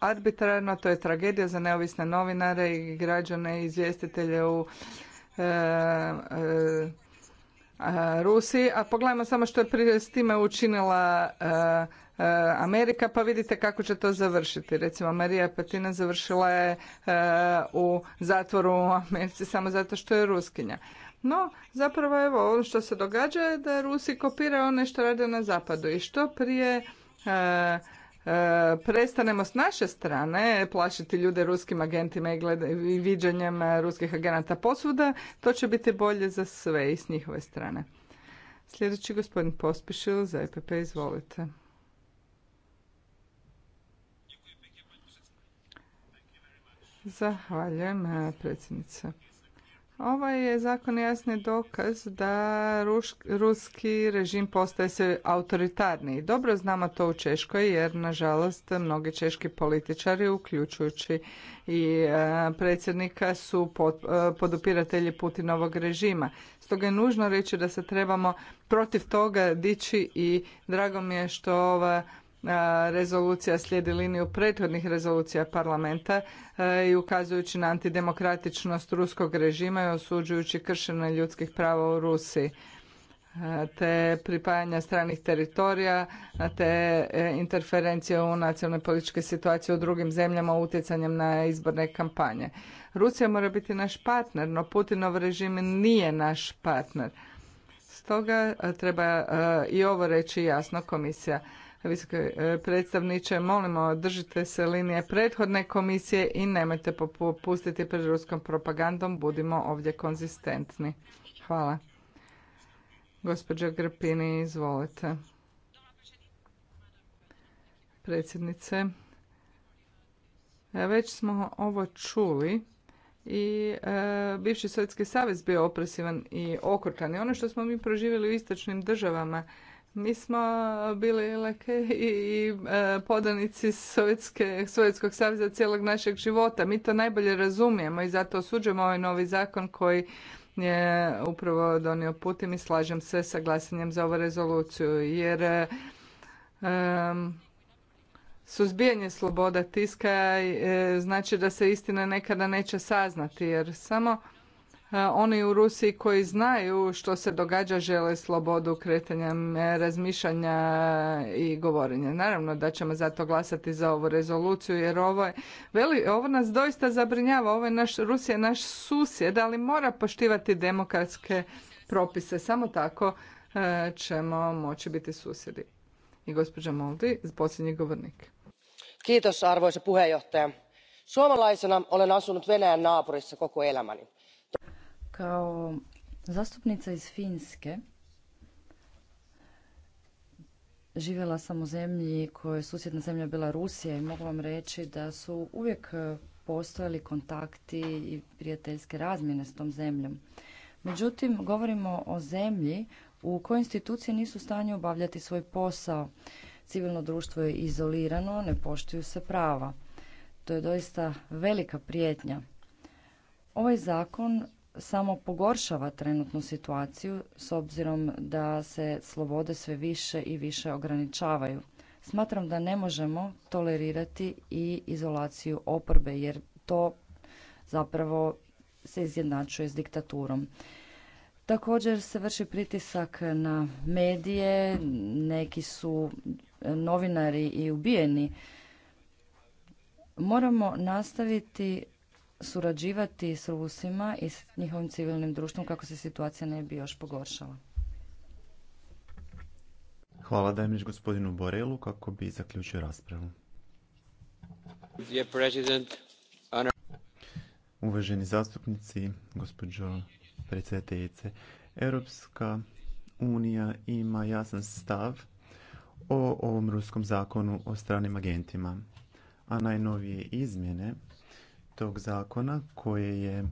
arbitrarno, to je tragedija za neovisne novinare i građane i izvjestitelje u e, e, Rusiji. A pogledajmo samo što je prije s time učinila e, E, Amerika, pa vidite kako će to završiti. Recimo, Marija Patina završila je e, u zatvoru u Americi samo zato što je Ruskinja. No, zapravo evo, ono što se događa je da Rusi kopiraju one što rade na zapadu i što prije e, prestanemo s naše strane plašiti ljude ruskim agentima i, viđanjem ruskih agenata posvuda, to će biti bolje za sve i s njihove strane. Sljedeći gospodin Pospišil za EPP, izvolite. Zahvaljujem e, predsjednice. Ovaj je zakon jasni dokaz da ruski režim postaje sve autoritarniji. Dobro znamo to u Češkoj jer nažalost mnogi češki političari uključujući i e, predsjednika su e, podupiratelji Putinovog režima. Stoga je nužno reći da se trebamo protiv toga dići i drago mi je što ova rezolucija slijedi liniju prethodnih rezolucija parlamenta e, i ukazujući na antidemokratičnost ruskog režima i osuđujući kršenje ljudskih prava u Rusiji e, te pripajanja stranih teritorija, te e, interferencije u nacionalne političke situacije u drugim zemljama utjecanjem na izborne kampanje. Rusija mora biti naš partner, no Putinov režim nije naš partner. Stoga treba i ovo reći jasno komisija visoki e, predstavniče, molimo držite se linije prethodne komisije i nemojte popustiti pred ruskom propagandom, budimo ovdje konzistentni. Hvala. Gospođo Grpini, izvolite. Predsjednice, e, već smo ovo čuli i e, bivši Sovjetski savez bio opresivan i okrutan. I ono što smo mi proživjeli u istočnim državama mi smo bili leke i e, podanici Sovjetske, Sovjetskog saveza cijelog našeg života. Mi to najbolje razumijemo i zato osuđujemo ovaj novi zakon koji je upravo donio Putin i slažem se sa glasanjem za ovu rezoluciju jer e, suzbijanje sloboda tiska e, znači da se istina nekada neće saznati jer samo oni u Rusiji koji znaju što se događa žele slobodu kretanja, razmišljanja i govorenja. Naravno da ćemo zato glasati za ovu rezoluciju jer ovo, je, veli, ovo nas doista zabrinjava. Ovo je naš, Rusija je naš susjed, ali mora poštivati demokratske propise. Samo tako e, ćemo moći biti susjedi. I gospođa Moldi, posljednji govornik. Kiitos arvoisa puheenjohtaja. Suomalaisena olen asunut Venäjän naapurissa koko elämäni kao zastupnica iz Finske živjela sam u zemlji kojoj je susjedna zemlja bila Rusija i mogu vam reći da su uvijek postojali kontakti i prijateljske razmjene s tom zemljom. Međutim, govorimo o zemlji u kojoj institucije nisu u stanju obavljati svoj posao. Civilno društvo je izolirano, ne poštuju se prava. To je doista velika prijetnja. Ovaj zakon samo pogoršava trenutnu situaciju s obzirom da se slobode sve više i više ograničavaju. Smatram da ne možemo tolerirati i izolaciju oporbe jer to zapravo se izjednačuje s diktaturom. Također se vrši pritisak na medije, neki su novinari i ubijeni. Moramo nastaviti surađivati s Rusima i s njihovim civilnim društvom kako se situacija ne bi još pogoršala. Hvala je gospodinu Borelu kako bi zaključio raspravu. Uvaženi zastupnici, gospođo predsjedateljice, Europska unija ima jasan stav o ovom ruskom zakonu o stranim agentima, a najnovije izmjene tog zakona koje je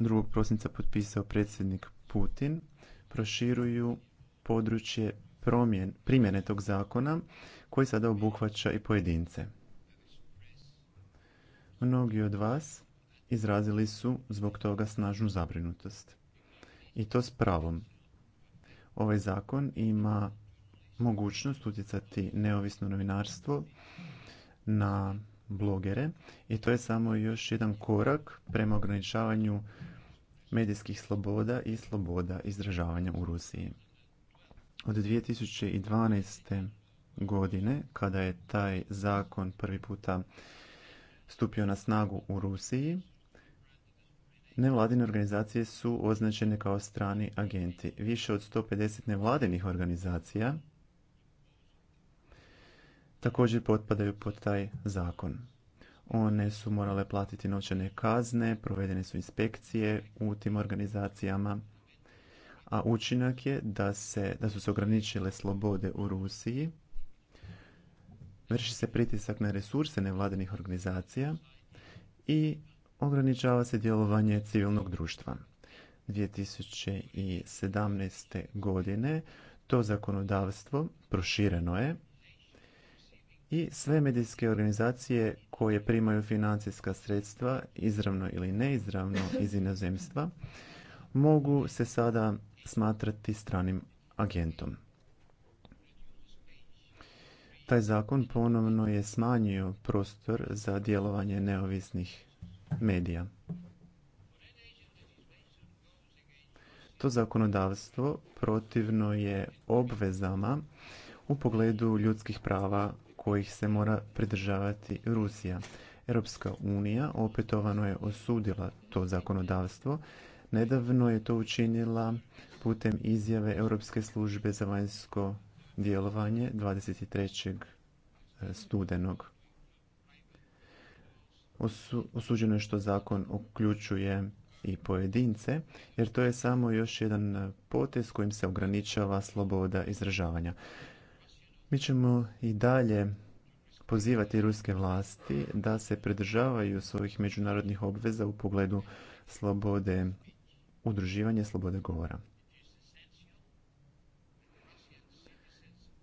2. prosinca potpisao predsjednik Putin proširuju područje primjene tog zakona koji sada obuhvaća i pojedince. Mnogi od vas izrazili su zbog toga snažnu zabrinutost. I to s pravom. Ovaj zakon ima mogućnost utjecati neovisno novinarstvo na blogere i to je samo još jedan korak prema ograničavanju medijskih sloboda i sloboda izražavanja u Rusiji. Od 2012. godine, kada je taj zakon prvi puta stupio na snagu u Rusiji, nevladine organizacije su označene kao strani agenti. Više od 150 nevladinih organizacija također potpadaju pod taj zakon. One su morale platiti novčane kazne, provedene su inspekcije u tim organizacijama, a učinak je da, se, da su se ograničile slobode u Rusiji, vrši se pritisak na resurse nevladinih organizacija i ograničava se djelovanje civilnog društva. 2017. godine to zakonodavstvo prošireno je i sve medijske organizacije koje primaju financijska sredstva izravno ili neizravno iz inozemstva mogu se sada smatrati stranim agentom. Taj zakon ponovno je smanjio prostor za djelovanje neovisnih medija. To zakonodavstvo protivno je obvezama u pogledu ljudskih prava kojih se mora pridržavati Rusija. Europska unija opetovano je osudila to zakonodavstvo. Nedavno je to učinila putem izjave Europske službe za vanjsko djelovanje 23. studenog. osuđeno je što zakon uključuje i pojedince, jer to je samo još jedan potez kojim se ograničava sloboda izražavanja. Mi ćemo i dalje pozivati ruske vlasti da se pridržavaju svojih međunarodnih obveza u pogledu slobode udruživanja, slobode govora.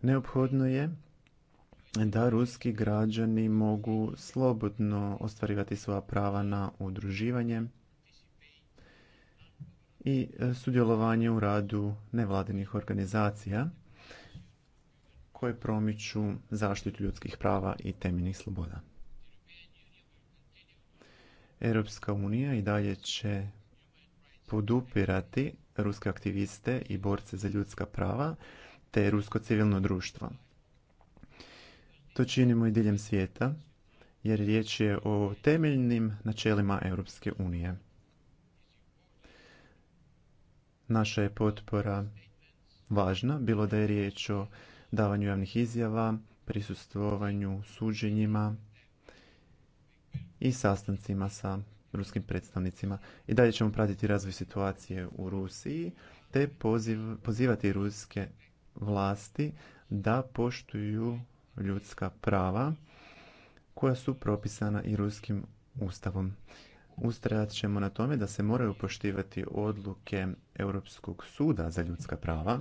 Neophodno je da ruski građani mogu slobodno ostvarivati svoja prava na udruživanje i sudjelovanje u radu nevladinih organizacija koje promiču zaštitu ljudskih prava i temeljnih sloboda. Europska unija i dalje će podupirati ruske aktiviste i borce za ljudska prava te rusko civilno društvo. To činimo i diljem svijeta jer riječ je o temeljnim načelima Europske unije. Naša je potpora važna, bilo da je riječ o davanju javnih izjava, prisustvovanju suđenjima i sastancima sa ruskim predstavnicima. I dalje ćemo pratiti razvoj situacije u Rusiji te poziv, pozivati ruske vlasti da poštuju ljudska prava koja su propisana i ruskim ustavom. Ustrajat ćemo na tome da se moraju poštivati odluke Europskog suda za ljudska prava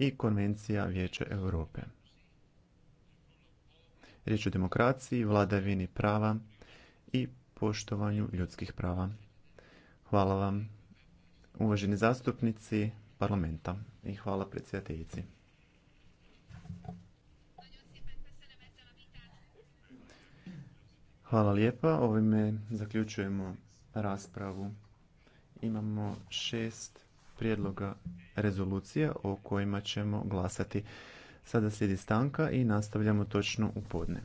i Konvencija Vijeća Europe. Riječ je o demokraciji, vladavini prava i poštovanju ljudskih prava. Hvala vam, uvaženi zastupnici parlamenta i hvala predsjedateljici. Hvala lijepa. Ovime zaključujemo raspravu. Imamo šest prijedloga rezolucija o kojima ćemo glasati. Sada slijedi stanka i nastavljamo točno u podne.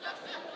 Hvala što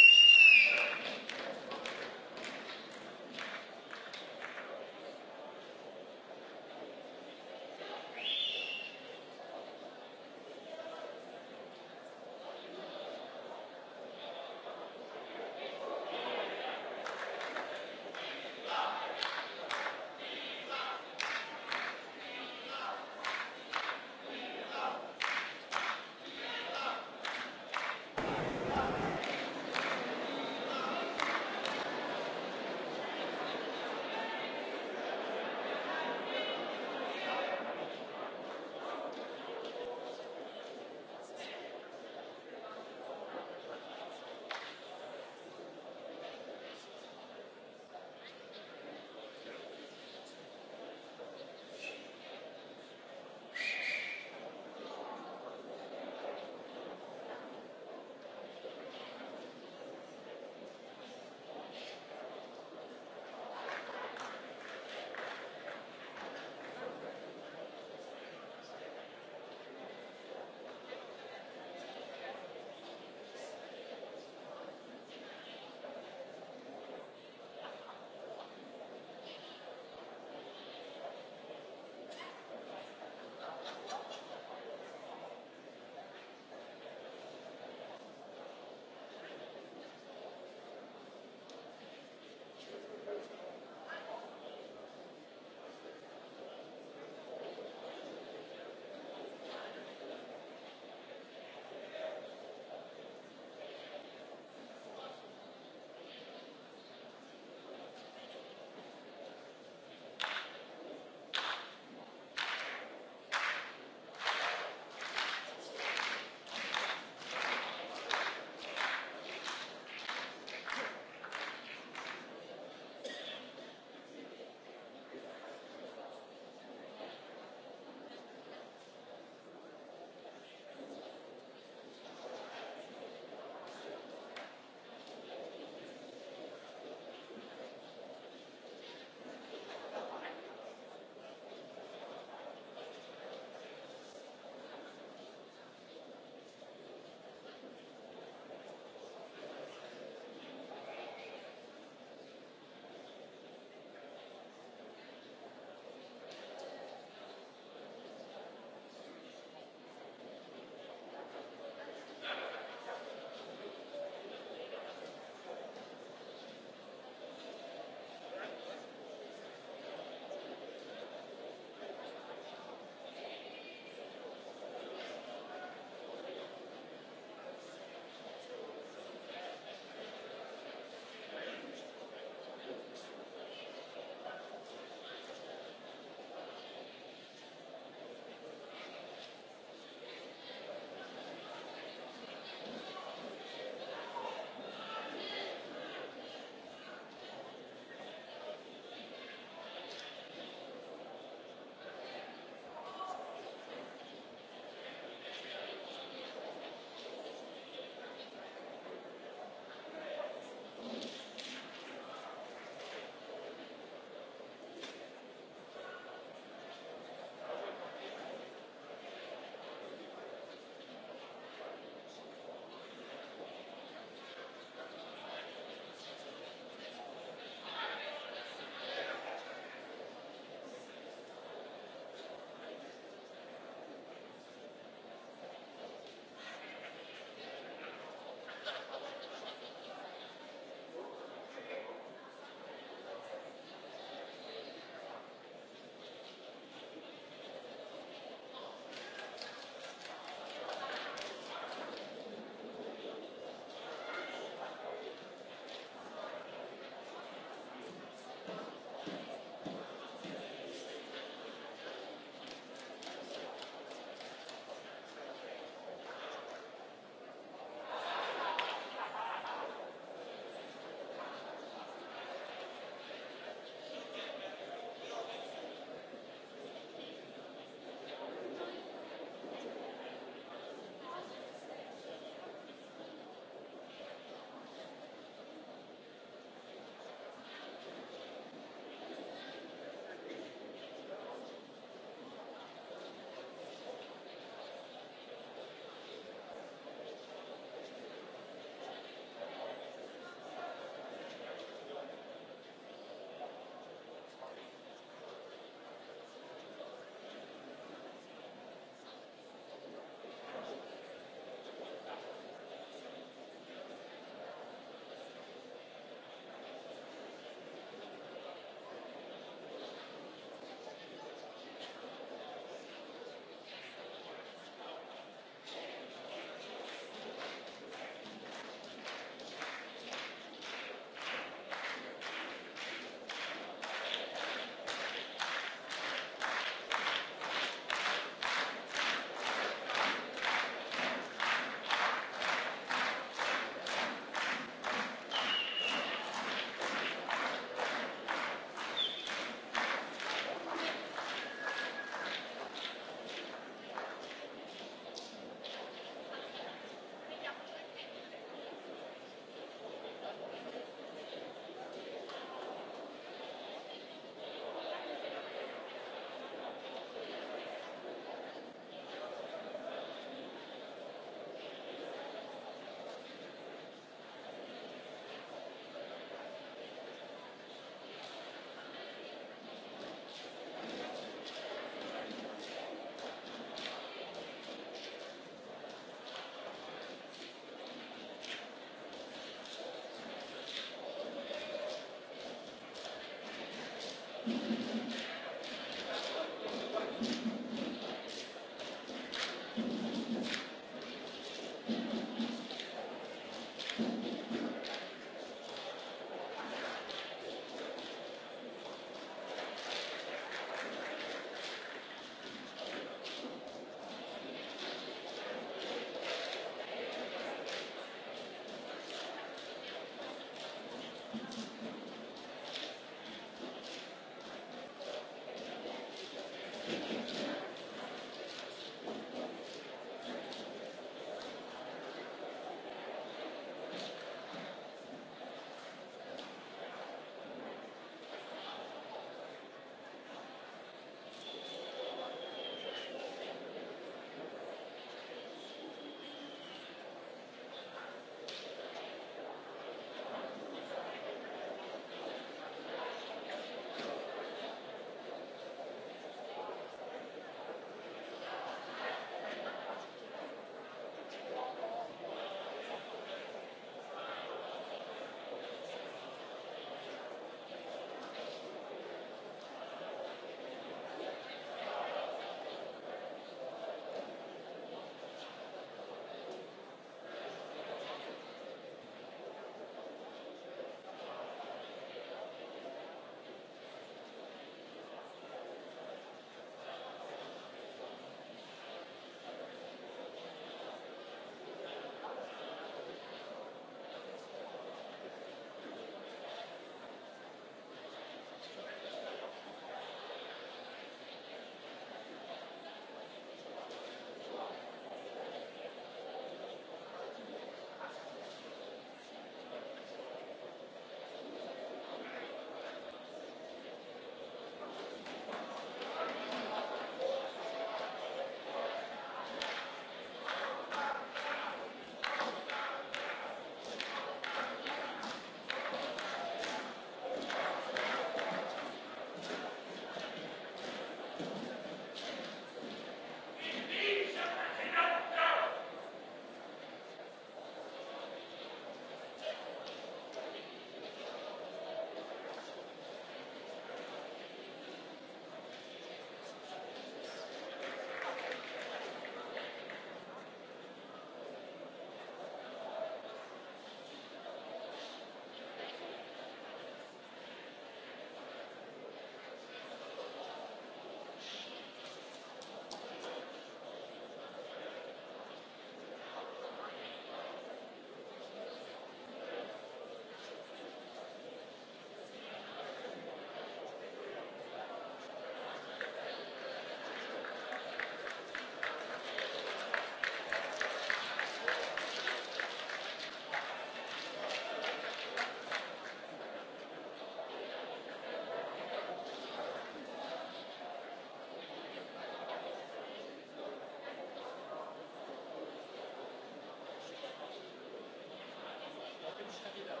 Što je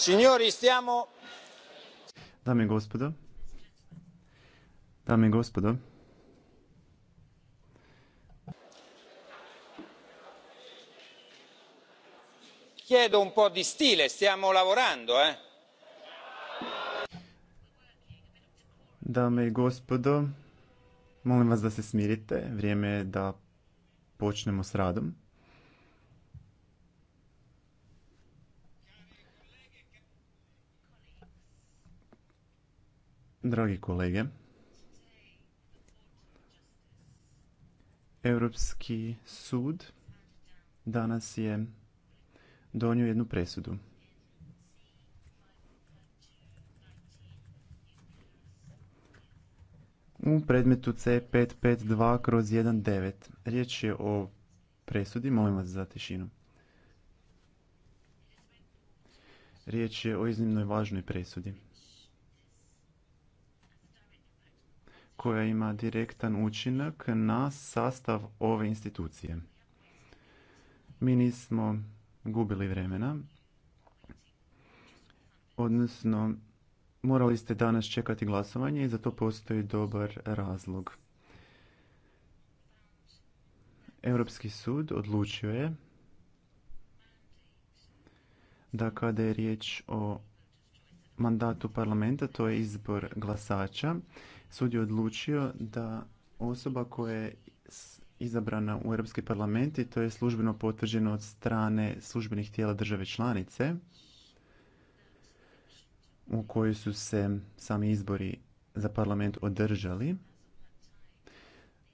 Signori, stiamo... Dame i gospodo, dame i gospodo, chiedo un po' di stile, stiamo lavorando, eh? Dame i gospodo, molim vas da se smirite, vrijeme je da počnemo s radom. Dragi kolege, Europski sud danas je donio jednu presudu. U predmetu C552 kroz 1.9. Riječ je o presudi, molim vas za tišinu. Riječ je o iznimnoj važnoj presudi. koja ima direktan učinak na sastav ove institucije. Mi nismo gubili vremena, odnosno morali ste danas čekati glasovanje i za to postoji dobar razlog. Europski sud odlučio je da kada je riječ o mandatu parlamenta, to je izbor glasača, Sud je odlučio da osoba koja je izabrana u Europski parlament i to je službeno potvrđeno od strane službenih tijela države članice u kojoj su se sami izbori za parlament održali.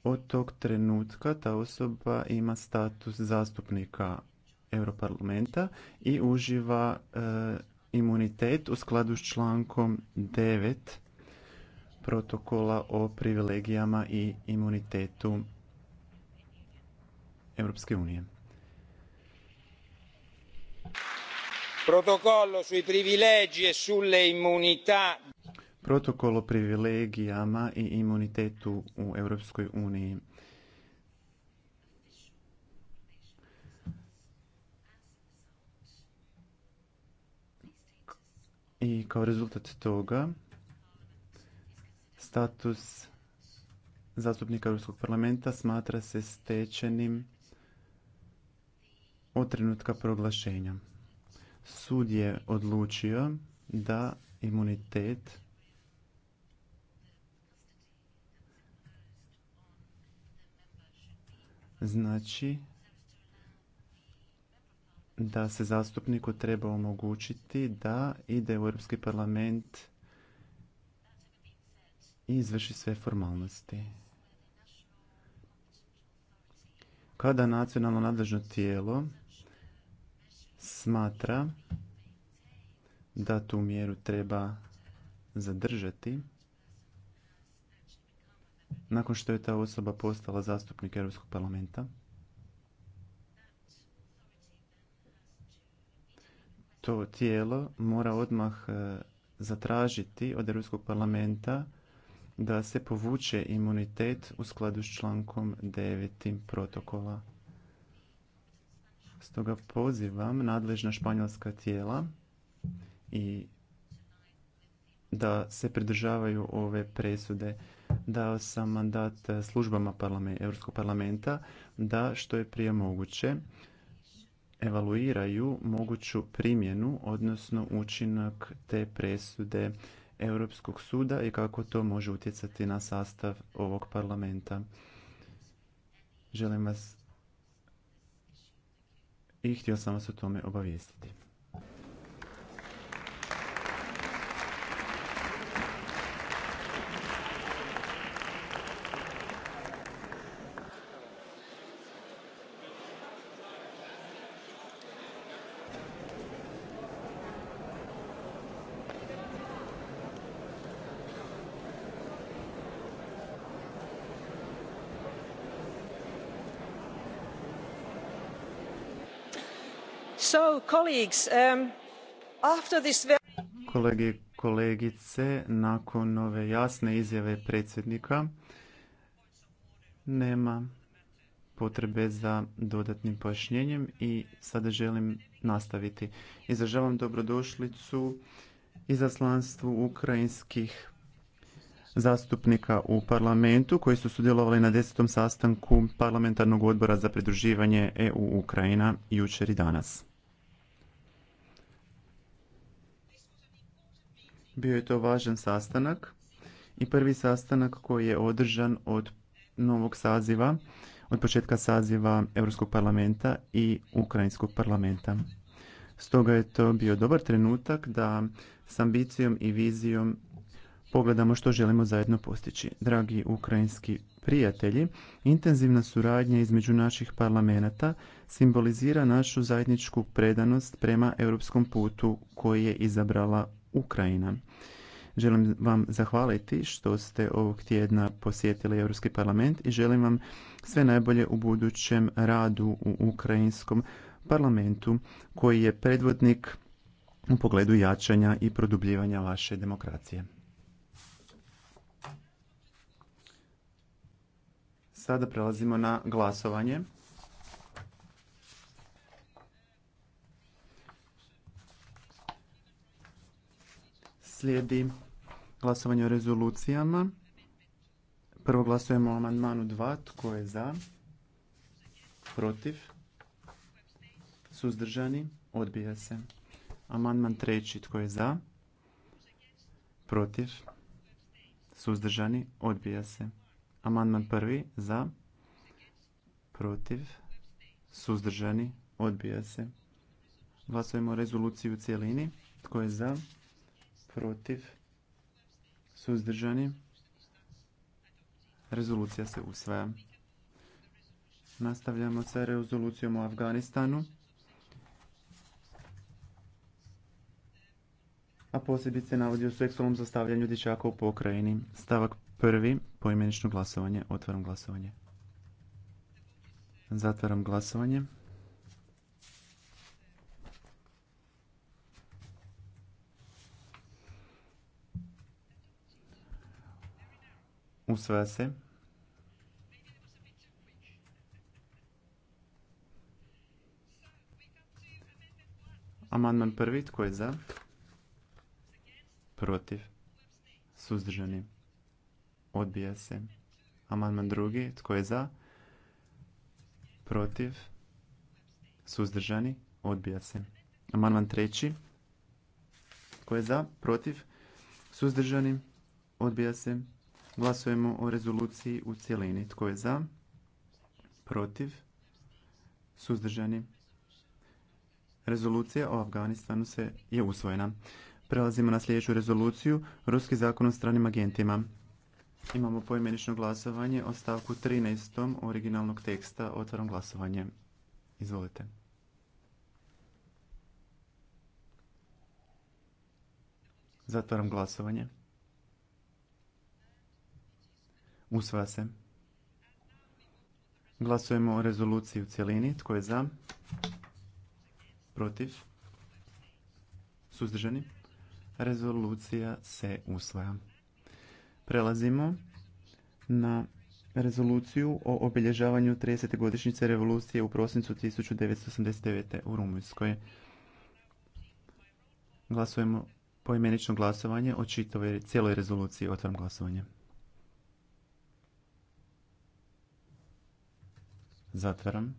Od tog trenutka ta osoba ima status zastupnika Europarlamenta i uživa e, imunitet u skladu s člankom 9 protokola o privilegijama i imunitetu Europske unije. Protokolo sui privilegi e sulle immunità protokol o privilegijama i imunitetu u Europskoj uniji. I kao rezultat toga status zastupnika Europskog parlamenta smatra se stečenim od trenutka proglašenja. Sud je odlučio da imunitet znači da se zastupniku treba omogućiti da ide u Europski parlament i izvrši sve formalnosti. Kada nacionalno nadležno tijelo smatra da tu mjeru treba zadržati, nakon što je ta osoba postala zastupnik Europskog parlamenta, to tijelo mora odmah e, zatražiti od Europskog parlamenta da se povuče imunitet u skladu s člankom 9. protokola. Stoga pozivam nadležna španjolska tijela i da se pridržavaju ove presude. Dao sam mandat službama Europskog parlamenta da što je prije moguće evaluiraju moguću primjenu, odnosno učinak te presude Europskog suda i kako to može utjecati na sastav ovog parlamenta. Želim vas i htio sam vas o tome obavijestiti. Um, Kolege i kolegice, nakon ove jasne izjave predsjednika nema potrebe za dodatnim pojašnjenjem i sada želim nastaviti. Izražavam dobrodošlicu izaslanstvu ukrajinskih zastupnika u parlamentu koji su sudjelovali na desetom sastanku parlamentarnog odbora za pridruživanje EU Ukrajina jučer i danas. Bio je to važan sastanak i prvi sastanak koji je održan od novog saziva, od početka saziva Europskog parlamenta i Ukrajinskog parlamenta. Stoga je to bio dobar trenutak da s ambicijom i vizijom pogledamo što želimo zajedno postići. Dragi ukrajinski prijatelji, intenzivna suradnja između naših parlamenata simbolizira našu zajedničku predanost prema europskom putu koji je izabrala Ukrajina. Želim vam zahvaliti što ste ovog tjedna posjetili Europski parlament i želim vam sve najbolje u budućem radu u ukrajinskom parlamentu koji je predvodnik u pogledu jačanja i produbljivanja vaše demokracije. Sada prelazimo na glasovanje. Slijedi glasovanje o rezolucijama. Prvo glasujemo o amandmanu 2. Tko je za? Protiv? Suzdržani? Odbija se. Amandman treći. Tko je za? Protiv? Suzdržani? Odbija se. Amandman prvi. Za? Protiv? Suzdržani? Odbija se. Glasujemo o rezoluciji u cijelini. Tko je za? protiv, suzdržani. Rezolucija se usvaja. Nastavljamo sa rezolucijom u Afganistanu. A posebice navodi o seksualnom zastavljanju dječaka u pokrajini. Stavak prvi, poimenično glasovanje. Otvaram glasovanje. Zatvaram glasovanje. Usvaja se. Amandman prvi, tko je za? Protiv. Suzdržani. Odbija se. Amandman drugi, tko je za? Protiv. Suzdržani. Odbija se. Amandman treći. Tko je za? Protiv. Suzdržani. Odbija se. Glasujemo o rezoluciji u cjelini. Tko je za? Protiv? Suzdržani? Rezolucija o Afganistanu se je usvojena. Prelazimo na sljedeću rezoluciju. Ruski zakon o stranim agentima. Imamo poimenično glasovanje o stavku 13. originalnog teksta. Otvaram glasovanje. Izvolite. Zatvaram glasovanje. Usvaja se. Glasujemo o rezoluciji u cjelini. Tko je za? Protiv? Suzdržani? Rezolucija se usvaja. Prelazimo na rezoluciju o obilježavanju 30. godišnjice revolucije u prosincu 1989. u Rumunjskoj. Glasujemo poimenično glasovanje o čitovoj cijeloj rezoluciji. Otvaram glasovanje. Zatvaram.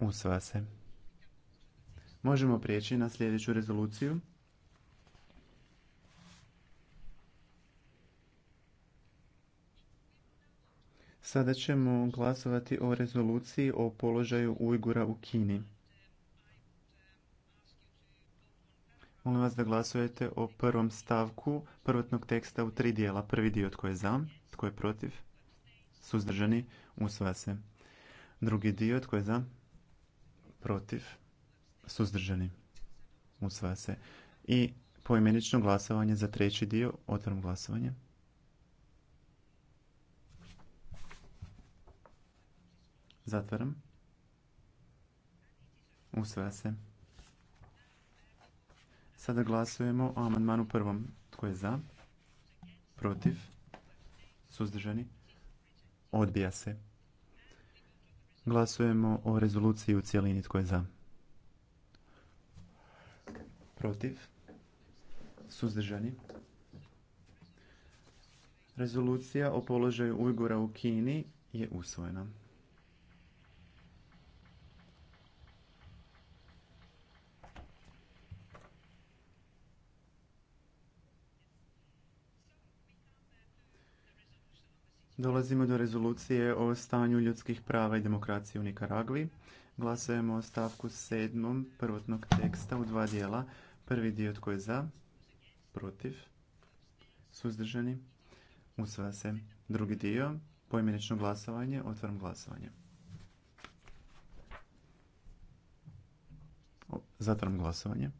Usva se. Možemo prijeći na sljedeću rezoluciju. Sada ćemo glasovati o rezoluciji o položaju Ujgura u Kini. Molim vas da glasujete o prvom stavku prvotnog teksta u tri dijela. Prvi dio tko je za, tko je protiv? Suzdržani? Usvaja se. Drugi dio. Tko je za? Protiv? Suzdržani? Usvaja se. I poimenično glasovanje za treći dio. Otvaram glasovanje. Zatvaram. Usvaja se. Sada glasujemo o amandmanu prvom. Tko je za? Protiv? suzdržani, odbija se. Glasujemo o rezoluciji u cijelini tko je za. Protiv, suzdržani. Rezolucija o položaju Ujgura u Kini je usvojena. Dolazimo do rezolucije o stanju ljudskih prava i demokracije u Nikaragvi. Glasujemo o stavku sedmom prvotnog teksta u dva dijela. Prvi dio tko je za, protiv, suzdržani, usvaja se. Drugi dio, poimenično glasovanje, otvaram glasovanje. Zatvaram glasovanje.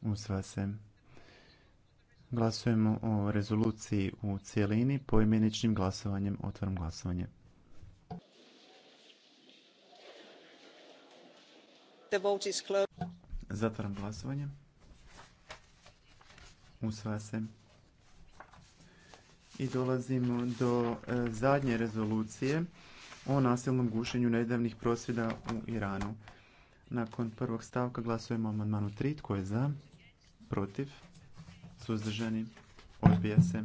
Usvaja se. Glasujemo o rezoluciji u cjelini imeničnim glasovanjem. Otvaram glasovanje. Zatvaram glasovanje. Usvaja se. I dolazimo do e, zadnje rezolucije o nasilnom gušenju nedavnih prosvjeda u Iranu. Nakon prvog stavka glasujemo o amandmanu 3. Tko je za? Protiv? suzdržani, odbija se.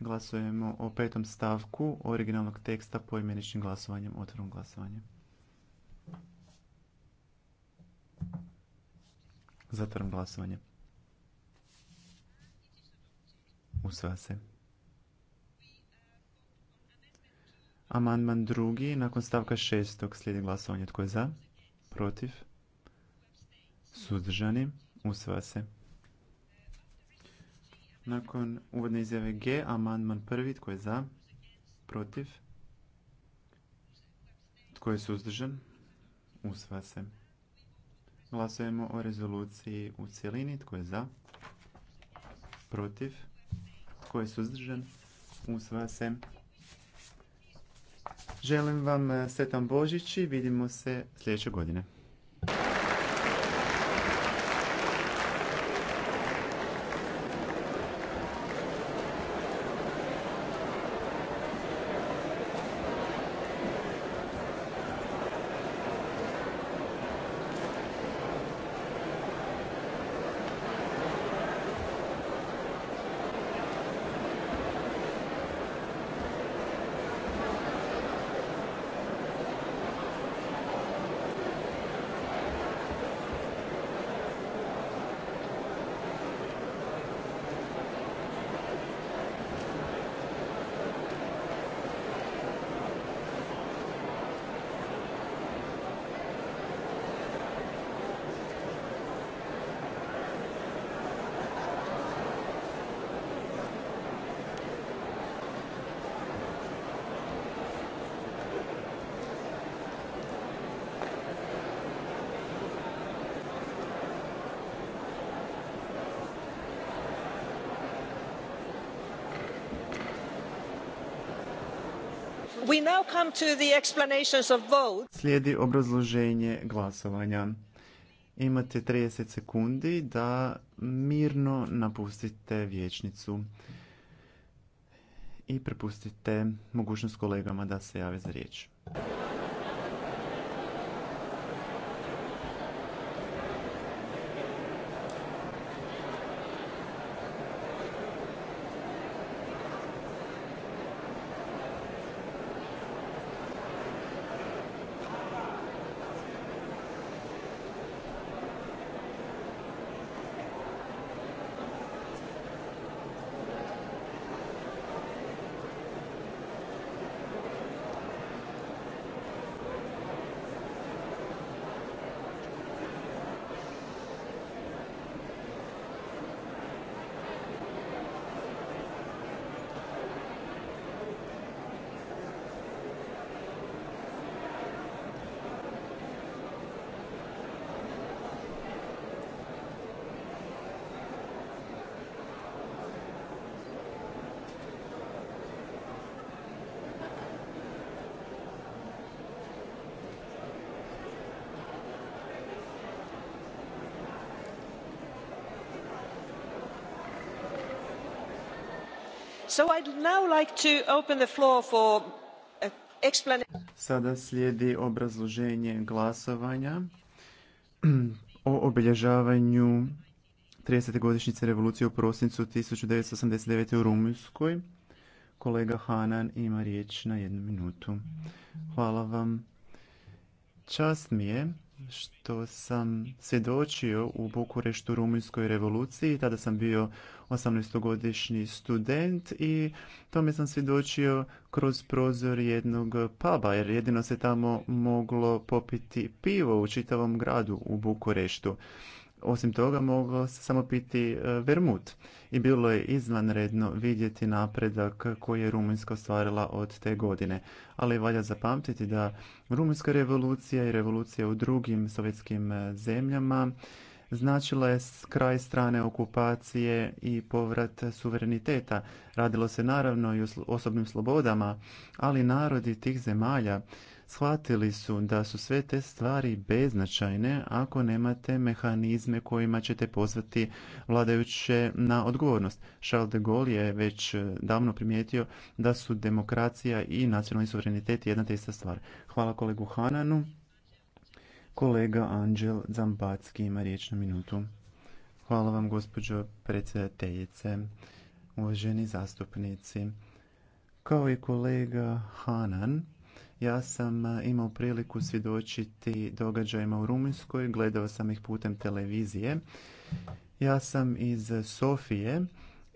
Glasujemo o petom stavku originalnog teksta imeničnim glasovanjem, otvorom glasovanjem. Zatvaram glasovanje. Usvaja se. Amandman drugi, nakon stavka šestog slijedi glasovanje. Tko je za? Protiv? Suzdržani? Usvaja se. Nakon uvodne izjave G, amandman prvi, tko je za? Protiv? Tko je suzdržan? Usva se. Glasujemo o rezoluciji u cjelini. Tko je za? Protiv? Tko je suzdržan? Usva se. Želim vam eh, sretan Božić i vidimo se sljedeće godine. Slijedi obrazloženje glasovanja. Imate 30 sekundi da mirno napustite vječnicu i prepustite mogućnost kolegama da se jave za riječ. Uh, Sada slijedi obrazloženje glasovanja (clears throat) o obilježavanju 30. godišnjice revolucije u prosincu 1989. u Rumunjskoj. Kolega Hanan ima riječ na jednu minutu. Hvala vam. Čast mi je što sam svjedočio u Bukureštu Rumunjskoj revoluciji. Tada sam bio 18-godišnji student i tome sam svjedočio kroz prozor jednog puba, jer jedino se tamo moglo popiti pivo u čitavom gradu u Bukureštu. Osim toga moglo se samo piti e, vermut i bilo je izvanredno vidjeti napredak koji je Rumunjska ostvarila od te godine. Ali valja zapamtiti da Rumunjska revolucija i revolucija u drugim sovjetskim e, zemljama značila je kraj strane okupacije i povrat suvereniteta. Radilo se naravno i o osobnim slobodama, ali narodi tih zemalja shvatili su da su sve te stvari beznačajne ako nemate mehanizme kojima ćete pozvati vladajuće na odgovornost. Charles de Gaulle je već eh, davno primijetio da su demokracija i nacionalni suverenitet jedna te ista stvar. Hvala kolegu Hananu. Kolega Anđel Zambacki ima riječ na minutu. Hvala vam gospođo predsjedateljice, uvaženi zastupnici. Kao i kolega Hanan, ja sam e, imao priliku svjedočiti događajima u Rumunjskoj, gledao sam ih putem televizije. Ja sam iz Sofije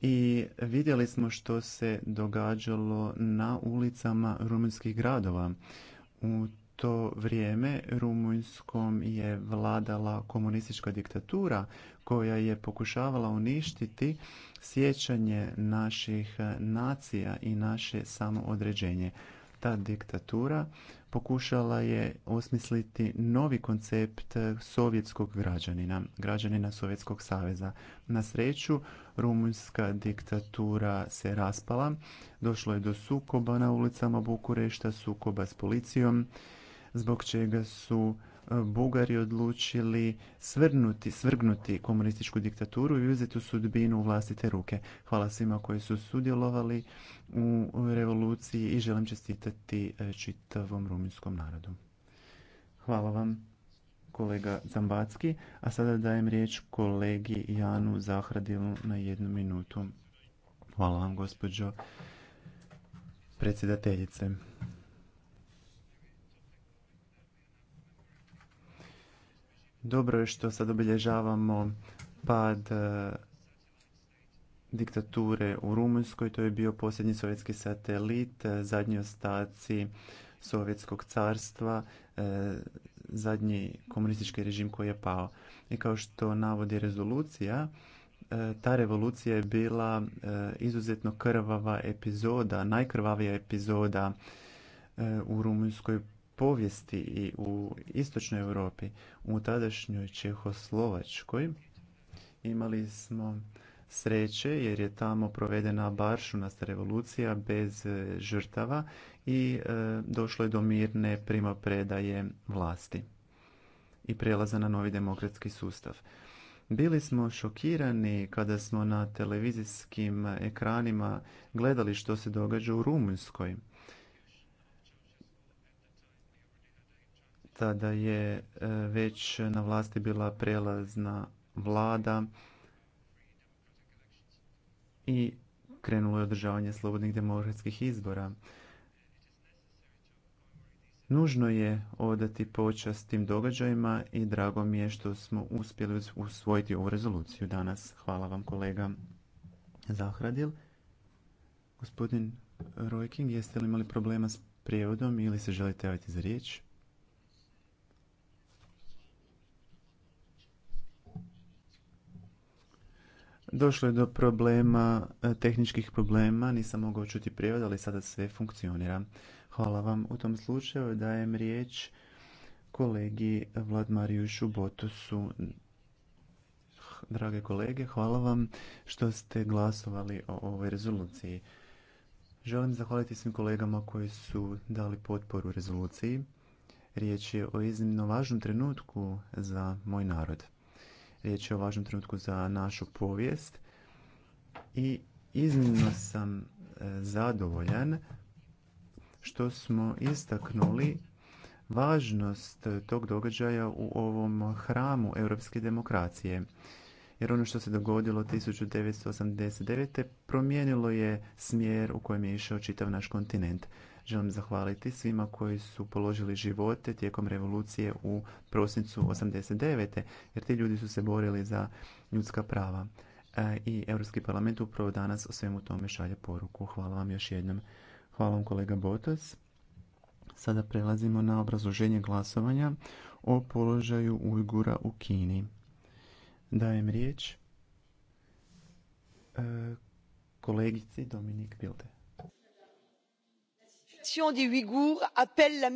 i vidjeli smo što se događalo na ulicama rumunjskih gradova. U to vrijeme Rumunjskom je vladala komunistička diktatura koja je pokušavala uništiti sjećanje naših e, nacija i naše samoodređenje diktatura pokušala je osmisliti novi koncept sovjetskog građanina, građanina Sovjetskog saveza. Na sreću, rumunjska diktatura se raspala, došlo je do sukoba na ulicama Bukurešta, sukoba s policijom, zbog čega su Bugari odlučili svrnuti, svrgnuti komunističku diktaturu i uzeti u sudbinu u vlastite ruke. Hvala svima koji su sudjelovali u revoluciji i želim čestitati e, čitavom ruminskom narodu. Hvala vam kolega Zambacki, a sada dajem riječ kolegi Janu Zahradilu na jednu minutu. Hvala vam gospođo predsjedateljice. Dobro je što sad obilježavamo pad e, diktature u Rumunjskoj. To je bio posljednji sovjetski satelit, e, zadnji ostaci sovjetskog carstva, e, zadnji komunistički režim koji je pao. I kao što navodi rezolucija, ta revolucija je bila izuzetno krvava epizoda, najkrvavija epizoda u Rumunjskoj povijesti i u istočnoj Europi, u tadašnjoj Čehoslovačkoj, imali smo sreće jer je tamo provedena baršunasta revolucija bez e, žrtava i e, došlo je do mirne primopredaje vlasti i prelaza na novi demokratski sustav. Bili smo šokirani kada smo na televizijskim ekranima gledali što se događa u Rumunjskoj tada je e, već na vlasti bila prelazna vlada i krenulo je održavanje slobodnih demokratskih izbora. Nužno je odati počast tim događajima i drago mi je što smo uspjeli usvojiti ovu rezoluciju danas. Hvala vam kolega Zahradil. Gospodin Rojking, jeste li imali problema s prijevodom ili se želite javiti za riječ? Došlo je do problema, e, tehničkih problema, nisam mogao čuti prijevod, ali sada sve funkcionira. Hvala vam. U tom slučaju dajem riječ kolegi Vladmariju Šubotosu. Drage kolege, hvala vam što ste glasovali o ovoj rezoluciji. Želim zahvaliti svim kolegama koji su dali potporu rezoluciji. Riječ je o iznimno važnom trenutku za moj narod. Riječ je o važnom trenutku za našu povijest i iznimno sam e, zadovoljan što smo istaknuli važnost tog događaja u ovom hramu europske demokracije. Jer ono što se dogodilo 1989. promijenilo je smjer u kojem je išao čitav naš kontinent. Želim zahvaliti svima koji su položili živote tijekom revolucije u prosincu 89. jer ti ljudi su se borili za ljudska prava. E, I Europski parlament upravo danas o svemu tome šalje poruku. Hvala vam još jednom. Hvala vam kolega Botos. Sada prelazimo na obrazloženje glasovanja o položaju Ujgura u Kini. Dajem riječ e, kolegici Dominik Bilde situation des Ouïghours appelle la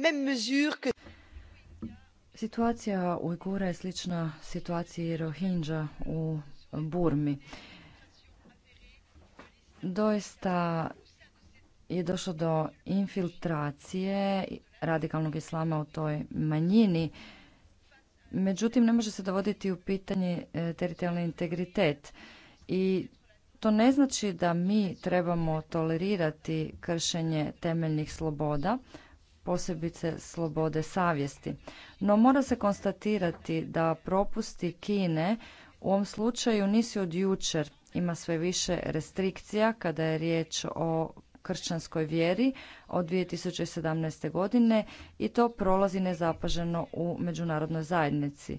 je slična situaciji Rohingja u Burmi. Doista je došlo do infiltracije radikalnog islama u toj manjini. Međutim, ne može se dovoditi u pitanje e, teritorijalni integritet i to ne znači da mi trebamo tolerirati kršenje temeljnih sloboda, posebice slobode savjesti. No mora se konstatirati da propusti Kine u ovom slučaju nisu od jučer. Ima sve više restrikcija kada je riječ o kršćanskoj vjeri od 2017. godine i to prolazi nezapaženo u međunarodnoj zajednici.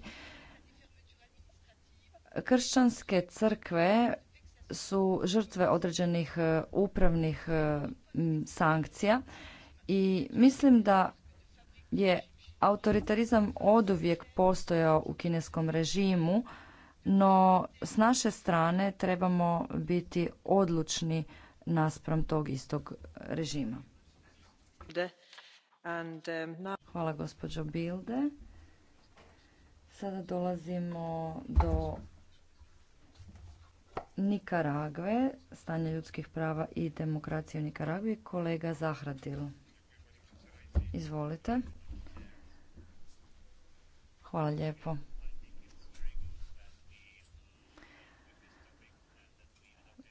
Kršćanske crkve su žrtve određenih e, upravnih e, sankcija i mislim da je autoritarizam oduvijek postojao u kineskom režimu, no s naše strane trebamo biti odlučni naspram tog istog režima. Hvala gospođo Bilde. Sada dolazimo do Nikaragve, stanje ljudskih prava i demokracije u Nikaragvi, kolega Zahradil. Izvolite. Hvala lijepo.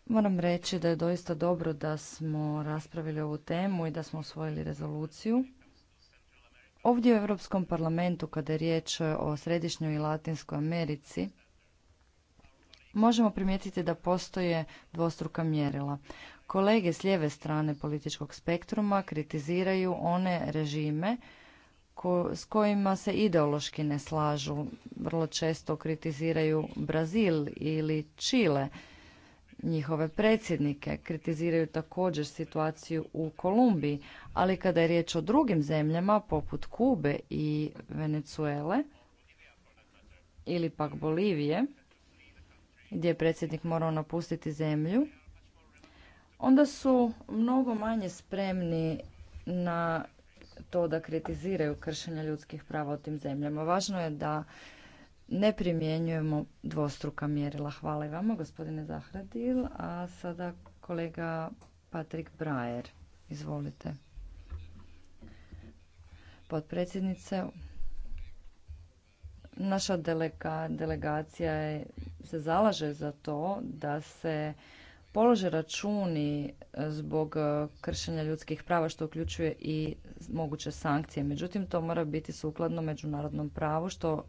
Moram reći da je doista dobro da smo raspravili ovu temu i da smo osvojili rezoluciju. Ovdje u Europskom parlamentu, kada je riječ o Središnjoj i Latinskoj Americi, možemo primijetiti da postoje dvostruka mjerila. Kolege s lijeve strane političkog spektruma kritiziraju one režime s kojima se ideološki ne slažu. Vrlo često kritiziraju Brazil ili Čile, njihove predsjednike. Kritiziraju također situaciju u Kolumbiji, ali kada je riječ o drugim zemljama poput Kube i Venezuele ili pak Bolivije, gdje je predsjednik morao napustiti zemlju, onda su mnogo manje spremni na to da kritiziraju kršenje ljudskih prava u tim zemljama. Važno je da ne primjenjujemo dvostruka mjerila. Hvala i vama, gospodine Zahradil. A sada kolega Patrik Brajer. Izvolite. Potpredsjednice, Naša delegacija se zalaže za to da se polože računi e, zbog e, kršenja ljudskih prava što uključuje i moguće sankcije. Međutim, to mora biti sukladno međunarodnom pravu što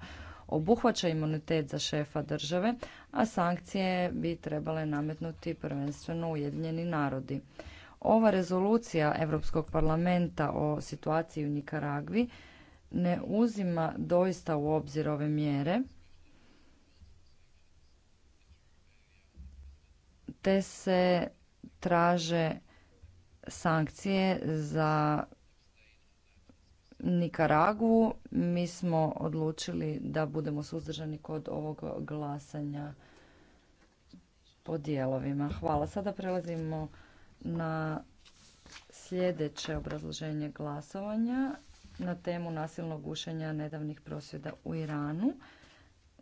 obuhvaća imunitet za šefa države, a sankcije bi trebale nametnuti prvenstveno Ujedinjeni narodi. Ova rezolucija Europskog parlamenta o situaciji u Nikaragvi ne uzima doista u obzir ove mjere, te se traže sankcije za Nikaragu. Mi smo odlučili da budemo suzdržani kod ovog glasanja po dijelovima. Hvala. Sada prelazimo na sljedeće obrazloženje glasovanja na temu nasilnog gušenja nedavnih prosvjeda u Iranu.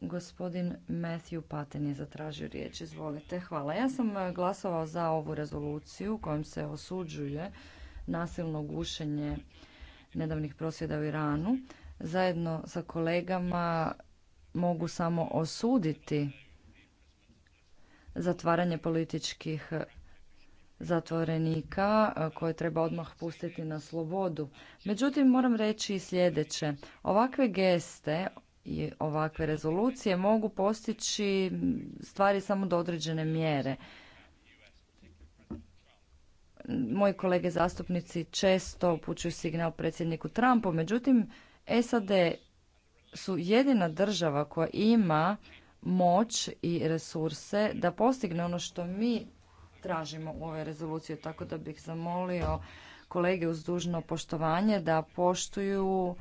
Gospodin Matthew Patten je zatražio riječ. Izvolite. Hvala. Ja sam e, glasovao za ovu rezoluciju kojom se osuđuje nasilno gušenje nedavnih prosvjeda u Iranu. Zajedno sa kolegama mogu samo osuditi zatvaranje političkih zatvorenika koje treba odmah pustiti na slobodu. Međutim, moram reći i sljedeće. Ovakve geste i ovakve rezolucije mogu postići stvari samo do određene mjere. Moji kolege zastupnici često upućuju signal predsjedniku Trumpu, međutim, SAD su jedina država koja ima moć i resurse da postigne ono što mi tražimo u ovoj rezoluciji, tako da bih zamolio kolege uz dužno poštovanje da poštuju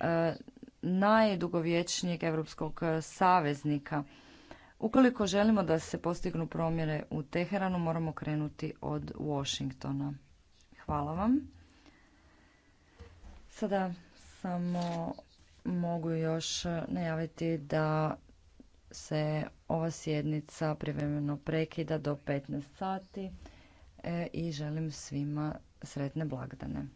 e, najdugovječnijeg evropskog saveznika. Ukoliko želimo da se postignu promjere u Teheranu, moramo krenuti od Washingtona. Hvala vam. Sada samo mogu još najaviti da se ova sjednica privremeno prekida do 15 sati e, i želim svima sretne blagdane.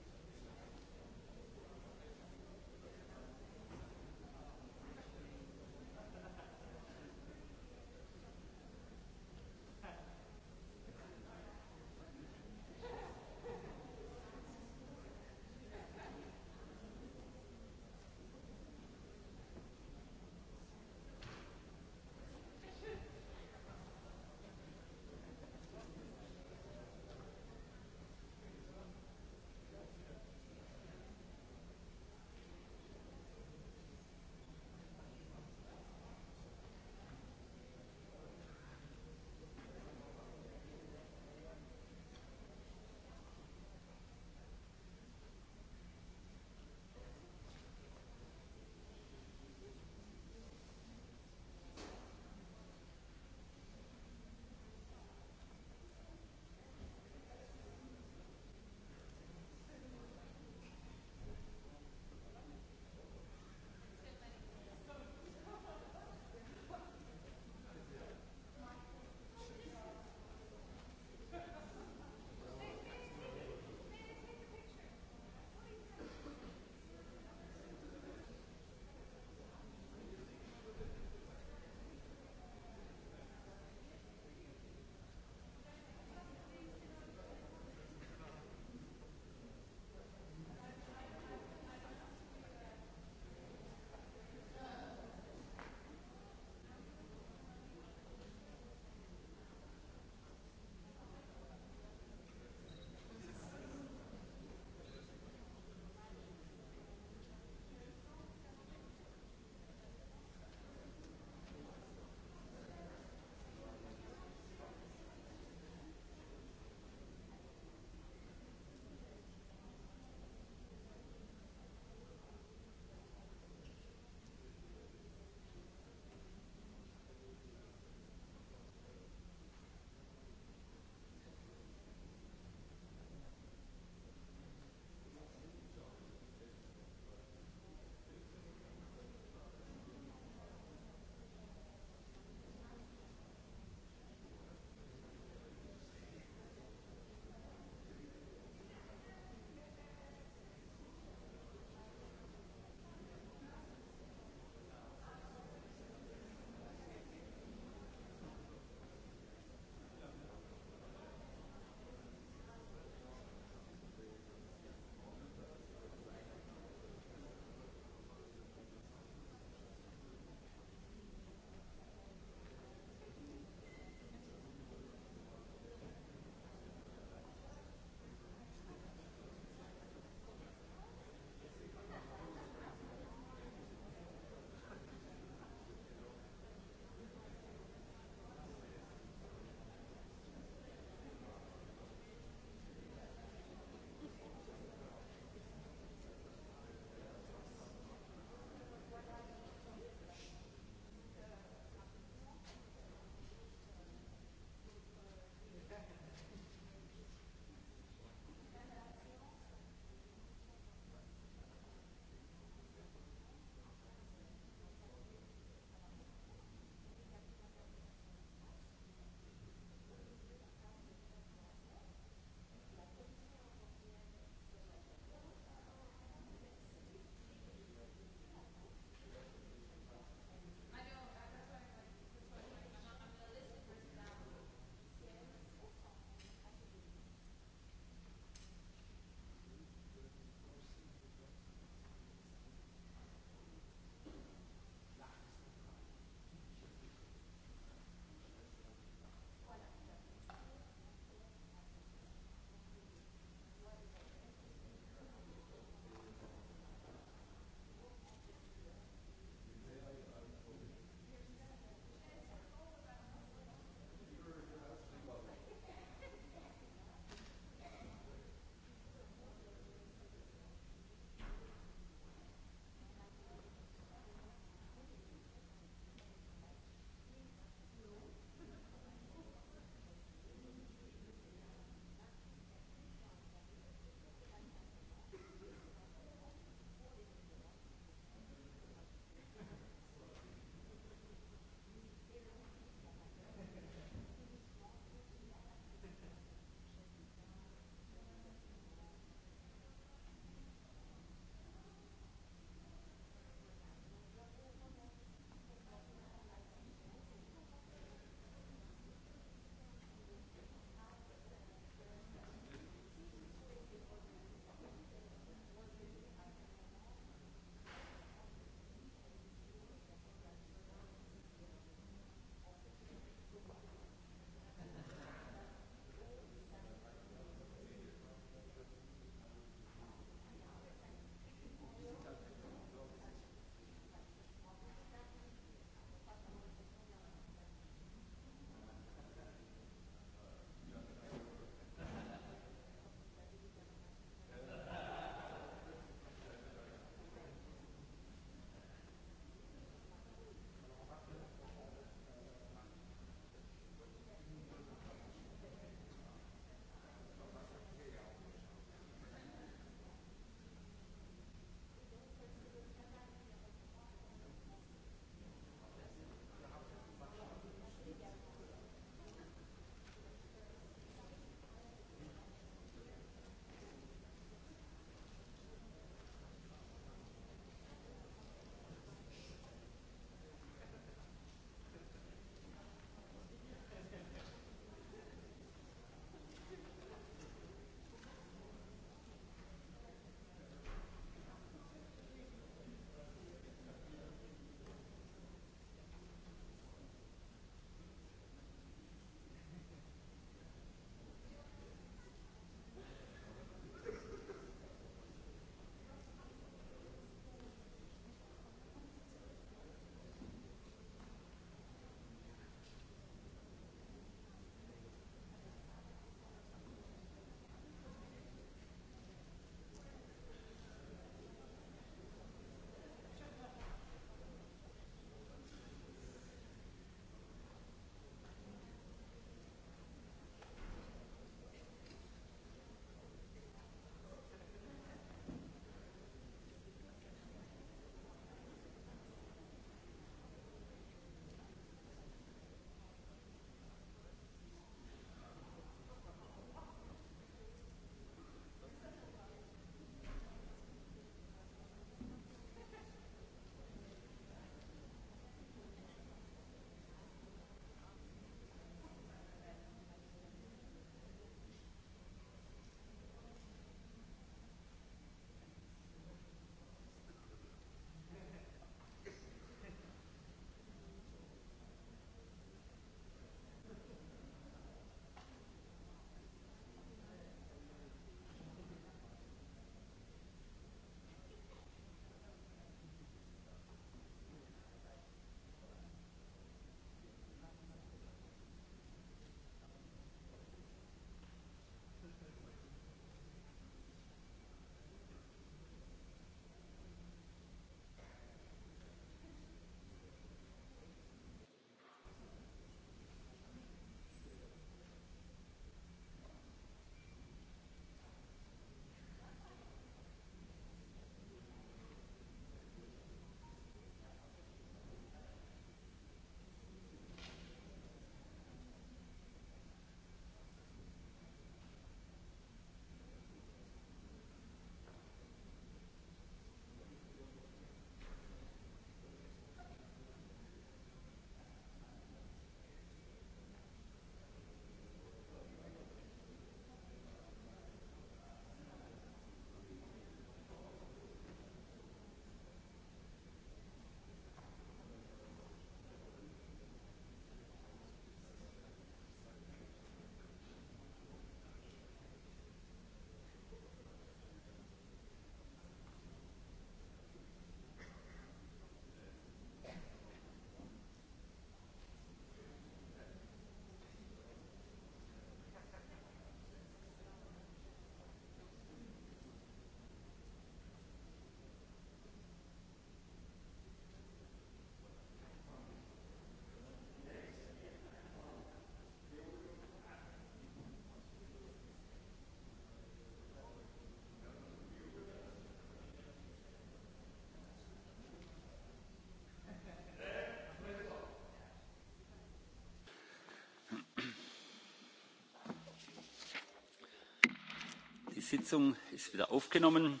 sitzung ist wieder aufgenommen.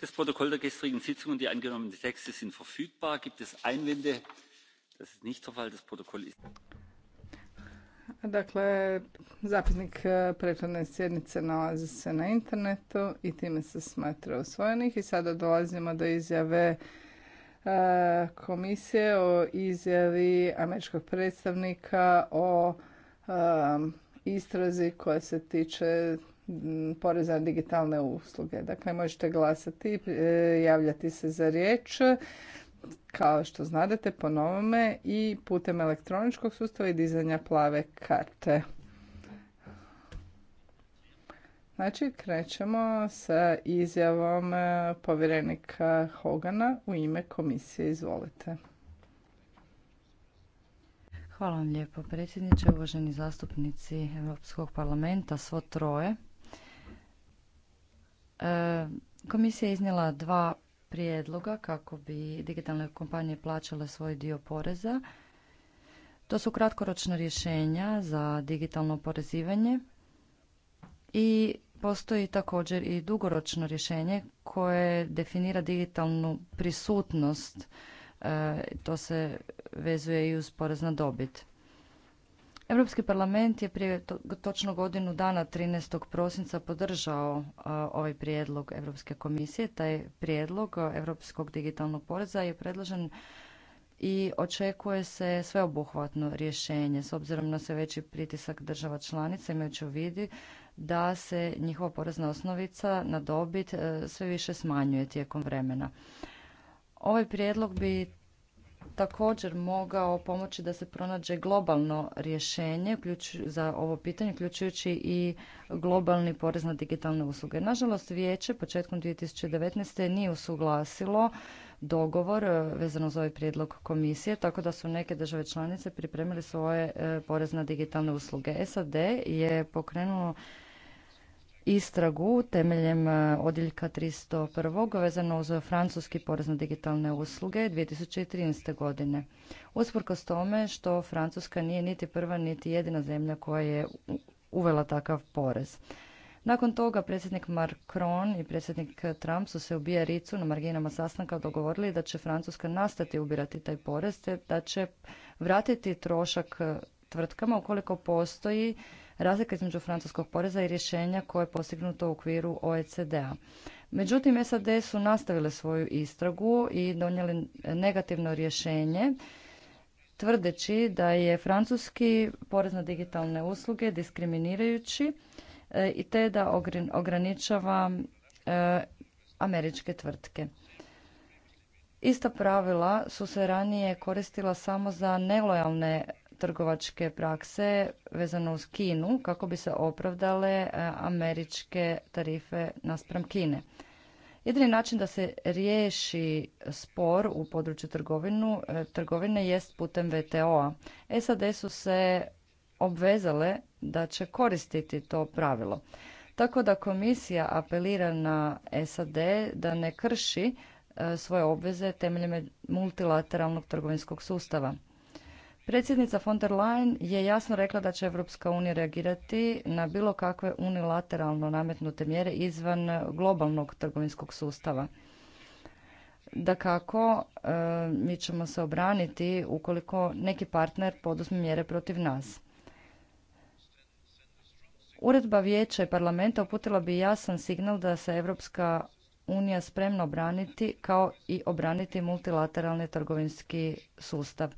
das protokoll der gestrigen sitzung und die angenommenen texte sind verfügbar. gibt es einwände? das ist nicht der fall. das protokoll ist. dakle zapisnik eh, prethodne sjednice nalazi se na internetu i time se smatra usvojenih i sada dolazimo do izjave eh, komisije o izjavi američkog predstavnika o eh, istrazi koja se tiče poreza na digitalne usluge. Dakle, možete glasati, e, javljati se za riječ, kao što znadete, po novome i putem elektroničkog sustava i dizanja plave karte. Znači, krećemo sa izjavom e, povjerenika Hogana u ime komisije. Izvolite. Hvala vam lijepo predsjedniče, uvaženi zastupnici Europskog parlamenta, svo troje. E, komisija je iznijela dva prijedloga kako bi digitalne kompanije plaćale svoj dio poreza. To su kratkoročna rješenja za digitalno oporezivanje i postoji također i dugoročno rješenje koje definira digitalnu prisutnost. E, to se vezuje i uz porez na dobit. Europski parlament je prije točno godinu dana 13. prosinca podržao e, ovaj prijedlog Europske komisije. Taj prijedlog Europskog digitalnog poreza je predložen i očekuje se sveobuhvatno rješenje s obzirom na sve veći pritisak država članica imajući u vidi da se njihova porezna osnovica na dobit e, sve više smanjuje tijekom vremena. Ovaj prijedlog bi također mogao pomoći da se pronađe globalno rješenje za ovo pitanje, uključujući i globalni porez na digitalne usluge. Nažalost, vijeće početkom 2019. nije usuglasilo dogovor e, vezano za ovaj prijedlog komisije, tako da su neke države članice pripremili svoje e, porez na digitalne usluge. SAD je pokrenulo istragu temeljem e, odjeljka 301. vezano uz francuski porez na digitalne usluge 2013. godine. s tome što Francuska nije niti prva niti jedina zemlja koja je uvela takav porez. Nakon toga predsjednik Macron i predsjednik Trump su se u Bijaricu na marginama sastanka dogovorili da će Francuska nastati ubirati taj porez te da će vratiti trošak e, tvrtkama ukoliko postoji razlika između francuskog poreza i rješenja koje je postignuto u okviru OECD-a. Međutim, SAD su nastavile svoju istragu i donijeli negativno rješenje tvrdeći da je francuski porez na digitalne usluge diskriminirajući e, i te da ograničava e, američke tvrtke. Ista pravila su se ranije koristila samo za nelojalne trgovačke prakse vezano uz Kinu kako bi se opravdale e, američke tarife naspram Kine. Jedini način da se riješi spor u području trgovinu, e, trgovine jest putem VTO-a. SAD su se obvezale da će koristiti to pravilo. Tako da komisija apelira na SAD da ne krši e, svoje obveze temeljem multilateralnog trgovinskog sustava. Predsjednica von der Leyen je jasno rekla da će Europska unija reagirati na bilo kakve unilateralno nametnute mjere izvan globalnog trgovinskog sustava. Da kako, e, mi ćemo se obraniti ukoliko neki partner poduzme mjere protiv nas. Uredba Vijeća i parlamenta uputila bi jasan signal da se Europska unija spremna obraniti kao i obraniti multilateralni trgovinski sustav.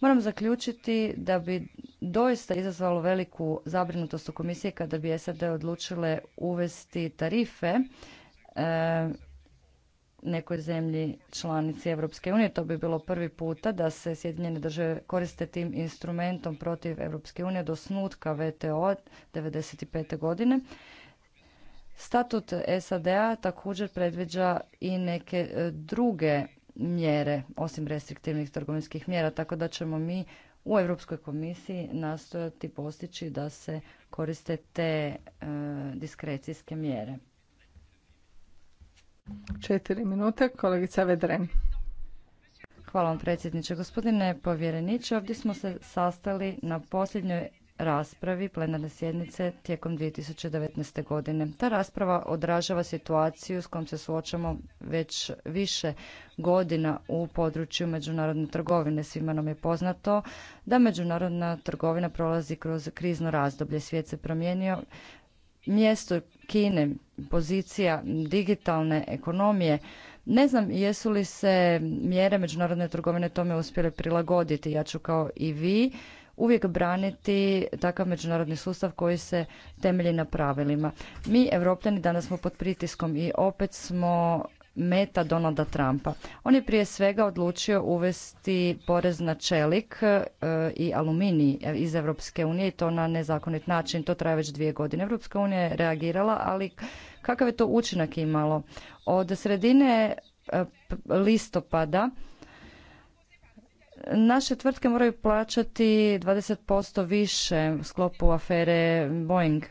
Moram zaključiti da bi doista izazvalo veliku zabrinutost u komisiji kada bi SAD odlučile uvesti tarife e, nekoj zemlji članici Europske unije. To bi bilo prvi puta da se Sjedinjene države koriste tim instrumentom protiv Europske unije do snutka VTO 95. godine. Statut SAD-a također predviđa i neke e, druge mjere, osim restriktivnih trgovinskih mjera, tako da ćemo mi u Europskoj komisiji nastojati postići da se koriste te e, diskrecijske mjere. Četiri minute, kolegica Vedren. Hvala vam predsjedniče. Gospodine povjereniče, ovdje smo se sastali na posljednjoj raspravi plenarne sjednice tijekom 2019. godine. Ta rasprava odražava situaciju s kojom se suočamo već više godina u području međunarodne trgovine. Svima nam je poznato da međunarodna trgovina prolazi kroz krizno razdoblje. Svijet se promijenio. Mjesto Kine, pozicija digitalne ekonomije, ne znam jesu li se mjere međunarodne trgovine tome uspjele prilagoditi. Ja ću kao i vi uvijek braniti takav međunarodni sustav koji se temelji na pravilima. Mi, Evropljani, danas smo pod pritiskom i opet smo meta Donalda Trumpa. On je prije svega odlučio uvesti porez na čelik e, i aluminij e, iz Europske unije i to na nezakonit način. To traje već dvije godine. EU unija je reagirala, ali kakav je to učinak imalo? Od sredine e, listopada Naše tvrtke moraju plaćati 20% više u sklopu afere Boeing.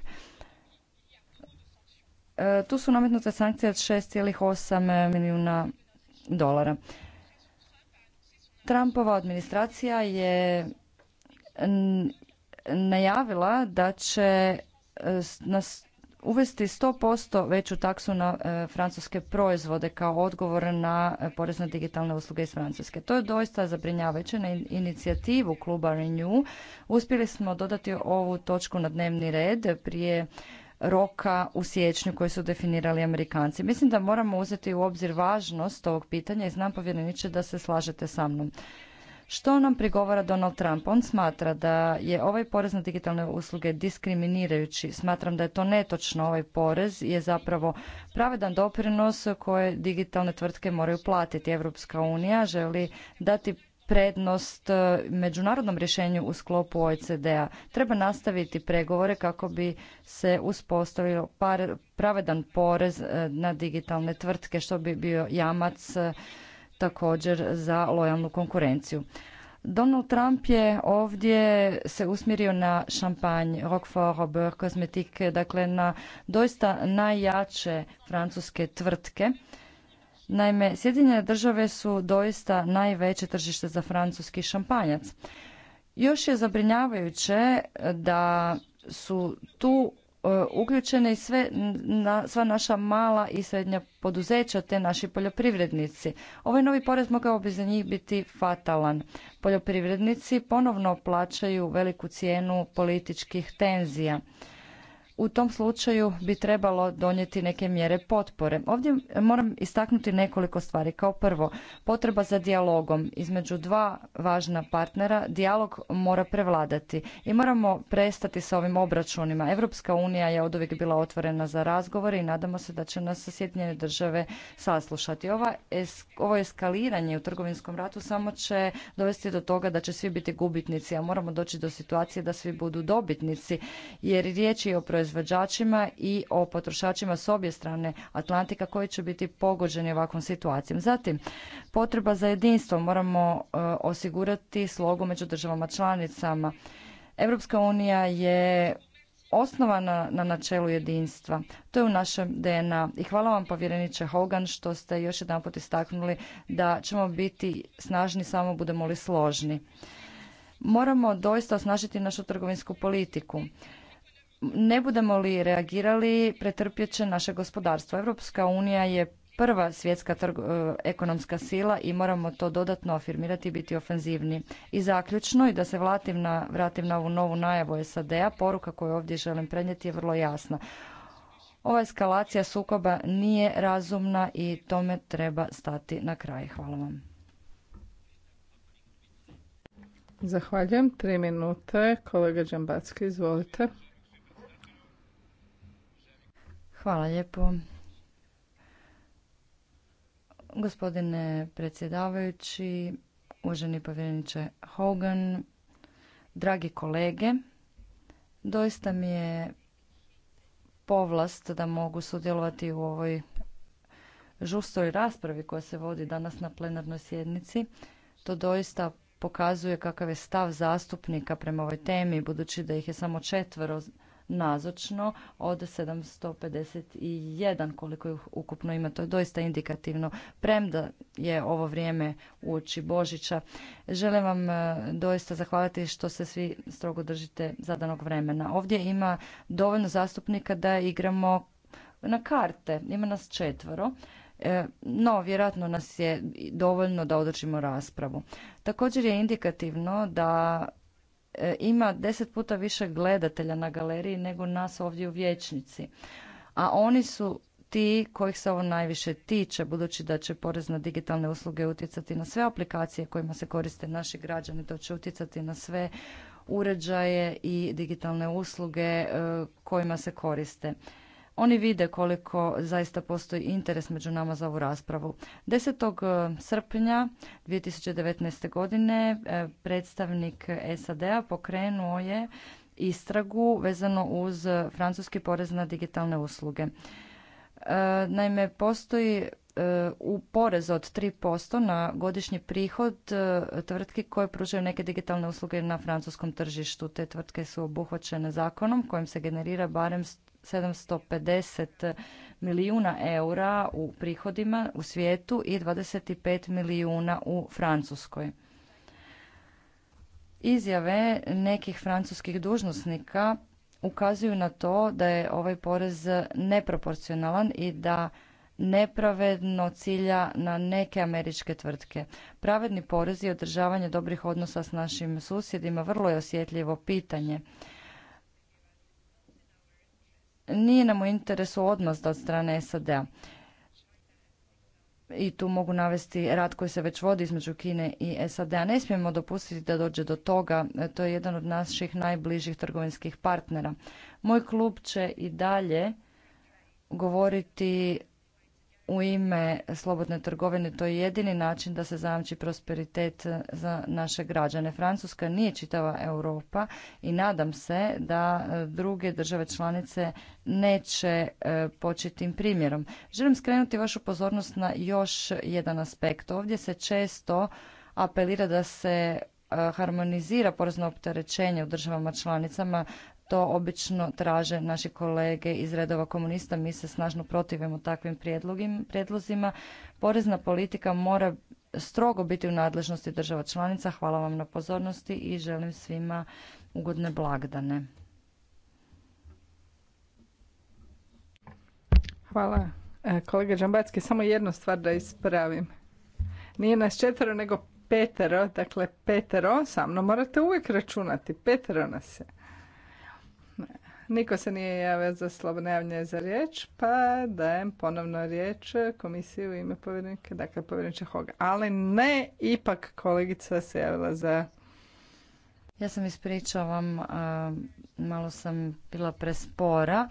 E, tu su nametnute sankcije od 6,8 milijuna dolara. Trumpova administracija je najavila da će nas uvesti 100% veću taksu na e, francuske proizvode kao odgovor na e, porez na digitalne usluge iz Francuske. To je doista zabrinjavajuće. Na inicijativu kluba Renew uspjeli smo dodati ovu točku na dnevni red prije roka u siječnju koji su definirali Amerikanci. Mislim da moramo uzeti u obzir važnost ovog pitanja i znam povjereniče da se slažete sa mnom. Što nam prigovara Donald Trump? On smatra da je ovaj porez na digitalne usluge diskriminirajući. Smatram da je to netočno. Ovaj porez je zapravo pravedan doprinos koje digitalne tvrtke moraju platiti. Europska unija želi dati prednost e, međunarodnom rješenju u sklopu OECD-a. Treba nastaviti pregovore kako bi se uspostavio pravedan porez e, na digitalne tvrtke što bi bio jamac e, također za lojalnu konkurenciju. Donald Trump je ovdje se usmjerio na šampanj, Roquefort, Robert, kozmetike, dakle na doista najjače francuske tvrtke. Naime, Sjedinjene države su doista najveće tržište za francuski šampanjac. Još je zabrinjavajuće da su tu E, uključene i sve, na, sva naša mala i srednja poduzeća te naši poljoprivrednici. Ovaj novi porez mogao bi za njih biti fatalan. Poljoprivrednici ponovno plaćaju veliku cijenu političkih tenzija u tom slučaju bi trebalo donijeti neke mjere potpore. Ovdje moram istaknuti nekoliko stvari. Kao prvo, potreba za dijalogom između dva važna partnera, dijalog mora prevladati i moramo prestati sa ovim obračunima. Europska unija je uvijek bila otvorena za razgovore i nadamo se da će nas Sjedinjene države saslušati. Ova, ovo eskaliranje u trgovinskom ratu samo će dovesti do toga da će svi biti gubitnici, a moramo doći do situacije da svi budu dobitnici, jer riječ je o proizvođačima i o potrošačima s obje strane Atlantika koji će biti pogođeni ovakvom situacijom. Zatim, potreba za jedinstvo moramo e, osigurati slogu među državama članicama. Europska unija je osnovana na načelu jedinstva. To je u našem DNA. I hvala vam povjereniče Hogan što ste još pot istaknuli da ćemo biti snažni samo budemo li složni. Moramo doista osnažiti našu trgovinsku politiku ne budemo li reagirali, pretrpjet će naše gospodarstvo. Europska unija je prva svjetska e, ekonomska sila i moramo to dodatno afirmirati i biti ofenzivni. I zaključno, i da se vratim na, vratim na ovu novu najavu SAD-a, poruka koju ovdje želim prenijeti je vrlo jasna. Ova eskalacija sukoba nije razumna i tome treba stati na kraj. Hvala vam. Zahvaljujem. Tri minute. Kolega Đambacki, izvolite. Hvala lijepo. Gospodine predsjedavajući, uvaženi povjereniče Hogan, dragi kolege, doista mi je povlast da mogu sudjelovati u ovoj žustoj raspravi koja se vodi danas na plenarnoj sjednici. To doista pokazuje kakav je stav zastupnika prema ovoj temi, budući da ih je samo četvero nazočno od 751 koliko ih ukupno ima. To je doista indikativno. Premda je ovo vrijeme uoči Božića. Želim vam e, doista zahvaliti što se svi strogo držite zadanog vremena. Ovdje ima dovoljno zastupnika da igramo na karte. Ima nas četvoro. E, no, vjerojatno nas je dovoljno da održimo raspravu. Također je indikativno da E, ima deset puta više gledatelja na galeriji nego nas ovdje u vijećnici. A oni su ti kojih se ovo najviše tiče, budući da će porez na digitalne usluge utjecati na sve aplikacije kojima se koriste naši građani, to će utjecati na sve uređaje i digitalne usluge e, kojima se koriste. Oni vide koliko zaista postoji interes među nama za ovu raspravu. 10. E, srpnja 2019. godine e, predstavnik SAD-a pokrenuo je istragu vezano uz francuski porez na digitalne usluge. E, naime, postoji u porez od 3% na godišnji prihod tvrtki koje pružaju neke digitalne usluge na francuskom tržištu. Te tvrtke su obuhvaćene zakonom kojim se generira barem 750 milijuna eura u prihodima u svijetu i 25 milijuna u Francuskoj. Izjave nekih francuskih dužnosnika ukazuju na to da je ovaj porez neproporcionalan i da nepravedno cilja na neke američke tvrtke. Pravedni porez i održavanje dobrih odnosa s našim susjedima vrlo je osjetljivo pitanje nije nam u interesu odmazda od strane SAD-a. I tu mogu navesti rat koji se već vodi između Kine i SAD-a. Ne smijemo dopustiti da dođe do toga. E, to je jedan od naših najbližih trgovinskih partnera. Moj klub će i dalje govoriti u ime slobodne trgovine. To je jedini način da se zajamči prosperitet za naše građane. Francuska nije čitava Europa i nadam se da e, druge države članice neće e, početi tim primjerom. Želim skrenuti vašu pozornost na još jedan aspekt. Ovdje se često apelira da se e, harmonizira porezno opterećenje u državama članicama to obično traže naši kolege iz redova komunista. Mi se snažno protivimo takvim prijedlozima. Porezna politika mora strogo biti u nadležnosti država članica. Hvala vam na pozornosti i želim svima ugodne blagdane. Hvala. E, kolega Žambacki, samo jednu stvar da ispravim. Nije nas četvero, nego petero. Dakle, petero sa mnom morate uvijek računati. Petero nas je. Niko se nije javio za slobodno javljanje za riječ, pa dajem ponovno riječ komisiji u ime povjerenika, dakle povjereniče Hoga. Ali ne, ipak kolegica se javila za... Ja sam ispričavam, malo sam bila prespora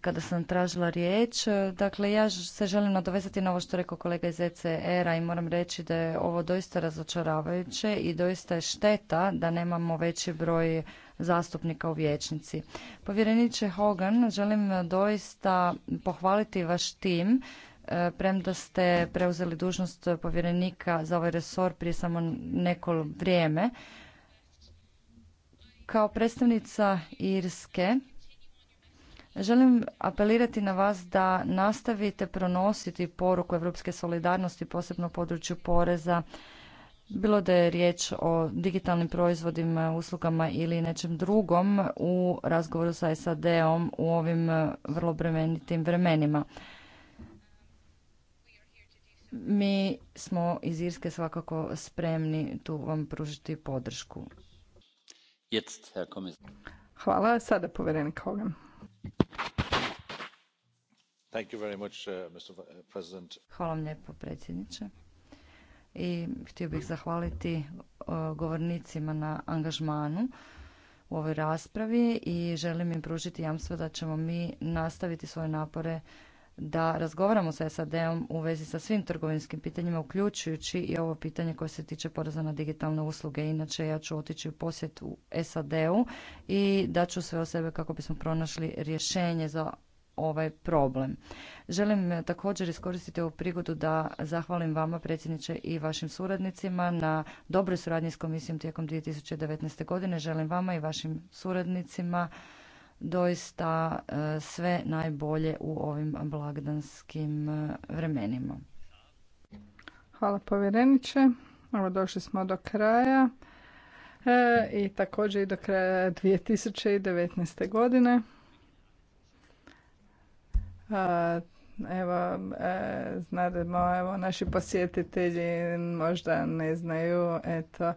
kada sam tražila riječ. Dakle, ja se želim nadovezati na ovo što rekao kolega iz ECR-a e i moram reći da je ovo doista razočaravajuće i doista je šteta da nemamo veći broj zastupnika u vijećnici. Povjereniče Hogan, želim doista pohvaliti vaš tim e, premda ste preuzeli dužnost povjerenika za ovaj resor prije samo neko vrijeme. Kao predstavnica Irske Želim apelirati na vas da nastavite pronositi poruku evropske solidarnosti, posebno u području poreza, bilo da je riječ o digitalnim proizvodima, uslugama ili nečem drugom u razgovoru sa SAD-om u ovim eh, vrlo bremenitim vremenima. Mi smo iz Irske svakako spremni tu vam pružiti podršku. Hvala. Sada povjerenik Hogan. Uh, uh, Hvala predsjedniče. I htio bih zahvaliti uh, govornicima na angažmanu u ovoj raspravi i želim im pružiti jamstvo da ćemo mi nastaviti svoje napore da razgovaramo sa SAD-om u vezi sa svim trgovinskim pitanjima, uključujući i ovo pitanje koje se tiče poreza na digitalne usluge. Inače, ja ću otići u posjet u SAD-u i daću sve o sebe kako bismo pronašli rješenje za ovaj problem. Želim eh, također iskoristiti ovu prigodu da zahvalim vama predsjedniče i vašim suradnicima na dobroj suradnji s komisijom tijekom 2019. godine. Želim vama i vašim suradnicima doista e, sve najbolje u ovim blagdanskim e, vremenima. Hvala povjereniče. Evo došli smo do kraja e, i također i do kraja 2019. godine. E, evo, e, znademo, evo, naši posjetitelji možda ne znaju, eto,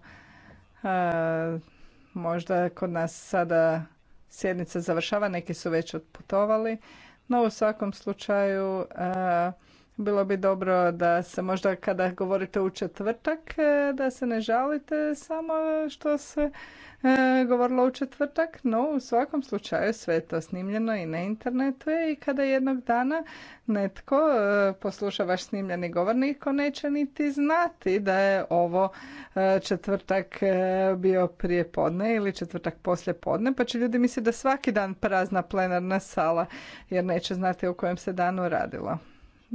možda kod nas sada sjednica završava, neki su već otputovali. No u svakom slučaju bilo bi dobro da se možda kada govorite u četvrtak, e, da se ne žalite samo što se e, govorilo u četvrtak, no u svakom slučaju sve je to snimljeno i na internetu je i kada jednog dana netko e, posluša vaš snimljeni govor, niko neće niti znati da je ovo četvrtak bio prije podne ili četvrtak poslije podne, pa će ljudi misliti da svaki dan prazna plenarna sala jer neće znati o kojem se danu radilo.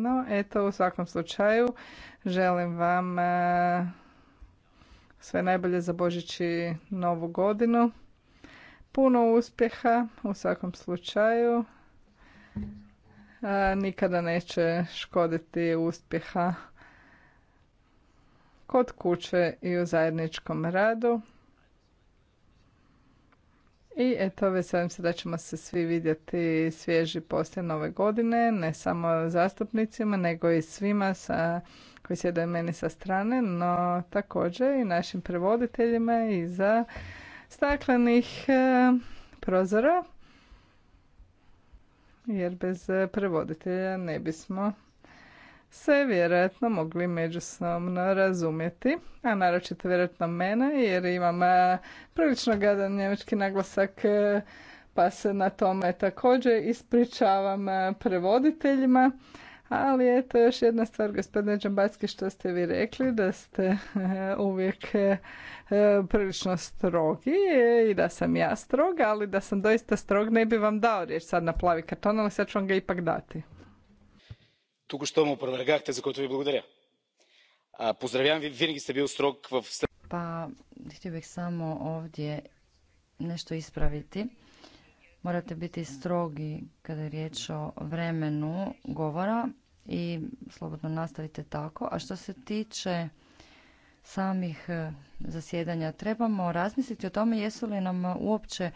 No, eto, u svakom slučaju želim vam e, sve najbolje za Božić i Novu godinu. Puno uspjeha u svakom slučaju. E, nikada neće škoditi uspjeha kod kuće i u zajedničkom radu. I eto, veselim se da ćemo se svi vidjeti svježi poslije nove godine, ne samo zastupnicima, nego i svima sa, koji sjede meni sa strane, no također i našim prevoditeljima iza staklenih e, prozora, jer bez prevoditelja ne bismo se vjerojatno mogli međusobno razumjeti, a naročito vjerojatno mene jer imam e, prilično gadan njemački naglasak e, pa se na tome također ispričavam e, prevoditeljima. Ali eto još jedna stvar, gospodine Đambacki, što ste vi rekli, da ste uvijek prilično strogi i da sam ja strog, ali da sam doista strog ne bi vam dao riječ sad na plavi karton, ali sad ću vam ga ipak dati току-що му опровергахте, за което ви благодаря. Поздравявам Pa, htio bih samo ovdje nešto ispraviti. Morate biti strogi kada je riječ o vremenu govora i slobodno nastavite tako. A što se tiče samih zasjedanja, trebamo razmisliti o tome jesu li nam uopće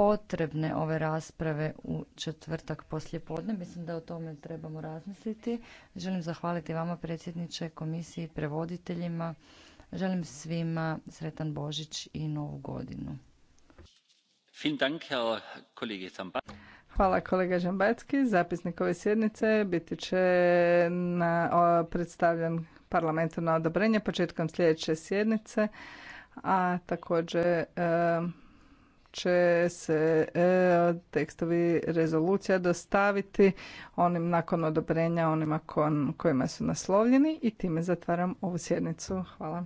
potrebne ove rasprave u četvrtak poslijepodne. Mislim da o tome trebamo razmisliti. Želim zahvaliti vama predsjedniče komisiji, prevoditeljima. Želim svima sretan Božić i novu godinu. Hvala kolega Žambacki. Zapisnik ove sjednice biti će na, o, predstavljen parlamentu na odobrenje početkom sljedeće sjednice, a također e, će se e, tekstovi rezolucija dostaviti onim nakon odobrenja onima kojima su naslovljeni i time zatvaram ovu sjednicu. Hvala.